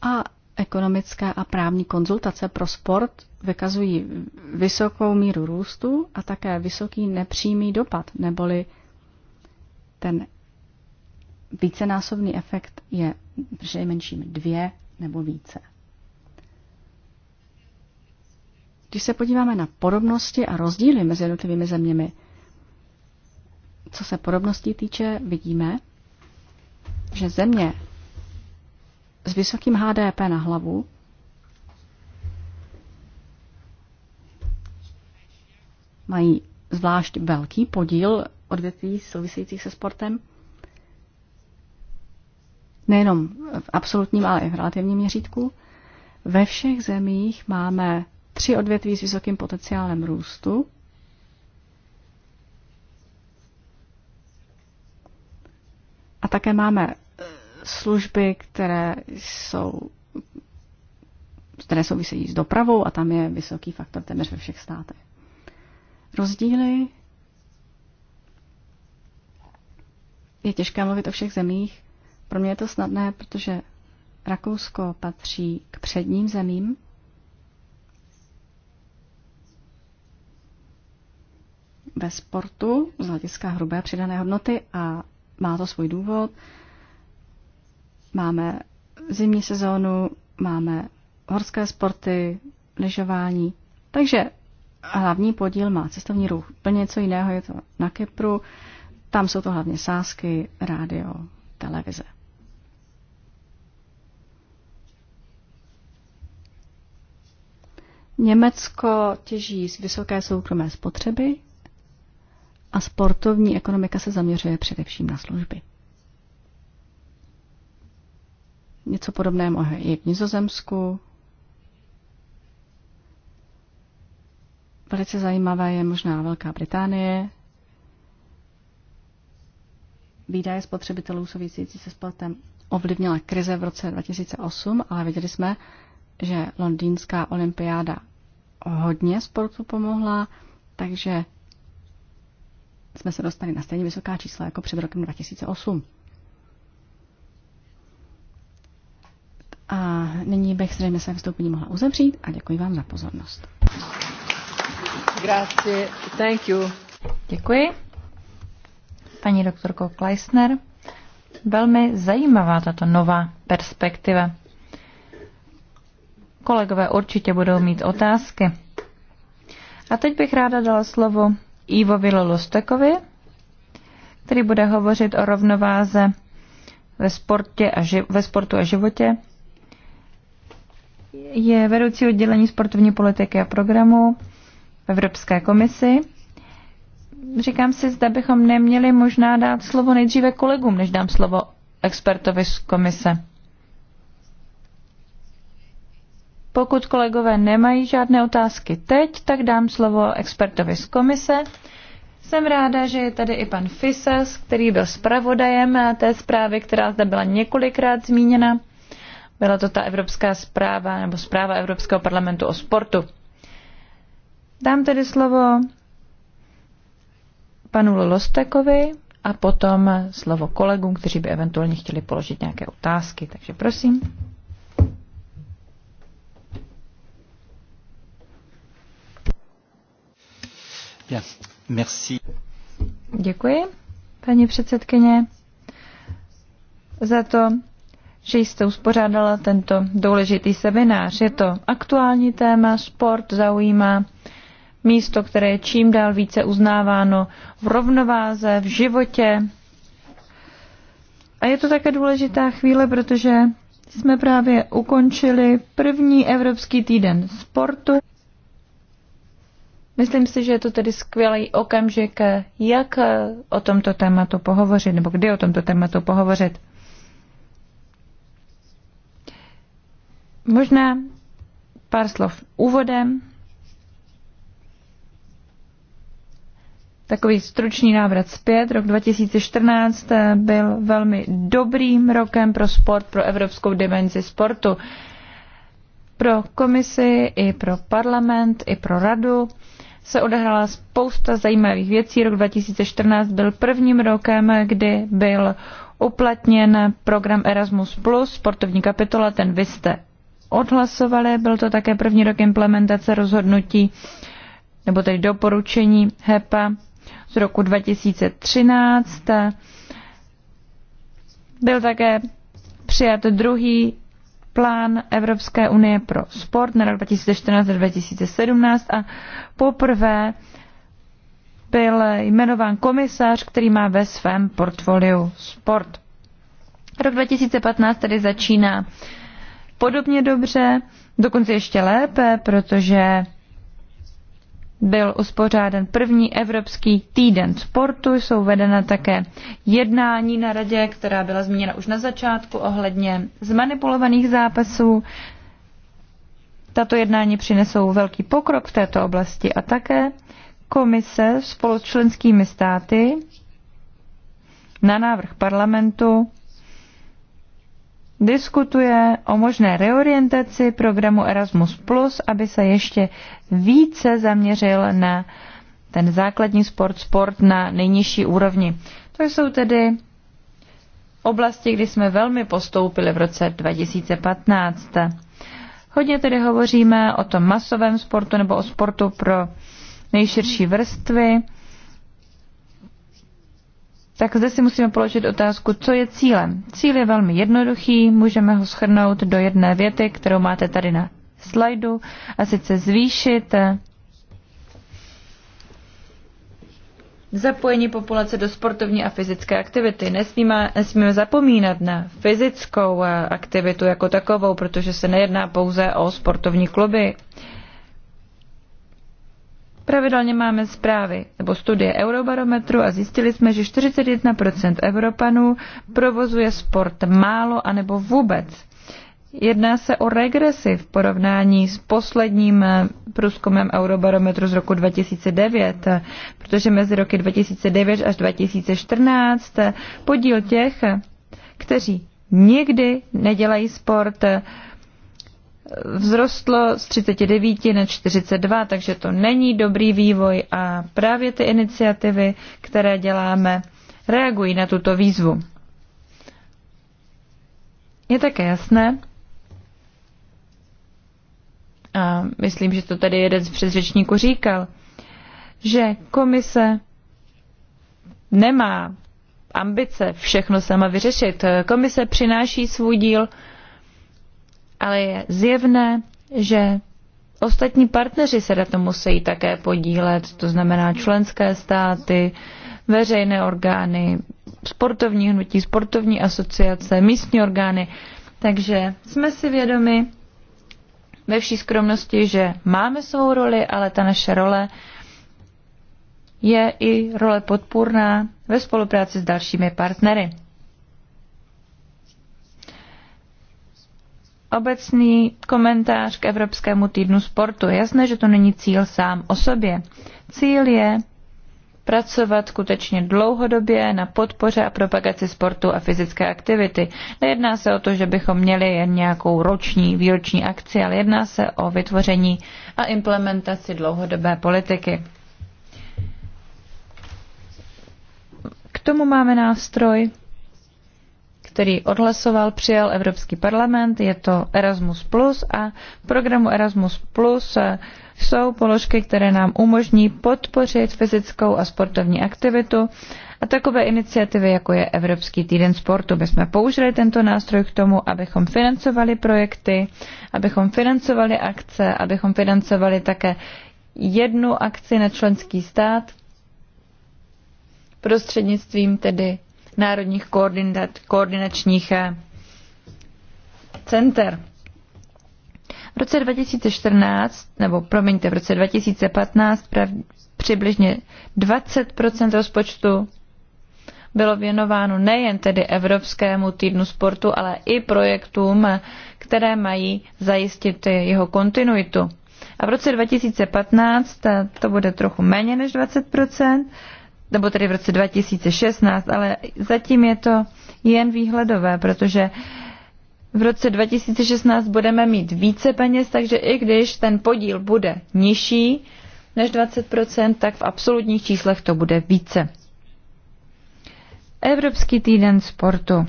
a ekonomické a právní konzultace pro sport vykazují vysokou míru růstu a také vysoký nepřímý dopad, neboli ten vícenásobný efekt je přinejmenším dvě nebo více. Když se podíváme na podobnosti a rozdíly mezi jednotlivými zeměmi, co se podobností týče, vidíme, že země s vysokým HDP na hlavu mají zvlášť velký podíl odvětví souvisejících se sportem, nejenom v absolutním, ale i v relativním měřítku. Ve všech zemích máme tři odvětví s vysokým potenciálem růstu A také máme eh, služby, které jsou které souvisejí s dopravou a tam je vysoký faktor téměř ve všech státech. Rozdíly je těžké mluvit o všech zemích. Pro mě je to snadné, protože Rakousko patří k předním zemím. ve sportu z hlediska hrubé přidané hodnoty a má to svůj důvod. Máme zimní sezónu, máme horské sporty, lyžování. Takže hlavní podíl má cestovní ruch. Plně něco jiného je to na Kypru. Tam jsou to hlavně sásky, rádio, televize. Německo těží z vysoké soukromé spotřeby, a sportovní ekonomika se zaměřuje především na služby. Něco podobného je v Nizozemsku. Velice zajímavá je možná Velká Británie. Výdaje spotřebitelů související se sportem ovlivnila krize v roce 2008, ale viděli jsme, že londýnská olympiáda hodně sportu pomohla, takže jsme se dostali na stejně vysoká čísla jako před rokem 2008. A nyní bych zřejmě své vstoupení mohla uzavřít a děkuji vám za pozornost. Grazie. Thank you. Děkuji. Paní doktorko Kleisner, velmi zajímavá tato nová perspektiva. Kolegové určitě budou mít otázky. A teď bych ráda dala slovo Ivovi Lustekovi, který bude hovořit o rovnováze ve, sportě a ži- ve sportu a životě. Je vedoucí oddělení sportovní politiky a programu v Evropské komisi. Říkám si, zda bychom neměli možná dát slovo nejdříve kolegům, než dám slovo expertovi z komise. Pokud kolegové nemají žádné otázky teď, tak dám slovo expertovi z komise. Jsem ráda, že je tady i pan Fisas, který byl zpravodajem té zprávy, která zde byla několikrát zmíněna. Byla to ta evropská zpráva nebo zpráva Evropského parlamentu o sportu. Dám tedy slovo panu Lolostekovi a potom slovo kolegům, kteří by eventuálně chtěli položit nějaké otázky. Takže prosím. Děkuji, paní předsedkyně, za to, že jste uspořádala tento důležitý seminář. Je to aktuální téma, sport zaujímá místo, které je čím dál více uznáváno v rovnováze, v životě. A je to také důležitá chvíle, protože jsme právě ukončili první Evropský týden sportu. Myslím si, že je to tedy skvělý okamžik, jak o tomto tématu pohovořit, nebo kdy o tomto tématu pohovořit. Možná pár slov úvodem. Takový stručný návrat zpět. Rok 2014 byl velmi dobrým rokem pro sport, pro evropskou dimenzi sportu. Pro komisi, i pro parlament, i pro radu se odehrála spousta zajímavých věcí. Rok 2014 byl prvním rokem, kdy byl uplatněn program Erasmus+, sportovní kapitola, ten vy jste odhlasovali. Byl to také první rok implementace rozhodnutí, nebo tedy doporučení HEPA z roku 2013. Byl také přijat druhý plán Evropské unie pro sport na rok 2014 a 2017 a poprvé byl jmenován komisař, který má ve svém portfoliu sport. Rok 2015 tedy začíná podobně dobře, dokonce ještě lépe, protože byl uspořádán první Evropský týden sportu. Jsou vedena také jednání na radě, která byla zmíněna už na začátku ohledně zmanipulovaných zápasů. Tato jednání přinesou velký pokrok v této oblasti a také komise spolu s členskými státy na návrh parlamentu diskutuje o možné reorientaci programu Erasmus+, aby se ještě více zaměřil na ten základní sport, sport na nejnižší úrovni. To jsou tedy oblasti, kdy jsme velmi postoupili v roce 2015. Hodně tedy hovoříme o tom masovém sportu nebo o sportu pro nejširší vrstvy tak zde si musíme položit otázku, co je cílem. Cíl je velmi jednoduchý, můžeme ho schrnout do jedné věty, kterou máte tady na slajdu, a sice zvýšit eh, zapojení populace do sportovní a fyzické aktivity. Nesmíme, nesmíme zapomínat na fyzickou eh, aktivitu jako takovou, protože se nejedná pouze o sportovní kluby. Pravidelně máme zprávy nebo studie Eurobarometru a zjistili jsme, že 41% Evropanů provozuje sport málo anebo vůbec. Jedná se o regresi v porovnání s posledním eh, průzkumem Eurobarometru z roku 2009, protože mezi roky 2009 až 2014 eh, podíl těch, kteří nikdy nedělají sport, eh, vzrostlo z 39 na 42, takže to není dobrý vývoj a právě ty iniciativy, které děláme, reagují na tuto výzvu. Je také jasné, a myslím, že to tady jeden z předřečníků říkal, že komise nemá ambice všechno sama vyřešit. Komise přináší svůj díl ale je zjevné, že ostatní partneři se na to musí také podílet, to znamená členské státy, veřejné orgány, sportovní hnutí, sportovní asociace, místní orgány. Takže jsme si vědomi ve vší skromnosti, že máme svou roli, ale ta naše role je i role podpůrná ve spolupráci s dalšími partnery. obecný komentář k Evropskému týdnu sportu. Je jasné, že to není cíl sám o sobě. Cíl je pracovat skutečně dlouhodobě na podpoře a propagaci sportu a fyzické aktivity. Nejedná se o to, že bychom měli jen nějakou roční výroční akci, ale jedná se o vytvoření a implementaci dlouhodobé politiky. K tomu máme nástroj který odhlasoval, přijal Evropský parlament, je to Erasmus+, a v programu Erasmus+, eh, jsou položky, které nám umožní podpořit fyzickou a sportovní aktivitu a takové iniciativy, jako je Evropský týden sportu, bychom použili tento nástroj k tomu, abychom financovali projekty, abychom financovali akce, abychom financovali také jednu akci na členský stát, prostřednictvím tedy národních koordinačních eh, center. V roce 2014, nebo promiňte, v roce 2015 prav, přibližně 20 rozpočtu bylo věnováno nejen tedy Evropskému týdnu sportu, ale i projektům, které mají zajistit jeho kontinuitu. A v roce 2015 eh, to bude trochu méně než 20 nebo tedy v roce 2016, ale zatím je to jen výhledové, protože v roce 2016 budeme mít více peněz, takže i když ten podíl bude nižší než 20%, tak v absolutních číslech to bude více. Evropský týden sportu.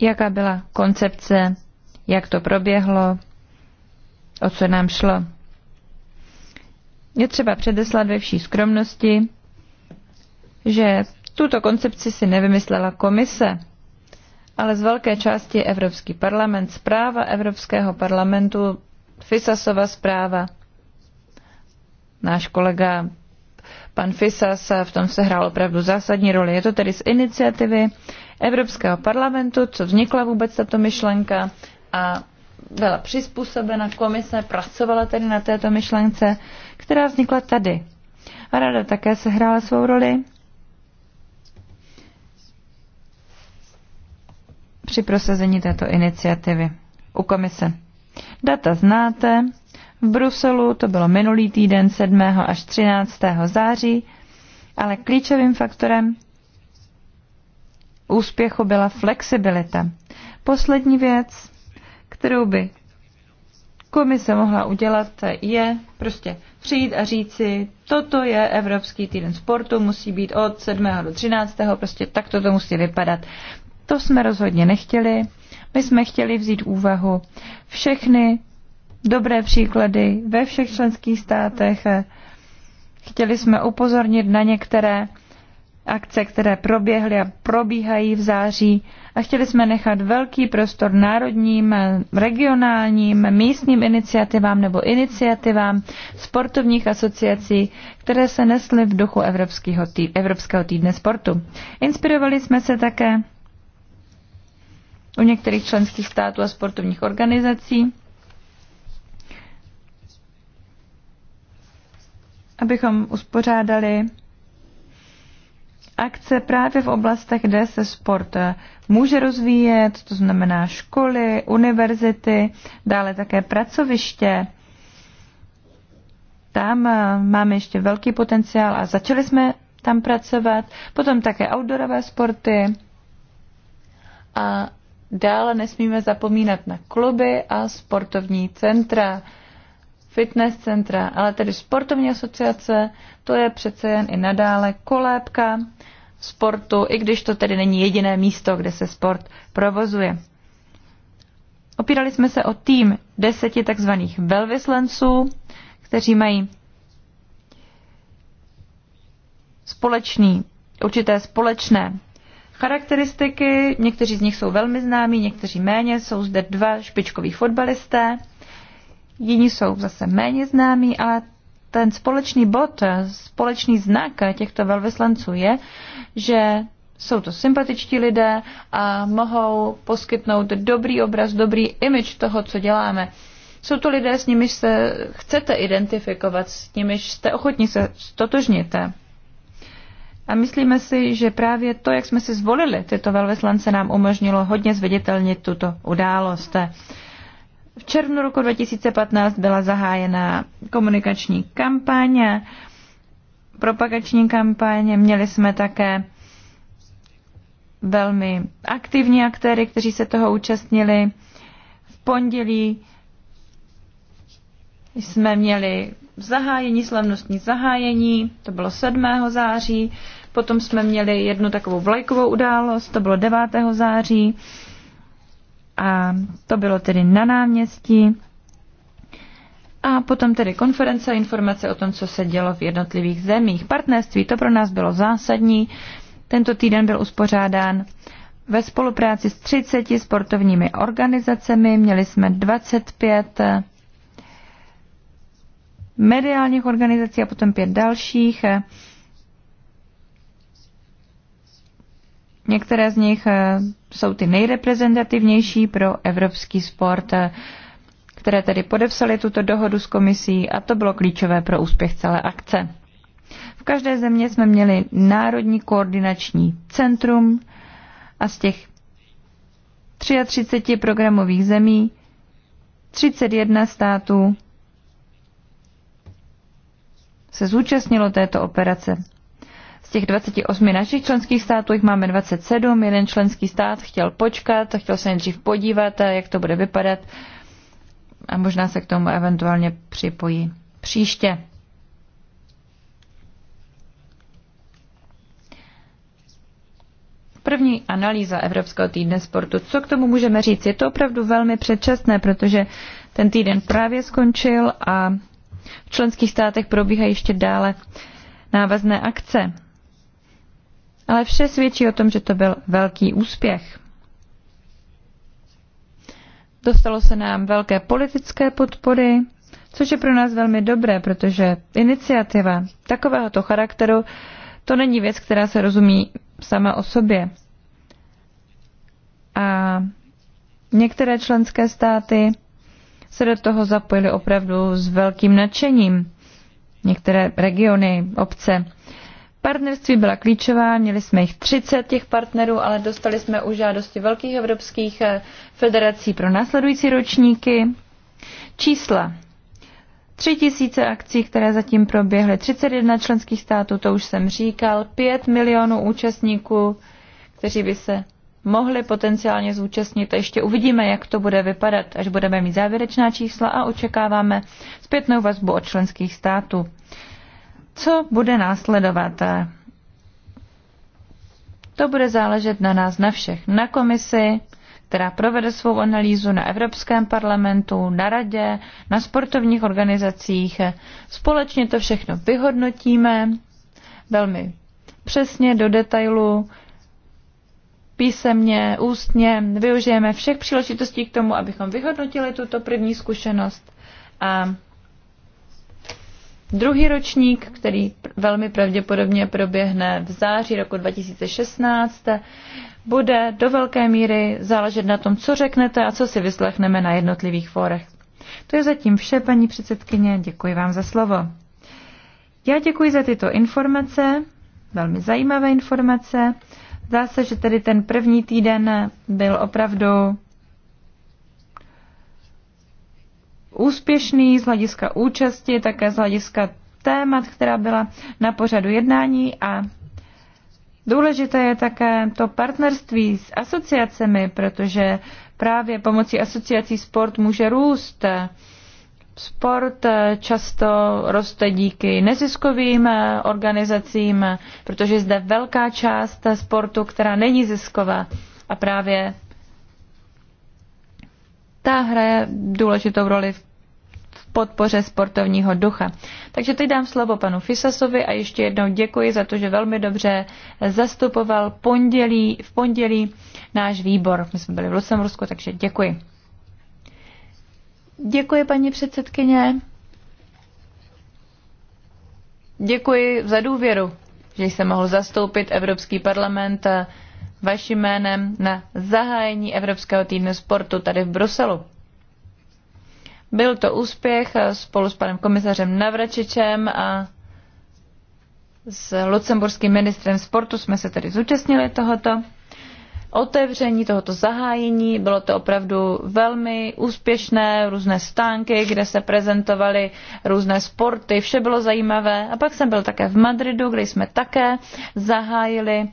Jaká byla koncepce, jak to proběhlo, o co nám šlo? Je třeba předeslat ve vší skromnosti, že tuto koncepci si nevymyslela komise, ale z velké části Evropský parlament, zpráva Evropského parlamentu, Fisasova zpráva. Náš kolega pan Fisas v tom se hrál opravdu zásadní roli. Je to tedy z iniciativy Evropského parlamentu, co vznikla vůbec tato myšlenka a byla přizpůsobena, komise pracovala tedy na této myšlence, která vznikla tady. A rada také sehrála svou roli při prosazení této iniciativy u komise. Data znáte. V Bruselu to bylo minulý týden 7. až 13. září, ale klíčovým faktorem úspěchu byla flexibilita. Poslední věc, kterou by komise mohla udělat, je prostě přijít a říci, toto je Evropský týden sportu, musí být od 7. do 13. prostě tak to musí vypadat. To jsme rozhodně nechtěli. My jsme chtěli vzít úvahu všechny dobré příklady ve všech členských státech. Chtěli jsme upozornit na některé akce, které proběhly a probíhají v září a chtěli jsme nechat velký prostor národním, regionálním, místním iniciativám nebo iniciativám sportovních asociací, které se nesly v duchu Evropského, tý, Evropského týdne sportu. Inspirovali jsme se také u některých členských států a sportovních organizací, abychom uspořádali akce právě v oblastech, kde se sport eh, může rozvíjet, to znamená školy, univerzity, dále také pracoviště. Tam eh, máme ještě velký potenciál a začali jsme tam pracovat. Potom také outdoorové sporty. A dále nesmíme zapomínat na kluby a sportovní centra fitness centra, ale tedy sportovní asociace, to je přece jen i nadále kolébka sportu, i když to tedy není jediné místo, kde se sport provozuje. Opírali jsme se o tým deseti takzvaných velvyslenců, kteří mají společný, určité společné charakteristiky. Někteří z nich jsou velmi známí, někteří méně. Jsou zde dva špičkoví fotbalisté, jiní jsou zase méně známí, ale ten společný bod, společný znak těchto velvyslanců je, že jsou to sympatičtí lidé a mohou poskytnout dobrý obraz, dobrý image toho, co děláme. Jsou to lidé, s nimiž se chcete identifikovat, s nimiž jste ochotní se stotožnit. A myslíme si, že právě to, jak jsme si zvolili tyto velvyslance, nám umožnilo hodně zviditelnit tuto událost. V červnu roku 2015 byla zahájena komunikační kampaně, propagační kampaně. měli jsme také velmi aktivní aktéry, kteří se toho účastnili. V pondělí jsme měli zahájení, slavnostní zahájení, to bylo 7. září, potom jsme měli jednu takovou vlajkovou událost, to bylo 9. září a to bylo tedy na náměstí. A potom tedy konference, informace o tom, co se dělo v jednotlivých zemích. Partnerství, to pro nás bylo zásadní. Tento týden byl uspořádán ve spolupráci s 30 sportovními organizacemi. Měli jsme 25 mediálních organizací a potom pět dalších. Některé z nich jsou ty nejreprezentativnější pro evropský sport, eh, které tedy podepsali tuto dohodu s komisí a to bylo klíčové pro úspěch celé akce. V každé země jsme měli národní koordinační centrum a z těch 33 programových zemí 31 států se zúčastnilo této operace z těch 28 našich členských států jich máme 27, jeden členský stát chtěl počkat, chtěl se nejdřív podívat, eh, jak to bude vypadat a možná se k tomu eventuálně připojí příště. První analýza Evropského týdne sportu. Co k tomu můžeme říct? Je to opravdu velmi předčasné, protože ten týden právě skončil a v členských státech probíhají ještě dále návazné akce ale vše svědčí o tom, že to byl velký úspěch. Dostalo se nám velké politické podpory, což je pro nás velmi dobré, protože iniciativa takovéhoto charakteru to není věc, která se rozumí sama o sobě. A některé členské státy se do toho zapojily opravdu s velkým nadšením. Některé regiony, obce. Partnerství byla klíčová, měli jsme jich 30 těch partnerů, ale dostali jsme už žádosti velkých evropských eh, federací pro následující ročníky. Čísla. 3 tisíce akcí, které zatím proběhly, 31 členských států, to už jsem říkal, 5 milionů účastníků, kteří by se mohli potenciálně zúčastnit. A ještě uvidíme, jak to bude vypadat, až budeme mít závěrečná čísla a očekáváme zpětnou vazbu od členských států. Co bude následovat? To bude záležet na nás, na všech, na komisi, která provede svou analýzu na Evropském parlamentu, na radě, na sportovních organizacích. Společně to všechno vyhodnotíme velmi přesně do detailu, písemně, ústně. Využijeme všech příležitostí k tomu, abychom vyhodnotili tuto první zkušenost a Druhý ročník, který velmi pravděpodobně proběhne v září roku 2016, bude do velké míry záležet na tom, co řeknete a co si vyslechneme na jednotlivých fórech. To je zatím vše, paní předsedkyně, děkuji vám za slovo. Já děkuji za tyto informace, velmi zajímavé informace. Zdá se, že tedy ten první týden byl opravdu úspěšný z hlediska účasti, také z hlediska témat, která byla na pořadu jednání a důležité je také to partnerství s asociacemi, protože právě pomocí asociací sport může růst. Sport často roste díky neziskovým eh, organizacím, protože zde velká část sportu, která není zisková. A právě ta hraje důležitou roli v podpoře sportovního ducha. Takže teď dám slovo panu Fisasovi a ještě jednou děkuji za to, že velmi dobře zastupoval pondělí, v pondělí náš výbor. My jsme byli v Lucembursku, takže děkuji. Děkuji, paní předsedkyně. Děkuji za důvěru, že jsem mohl zastoupit Evropský parlament vaším jménem na zahájení Evropského týdne sportu tady v Bruselu. Byl to úspěch eh, spolu s panem komisařem Navračičem a s lucemburským ministrem sportu jsme se tedy zúčastnili tohoto otevření, tohoto zahájení. Bylo to opravdu velmi úspěšné, různé stánky, kde se prezentovaly různé sporty, vše bylo zajímavé. A pak jsem byl také v Madridu, kde jsme také zahájili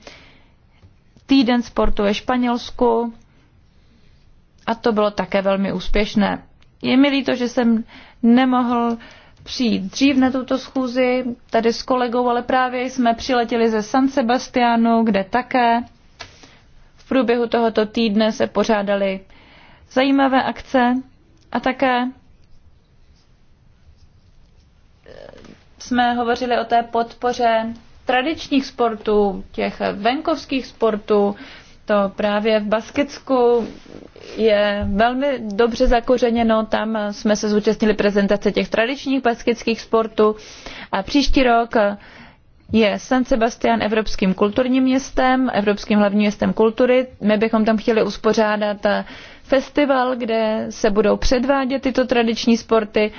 týden sportu ve Španělsku. A to bylo také velmi úspěšné. Je mi líto, že jsem nemohl přijít dřív na tuto schůzi tady s kolegou, ale právě jsme přiletěli ze San Sebastianu, kde také v průběhu tohoto týdne se pořádaly zajímavé akce a také jsme hovořili o té podpoře tradičních sportů, těch venkovských sportů, to právě v Baskicku je velmi dobře zakořeněno. Tam jsme se zúčastnili prezentace těch tradičních baskických sportů a příští rok je San Sebastian evropským kulturním městem, evropským hlavním městem kultury. My bychom tam chtěli uspořádat festival, kde se budou předvádět tyto tradiční sporty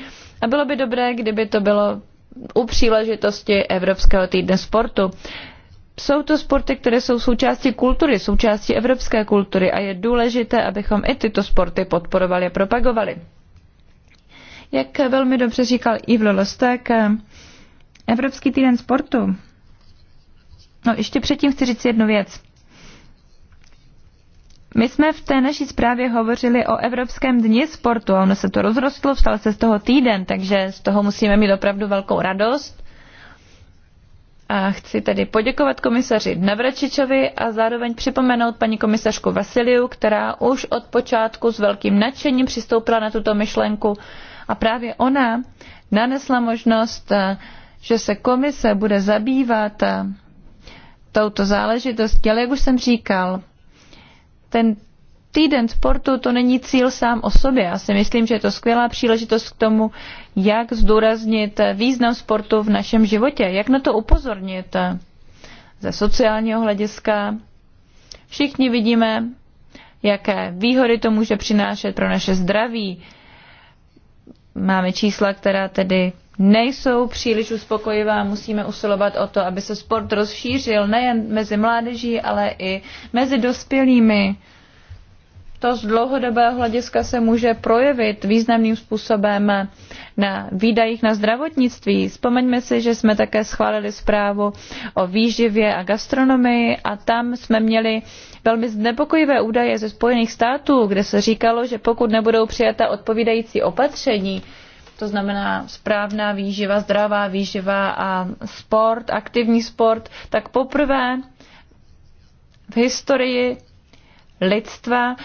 a bylo by dobré, kdyby to bylo u příležitosti Evropského týdne sportu. Jsou to sporty, které jsou součástí kultury, součástí evropské kultury a je důležité, abychom i tyto sporty podporovali a propagovali. Jak velmi dobře říkal Ivo Lostek, Evropský týden sportu. No ještě předtím chci říct jednu věc. My jsme v té naší zprávě hovořili o Evropském dni sportu a ono se to rozrostlo, vstal se z toho týden, takže z toho musíme mít opravdu velkou radost. A chci tedy poděkovat komisaři Navračičovi a zároveň připomenout paní komisařku Vasiliu, která už od počátku s velkým nadšením přistoupila na tuto myšlenku a právě ona nanesla možnost, eh, že se komise bude zabývat eh, touto záležitostí, ale jak už jsem říkal, ten Týden sportu to není cíl sám o sobě. Já si myslím, že je to skvělá příležitost k tomu, jak zdůraznit význam sportu v našem životě, jak na to upozornit ze sociálního hlediska. Všichni vidíme, jaké výhody to může přinášet pro naše zdraví. Máme čísla, která tedy nejsou příliš uspokojivá. Musíme usilovat o to, aby se sport rozšířil nejen mezi mládeží, ale i mezi dospělými to z dlouhodobého hlediska se může projevit významným způsobem na výdajích na zdravotnictví. Vzpomeňme si, že jsme také schválili zprávu o výživě a gastronomii a tam jsme měli velmi znepokojivé údaje ze Spojených států, kde se říkalo, že pokud nebudou přijata odpovídající opatření, to znamená správná výživa, zdravá výživa a sport, aktivní sport, tak poprvé v historii lidstva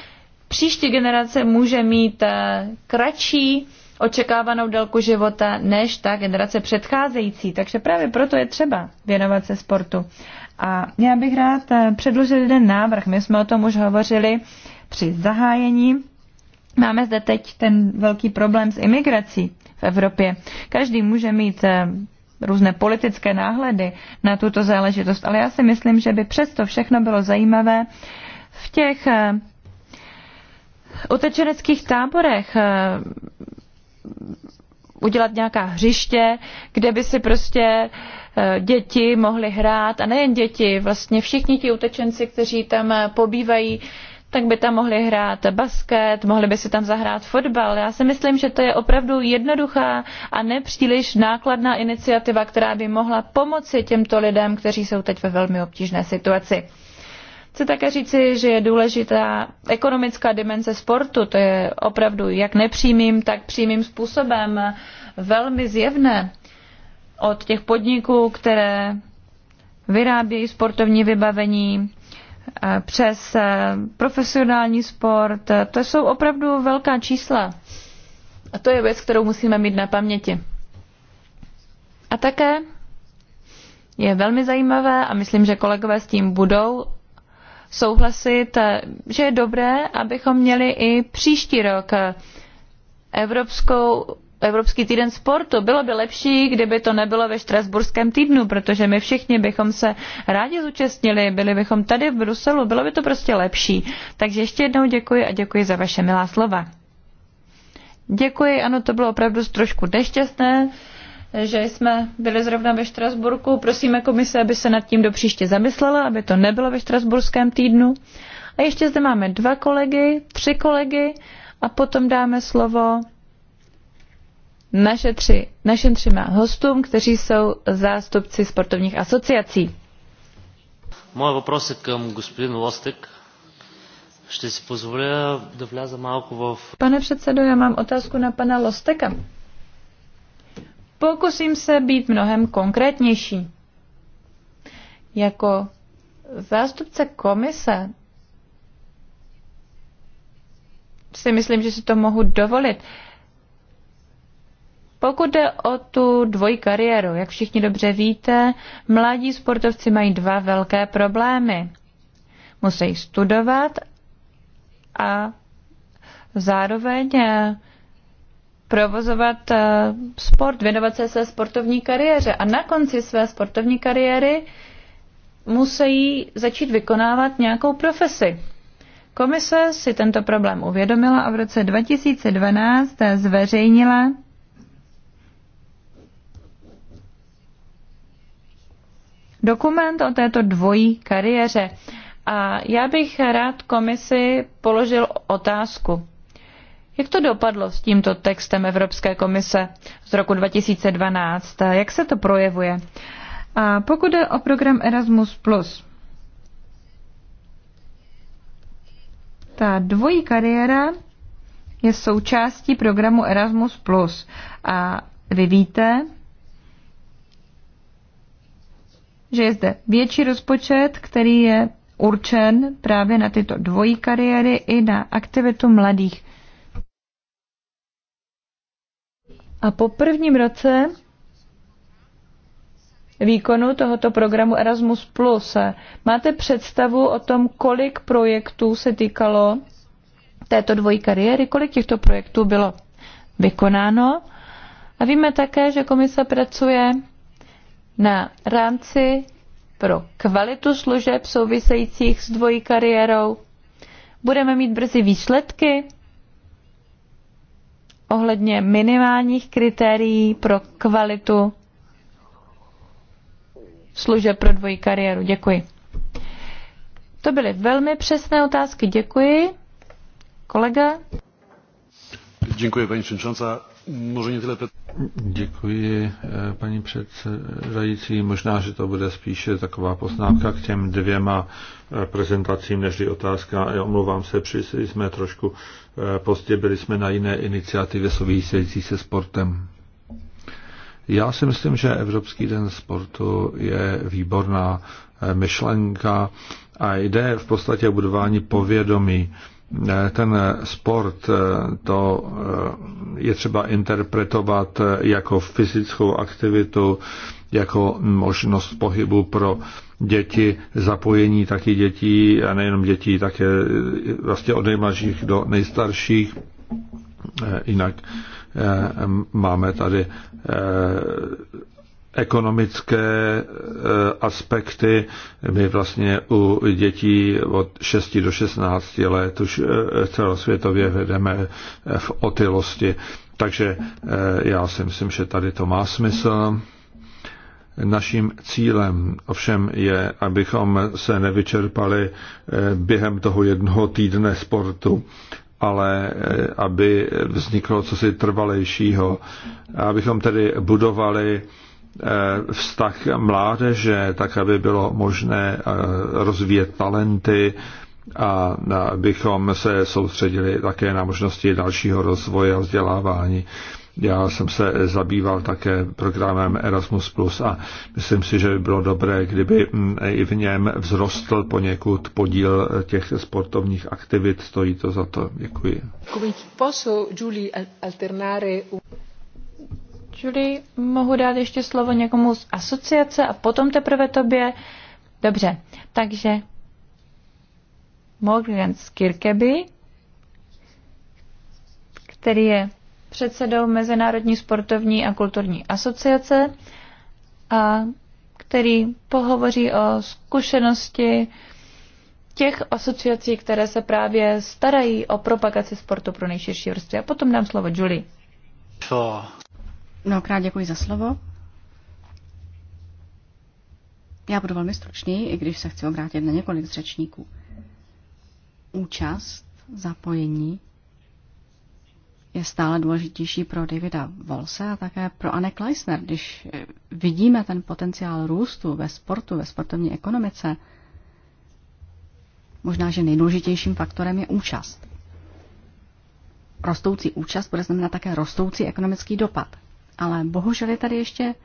příští generace může mít eh, kratší očekávanou délku života než ta generace předcházející. Takže právě proto je třeba věnovat se sportu. A já bych rád eh, předložil jeden návrh. My jsme o tom už hovořili při zahájení. Máme zde teď ten velký problém s imigrací v Evropě. Každý může mít eh, různé politické náhledy na tuto záležitost, ale já si myslím, že by přesto všechno bylo zajímavé v těch utečeneckých táborech eh, udělat nějaká hřiště, kde by si prostě eh, děti mohly hrát a nejen děti, vlastně všichni ti utečenci, kteří tam eh, pobývají, tak by tam mohli hrát basket, mohli by si tam zahrát fotbal. Já si myslím, že to je opravdu jednoduchá a nepříliš nákladná iniciativa, která by mohla pomoci těmto lidem, kteří jsou teď ve velmi obtížné situaci. Chci také říci, že je důležitá ekonomická dimenze sportu. To je opravdu jak nepřímým, tak přímým způsobem velmi zjevné od těch podniků, které vyrábějí sportovní vybavení, eh, přes eh, profesionální sport. To jsou opravdu velká čísla. A to je věc, kterou musíme mít na paměti. A také je velmi zajímavé, a myslím, že kolegové s tím budou souhlasit, eh, že je dobré, abychom měli i příští rok eh, Evropskou, Evropský týden sportu. Bylo by lepší, kdyby to nebylo ve Štrasburském týdnu, protože my všichni bychom se rádi zúčastnili, byli bychom tady v Bruselu, bylo by to prostě lepší. Takže ještě jednou děkuji a děkuji za vaše milá slova. Děkuji, ano, to bylo opravdu trošku nešťastné že jsme byli zrovna ve Štrasburku. Prosíme komise, aby se nad tím do příště zamyslela, aby to nebylo ve Štrasburském týdnu. A ještě zde máme dva kolegy, tři kolegy a potom dáme slovo naše tři, našim třema hostům, kteří jsou zástupci sportovních asociací. Moje въпрос k gospodinu Lostek. Лостик. Ще си позволя да Pane předsedo, já mám otázku na pana Losteka. Pokusím se být mnohem konkrétnější. Jako zástupce komise si myslím, že si to mohu dovolit. Pokud jde o tu dvojí kariéru, jak všichni dobře víte, mladí sportovci mají dva velké problémy. Musí studovat a zároveň eh, provozovat eh, sport, věnovat se své sportovní kariéře. A na konci své sportovní kariéry musí začít vykonávat nějakou profesi. Komise si tento problém uvědomila a v roce 2012 zveřejnila dokument o této dvojí kariéře. A já bych rád komisi položil otázku. Jak to dopadlo s tímto textem Evropské komise z roku 2012? Jak se to projevuje? A pokud jde o program Erasmus+, ta dvojí kariéra je součástí programu Erasmus+. A vy víte, že je zde větší rozpočet, který je určen právě na tyto dvojí kariéry i na aktivitu mladých A po prvním roce výkonu tohoto programu Erasmus Plus máte představu o tom, kolik projektů se týkalo této dvojí kariéry, kolik těchto projektů bylo vykonáno. A víme také, že komise pracuje na rámci pro kvalitu služeb souvisejících s dvojí kariérou. Budeme mít brzy výsledky ohledně minimálních kritérií pro kvalitu služeb pro dvojí kariéru. Děkuji. To byly velmi přesné otázky. Děkuji. Kolega? Děkuji, paní předsedající. Možná vylepet. Děkuji, eh, paní předsedající. Možná, že to bude spíše taková poznámka k těm dvěma eh, prezentacím, než otázka. Já omlouvám se, přišli jsme trošku eh, pozdě, byli jsme na jiné iniciativě související se sportem. Já si myslím, že Evropský den sportu je výborná myšlenka a jde v podstatě o budování povědomí Eh, ten sport eh, to eh, je třeba interpretovat jako fyzickou aktivitu, jako možnost pohybu pro děti, zapojení taky dětí, a nejenom dětí, také vlastně od nejmladších do nejstarších. Jinak máme tady ekonomické eh, aspekty. My vlastně u dětí od 6 do 16 let už eh, celosvětově vedeme eh, v otylosti. Takže já si myslím, že tady to má smysl. Naším cílem ovšem je, abychom se nevyčerpali během toho jednoho týdne sportu, ale aby vzniklo cosi trvalejšího. Abychom tedy budovali Eh, vztah mládeže, tak aby bylo možné eh, rozvíjet talenty a bychom se soustředili také na možnosti dalšího rozvoje a vzdělávání. Já jsem se zabýval také programem Erasmus Plus a myslím si, že by bylo dobré, kdyby mm, i v něm vzrostl poněkud podíl těch sportovních aktivit. Stojí to za to. Děkuji. Julie, mohu dát ještě slovo někomu z asociace a potom teprve tobě. Dobře, takže Morgan Skirkeby, který je předsedou Mezinárodní sportovní a kulturní asociace a který pohovoří o zkušenosti těch asociací, které se právě starají o propagaci sportu pro nejširší vrstvy. A potom dám slovo Julie. To. Mnohokrát děkuji za slovo. Já budu velmi stručný, i když se chci obrátit na několik z řečníků. Účast, zapojení je stále důležitější pro Davida Volse a také pro Anne Kleisner. Když eh, vidíme ten potenciál růstu ve sportu, ve sportovní ekonomice, možná, že nejdůležitějším faktorem je účast. Rostoucí účast bude znamenat také rostoucí ekonomický dopad. Ale bohužel je tady ještě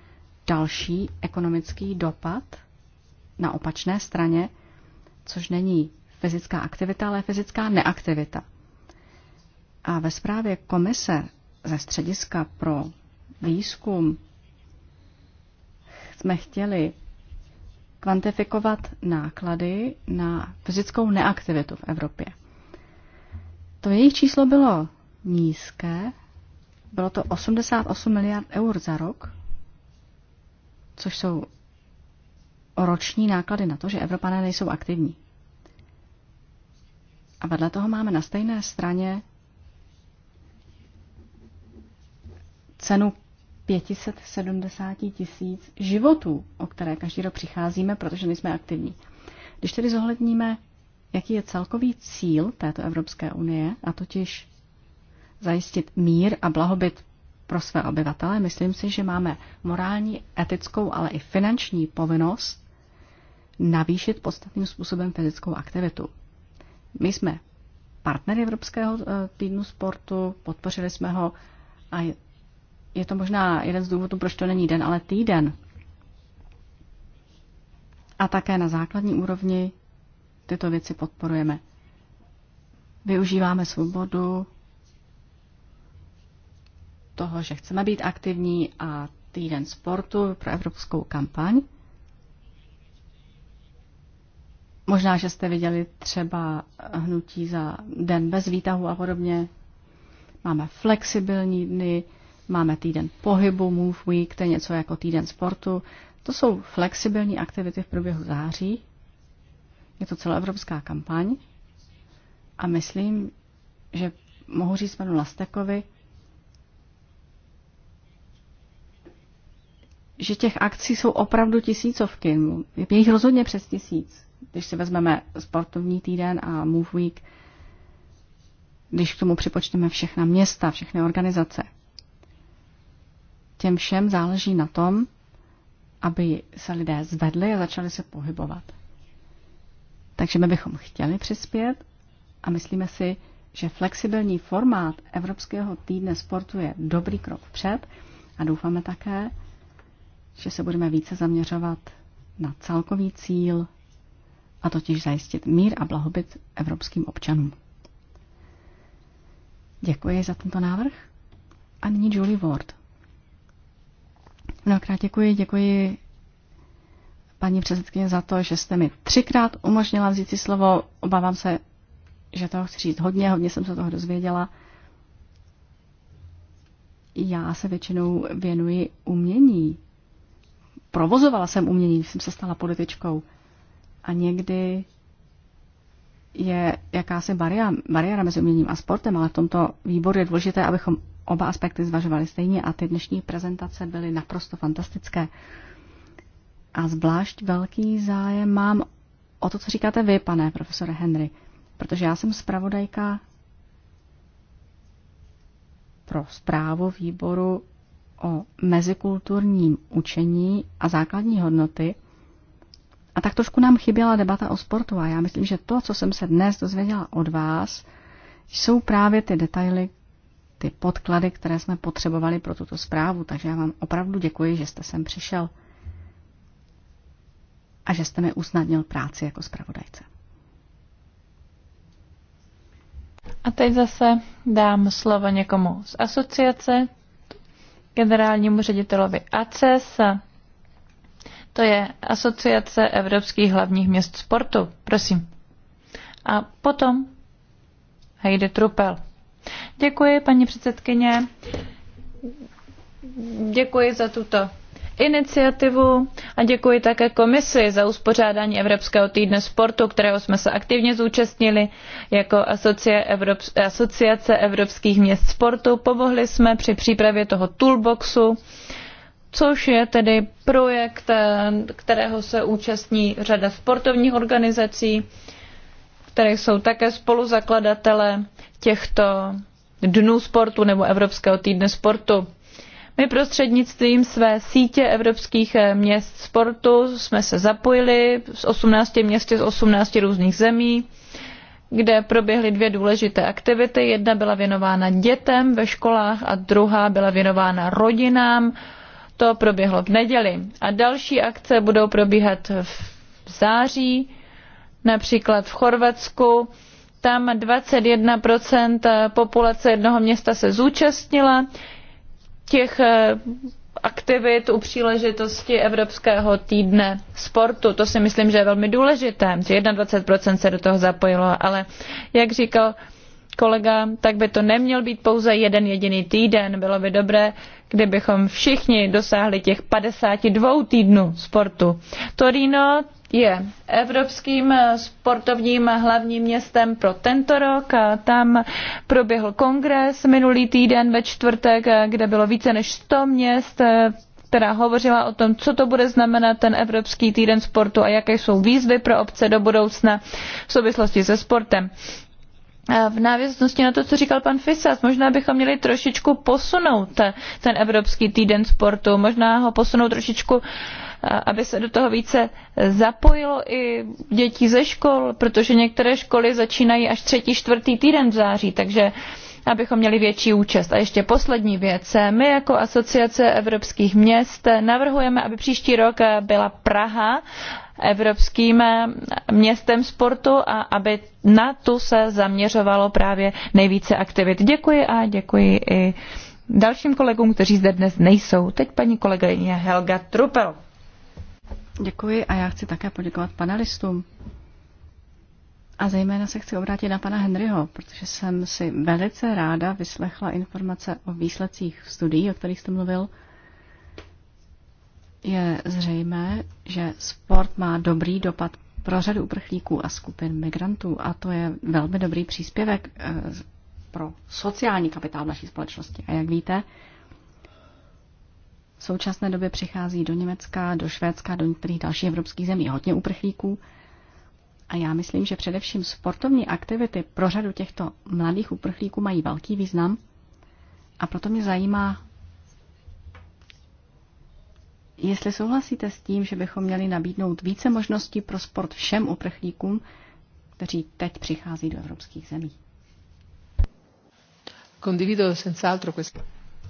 další ekonomický dopad na opačné straně, což není fyzická aktivita, ale fyzická neaktivita. A ve zprávě komise ze střediska pro výzkum jsme chtěli kvantifikovat náklady na fyzickou neaktivitu v Evropě. To jejich číslo bylo nízké, bylo to 88 miliard eur za rok, což jsou roční náklady na to, že Evropané nejsou aktivní. A vedle toho máme na stejné straně cenu 570 tisíc životů, o které každý rok přicházíme, protože nejsme aktivní. Když tedy zohledníme, jaký je celkový cíl této Evropské unie, a totiž zajistit mír a blahobyt pro své obyvatele, myslím si, že máme morální, etickou, ale i finanční povinnost navýšit podstatným způsobem fyzickou aktivitu. My jsme partnery Evropského eh, týdnu sportu, podpořili jsme ho a je to možná jeden z důvodů, proč to není den, ale týden. A také na základní úrovni tyto věci podporujeme. Využíváme svobodu, toho, že chceme být aktivní a týden sportu pro evropskou kampaň. Možná, že jste viděli třeba hnutí za den bez výtahu a podobně. Máme flexibilní dny, máme týden pohybu, Move Week, to je něco jako týden sportu. To jsou flexibilní aktivity v průběhu září. Je to celoevropská kampaň. A myslím, že mohu říct panu Lastekovi, že těch akcí jsou opravdu tisícovky. Je jich rozhodně přes tisíc. Když si vezmeme sportovní týden a Move Week, když k tomu připočteme všechna města, všechny organizace, těm všem záleží na tom, aby se lidé zvedli a začali se pohybovat. Takže my bychom chtěli přispět a myslíme si, že flexibilní formát Evropského týdne sportu je dobrý krok vpřed a doufáme také, že se budeme více zaměřovat na celkový cíl, a totiž zajistit mír a blahobyt evropským občanům. Děkuji za tento návrh. A nyní Julie Ward. Mnohokrát děkuji, děkuji paní předsedkyně za to, že jste mi třikrát umožnila vzít si slovo. Obávám se, že toho chci říct hodně, hodně jsem se toho dozvěděla. Já se většinou věnuji umění, provozovala jsem umění, jsem se stala političkou. A někdy je jakási bariéra, bariéra mezi uměním a sportem, ale v tomto výboru je důležité, abychom oba aspekty zvažovali stejně a ty dnešní prezentace byly naprosto fantastické. A zvlášť velký zájem mám o to, co říkáte vy, pane profesore Henry, protože já jsem zpravodajka pro zprávu výboru o mezikulturním učení a základní hodnoty. A tak trošku nám chyběla debata o sportu a já myslím, že to, co jsem se dnes dozvěděla od vás, jsou právě ty detaily, ty podklady, které jsme potřebovali pro tuto zprávu. Takže já vám opravdu děkuji, že jste sem přišel a že jste mi usnadnil práci jako zpravodajce. A teď zase dám slovo někomu z asociace, generálnímu ředitelovi ACES, to je Asociace evropských hlavních měst sportu, prosím. A potom Heidi Trupel. Děkuji, paní předsedkyně. Děkuji za tuto iniciativu a děkuji také komisi za uspořádání Evropského týdne sportu, kterého jsme se aktivně zúčastnili jako asociace evropských měst sportu. Pomohli jsme při přípravě toho toolboxu, což je tedy projekt, eh, kterého se účastní řada sportovních organizací, které jsou také spoluzakladatele těchto dnů sportu nebo Evropského týdne sportu. My prostřednictvím své sítě evropských eh, měst sportu jsme se zapojili z 18 městě z 18 různých zemí, kde proběhly dvě důležité aktivity. Jedna byla věnována dětem ve školách a druhá byla věnována rodinám. To proběhlo v neděli. A další akce budou probíhat v září, například v Chorvatsku tam 21 populace jednoho města se zúčastnila těch eh, aktivit u příležitosti Evropského týdne sportu. To si myslím, že je velmi důležité, že 21% se do toho zapojilo, ale jak říkal kolega, tak by to neměl být pouze jeden jediný týden. Bylo by dobré, kdybychom všichni dosáhli těch 52 týdnů sportu. Torino, je evropským eh, sportovním hlavním městem pro tento rok. A tam proběhl kongres minulý týden ve čtvrtek, eh, kde bylo více než 100 měst eh, která hovořila o tom, co to bude znamenat ten Evropský týden sportu a jaké jsou výzvy pro obce do budoucna v souvislosti se sportem. A v návěznosti na to, co říkal pan Fisas, možná bychom měli trošičku posunout ten Evropský týden sportu, možná ho posunout trošičku uh, aby se do toho více zapojilo i děti ze škol, protože některé školy začínají až třetí, čtvrtý týden v září, takže abychom měli větší účast. A ještě poslední věc. My jako asociace evropských měst navrhujeme, aby příští rok byla Praha evropským městem sportu a aby na tu se zaměřovalo právě nejvíce aktivit. Děkuji a děkuji i dalším kolegům, kteří zde dnes nejsou. Teď paní kolegyně Helga Trupel. Děkuji a já chci také poděkovat panelistům. A zejména se chci obrátit na pana Henryho, protože jsem si velice ráda vyslechla informace o výsledcích studií, o kterých jste mluvil. Je zřejmé, že sport má dobrý dopad pro řadu uprchlíků a skupin migrantů a to je velmi dobrý příspěvek eh, pro sociální kapitál naší společnosti. A jak víte, současné době přichází do Německa, do Švédska, do některých dalších evropských zemí hodně uprchlíků. A já myslím, že především sportovní aktivity pro řadu těchto mladých uprchlíků mají velký význam. A proto mě zajímá, jestli souhlasíte s tím, že bychom měli nabídnout více možností pro sport všem uprchlíkům, kteří teď přichází do evropských zemí. Condivido senz'altro questo.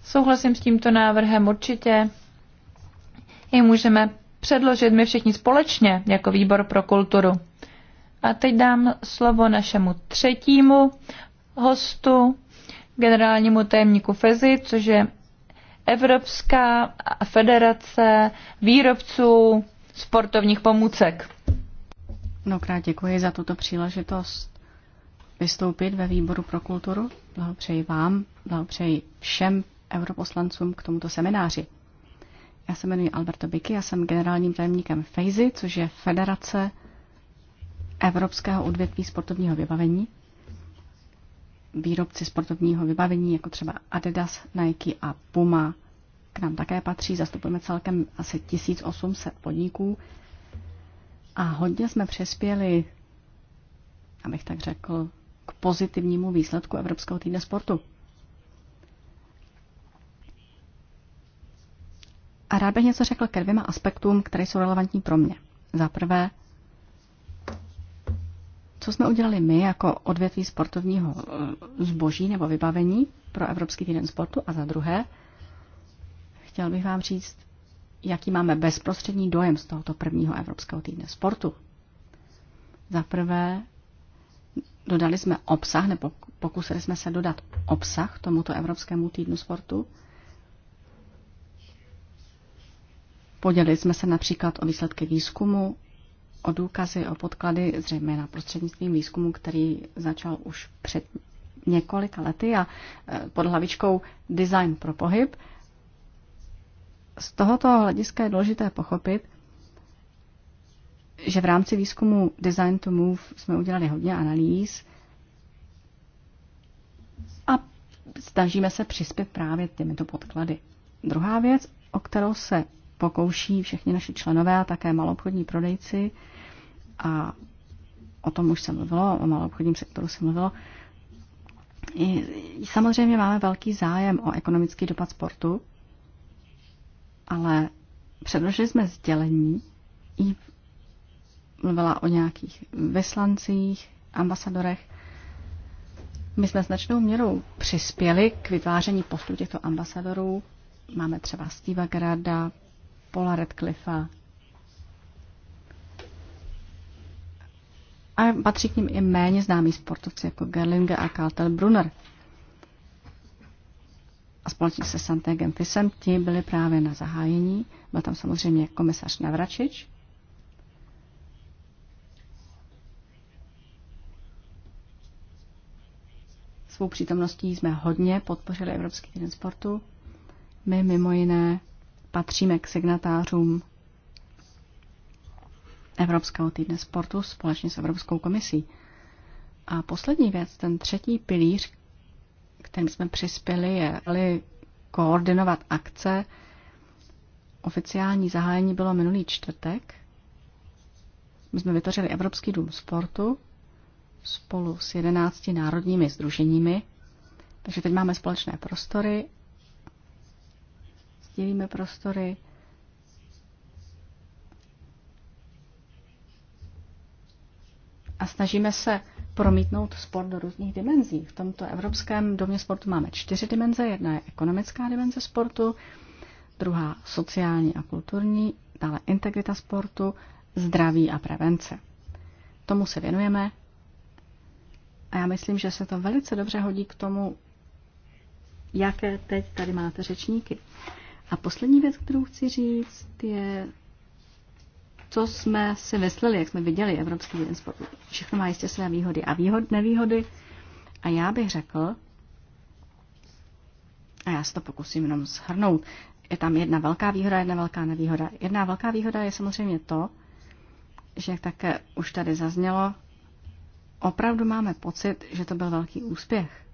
Souhlasím s tímto návrhem určitě. Jej můžeme předložit my všichni společně jako výbor pro kulturu. A teď dám slovo našemu třetímu hostu, generálnímu tajemníku FEZI, což je Evropská federace výrobců sportovních pomůcek. Mnohokrát děkuji za tuto příležitost vystoupit ve výboru pro kulturu. Blahopřeji vám, blahopřeji všem europoslancům k tomuto semináři. Já se jmenuji Alberto Biky, a jsem generálním tajemníkem FEIZY, což je Federace Evropského odvětví sportovního vybavení. Výrobci sportovního vybavení, jako třeba Adidas, Nike a Puma, k nám také patří. Zastupujeme celkem asi 1800 podniků a hodně jsme přispěli, abych tak řekl, k pozitivnímu výsledku Evropského týdne sportu. A rád bych něco řekl ke dvěma aspektům, které jsou relevantní pro mě. Za prvé, co jsme udělali my jako odvětví sportovního eh, zboží nebo vybavení pro Evropský týden sportu a za druhé, chtěl bych vám říct, jaký máme bezprostřední dojem z tohoto prvního Evropského týdne sportu. Za prvé, dodali jsme obsah, nebo pokusili jsme se dodat obsah tomuto Evropskému týdnu sportu. Podělili jsme se například o výsledky výzkumu, o důkazy, o podklady, zřejmě na prostřednictvím výzkumu, který začal už před několika lety a eh, pod hlavičkou Design pro pohyb. Z tohoto hlediska je důležité pochopit, že v rámci výzkumu Design to Move jsme udělali hodně analýz a snažíme se přispět právě těmito podklady. Druhá věc, o kterou se pokouší všichni naši členové a také malobchodní prodejci a o tom už se mluvilo, o malobchodním sektoru se mluvilo. Samozřejmě máme velký zájem o ekonomický dopad sportu, ale předložili jsme sdělení, i mluvila o nějakých vyslancích, ambasadorech. My jsme značnou měrou přispěli k vytváření postu těchto ambasadorů. Máme třeba Steve Gerarda, Paula Radcliffa. A patří k ním i méně známí sportovci jako Gerlinge a Kaltel Brunner. A společně se Santegem Fisem ti byli právě na zahájení. Byl tam samozřejmě komisař Navračič, svou přítomností jsme hodně podpořili Evropský den sportu. My mimo jiné patříme k signatářům Evropského týdne sportu společně s Evropskou komisí. A poslední věc, ten třetí pilíř, kterým jsme přispěli, je koordinovat akce. Oficiální zahájení bylo minulý čtvrtek. My jsme vytvořili Evropský dům sportu spolu s jedenácti národními združeními. Takže teď máme společné prostory sdílíme prostory, a snažíme se promítnout sport do různých dimenzí. V tomto Evropském domě sportu máme čtyři dimenze. Jedna je ekonomická dimenze sportu, druhá sociální a kulturní, dále integrita sportu, zdraví a prevence. Tomu se věnujeme a já myslím, že se to velice dobře hodí k tomu, jaké teď tady máte řečníky. A poslední věc, kterou chci říct, je, co jsme si mysleli, jak jsme viděli Evropský den sportu. Všechno má jistě své výhody a výhod, nevýhody. A já bych řekl, a já se to pokusím jenom shrnout, je tam jedna velká výhoda, jedna velká nevýhoda. Jedna velká výhoda je samozřejmě to, že jak také už tady zaznělo, opravdu máme pocit, že to byl velký úspěch.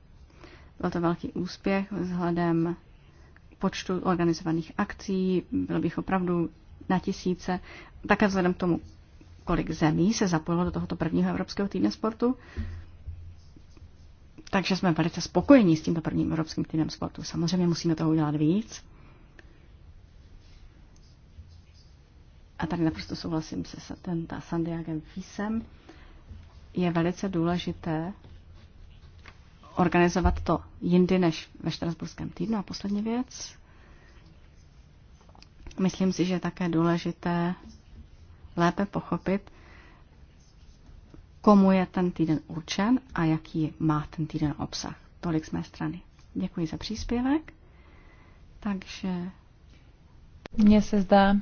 Byl to velký úspěch vzhledem počtu organizovaných akcí, bylo bych opravdu na tisíce, také vzhledem k tomu, kolik zemí se zapojilo do tohoto prvního Evropského týdne sportu. Takže jsme velice spokojení s tímto prvním Evropským týdnem sportu. Samozřejmě musíme toho udělat víc. A tady naprosto souhlasím se Satenta Sandiagem Fisem. Je velice důležité, organizovat to jindy než ve Štrasburském týdnu. A poslední věc. Myslím si, že je také důležité lépe pochopit, komu je ten týden určen a jaký má ten týden obsah. Tolik z mé strany. Děkuji za příspěvek. Takže. Mně se zdá,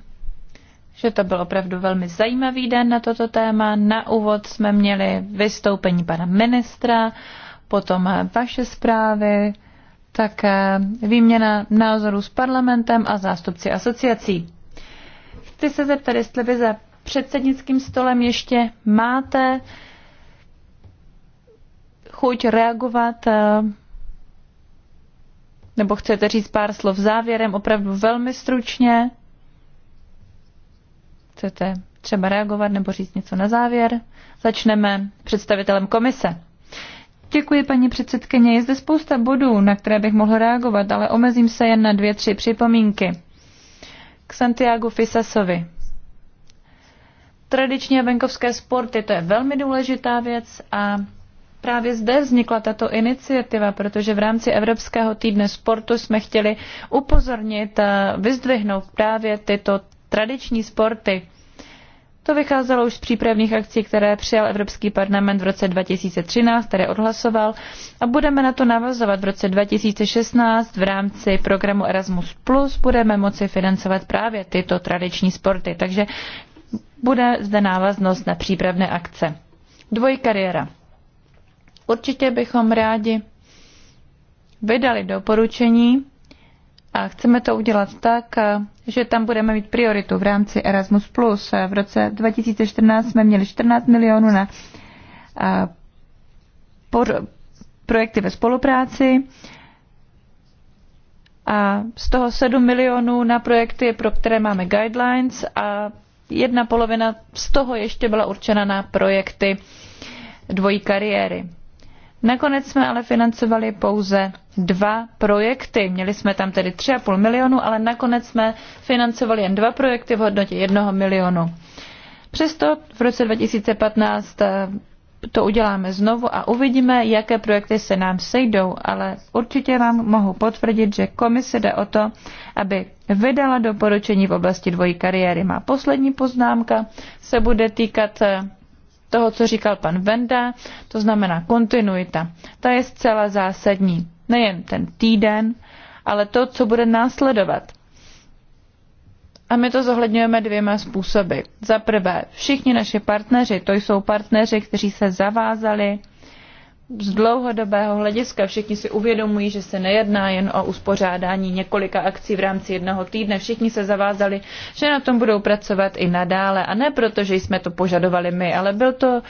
že to byl opravdu velmi zajímavý den na toto téma. Na úvod jsme měli vystoupení pana ministra potom eh, vaše zprávy, také výměna názorů s parlamentem a zástupci asociací. Chci se zeptat, jestli vy za předsednickým stolem ještě máte chuť reagovat eh, nebo chcete říct pár slov závěrem, opravdu velmi stručně? Chcete třeba reagovat nebo říct něco na závěr? Začneme představitelem komise. Děkuji, paní předsedkyně. Je zde spousta bodů, na které bych mohl reagovat, ale omezím se jen na dvě, tři připomínky. K Santiago Fisasovi. Tradiční a venkovské sporty, to je velmi důležitá věc a Právě zde vznikla tato iniciativa, protože v rámci Evropského týdne sportu jsme chtěli upozornit a vyzdvihnout právě tyto tradiční sporty. To vycházelo už z přípravných akcí, které přijal Evropský parlament v roce 2013, které odhlasoval a budeme na to navazovat v roce 2016 v rámci programu Erasmus+, budeme moci financovat právě tyto tradiční sporty, takže bude zde návaznost na přípravné akce. Dvojkariéra. Určitě bychom rádi vydali doporučení a chceme to udělat tak, že tam budeme mít prioritu v rámci Erasmus+. V roce 2014 jsme měli 14 milionů na projekty ve spolupráci a z toho 7 milionů na projekty, pro které máme guidelines a jedna polovina z toho ještě byla určena na projekty dvojí kariéry. Nakonec jsme ale financovali pouze dva projekty. Měli jsme tam tedy 3,5 milionu, ale nakonec jsme financovali jen dva projekty v hodnotě 1 milionu. Přesto v roce 2015 eh, to uděláme znovu a uvidíme, jaké projekty se nám sejdou, ale určitě vám mohu potvrdit, že komise jde o to, aby vydala doporučení v oblasti dvojí kariéry. Má poslední poznámka se bude týkat eh, toho, co říkal pan Venda, to znamená kontinuita. Ta je zcela zásadní. Nejen ten týden, ale to, co bude následovat. A my to zohledňujeme dvěma způsoby. Za prvé, všichni naši partneři, to jsou partneři, kteří se zavázali z dlouhodobého hlediska všichni si uvědomují, že se nejedná jen o uspořádání několika akcí v rámci jednoho týdne. Všichni se zavázali, že na tom budou pracovat i nadále. A ne proto, že jsme to požadovali my, ale byl to,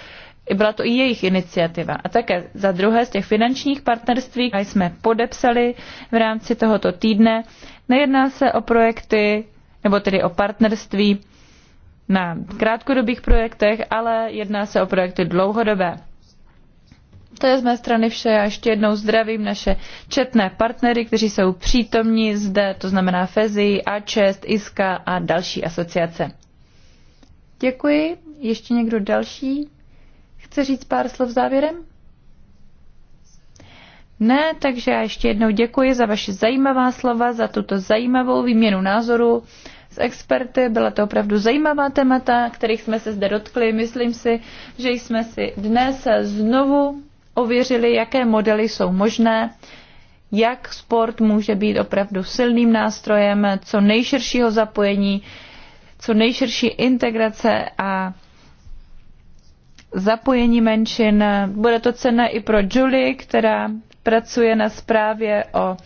byla to i jejich iniciativa. A také za druhé z těch finančních partnerství, které jsme podepsali v rámci tohoto týdne, nejedná se o projekty, nebo tedy o partnerství na krátkodobých projektech, ale jedná se o projekty dlouhodobé. To je z mé strany vše a ještě jednou zdravím naše četné partnery, kteří jsou přítomní zde, to znamená FEZI, A6, ISKA a další asociace. Děkuji. Ještě někdo další? Chce říct pár slov závěrem? Ne, takže já ještě jednou děkuji za vaše zajímavá slova, za tuto zajímavou výměnu názoru s experty. Byla to opravdu zajímavá témata, kterých jsme se zde dotkli. Myslím si, že jsme si dnes znovu ověřili, jaké modely jsou možné, jak sport může být opravdu silným nástrojem co nejširšího zapojení, co nejširší integrace a zapojení menšin. Bude to cena i pro Julie, která pracuje na zprávě o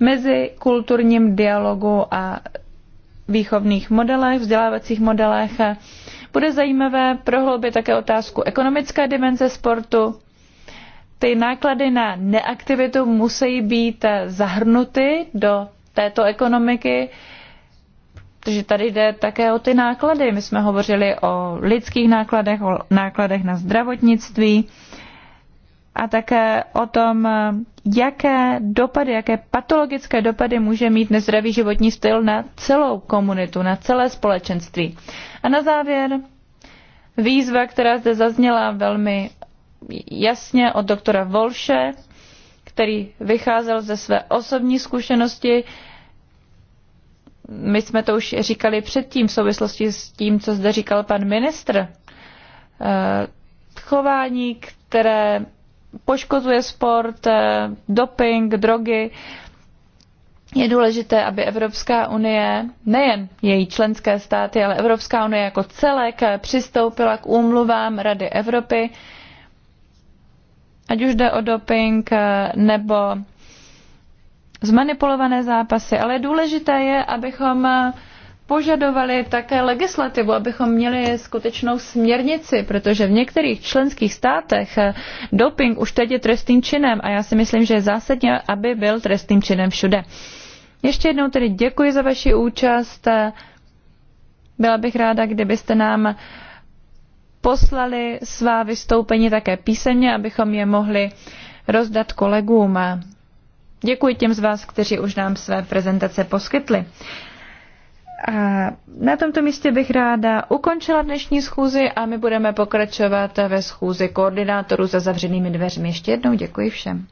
mezikulturním dialogu a výchovných modelech, vzdělávacích modelech. Bude zajímavé prohloubit také otázku ekonomické dimenze sportu, ty náklady na neaktivitu musí být eh, zahrnuty do této ekonomiky, protože tady jde také o ty náklady. My jsme hovořili o lidských nákladech, o nákladech na zdravotnictví a také o tom, eh, jaké dopady, jaké patologické dopady může mít nezdravý životní styl na celou komunitu, na celé společenství. A na závěr výzva, která zde zazněla velmi jasně od doktora Volše, který vycházel ze své osobní zkušenosti. My jsme to už říkali předtím v souvislosti s tím, co zde říkal pan ministr. Eh, chování, které poškozuje sport, eh, doping, drogy. Je důležité, aby Evropská unie, nejen její členské státy, ale Evropská unie jako celek přistoupila k úmluvám Rady Evropy, ať už jde o doping eh, nebo zmanipulované zápasy, ale důležité je, abychom eh, požadovali také legislativu, abychom měli skutečnou směrnici, protože v některých členských státech eh, doping už teď je trestným činem a já si myslím, že je zásadně, aby byl trestným činem všude. Ještě jednou tedy děkuji za vaši účast. Byla bych ráda, kdybyste nám poslali svá vystoupení také písemně, abychom je mohli rozdat kolegům. Děkuji těm z vás, kteří už nám své prezentace poskytli. A na tomto místě bych ráda ukončila dnešní schůzi a my budeme pokračovat ve schůzi koordinátorů za zavřenými dveřmi. Ještě jednou děkuji všem.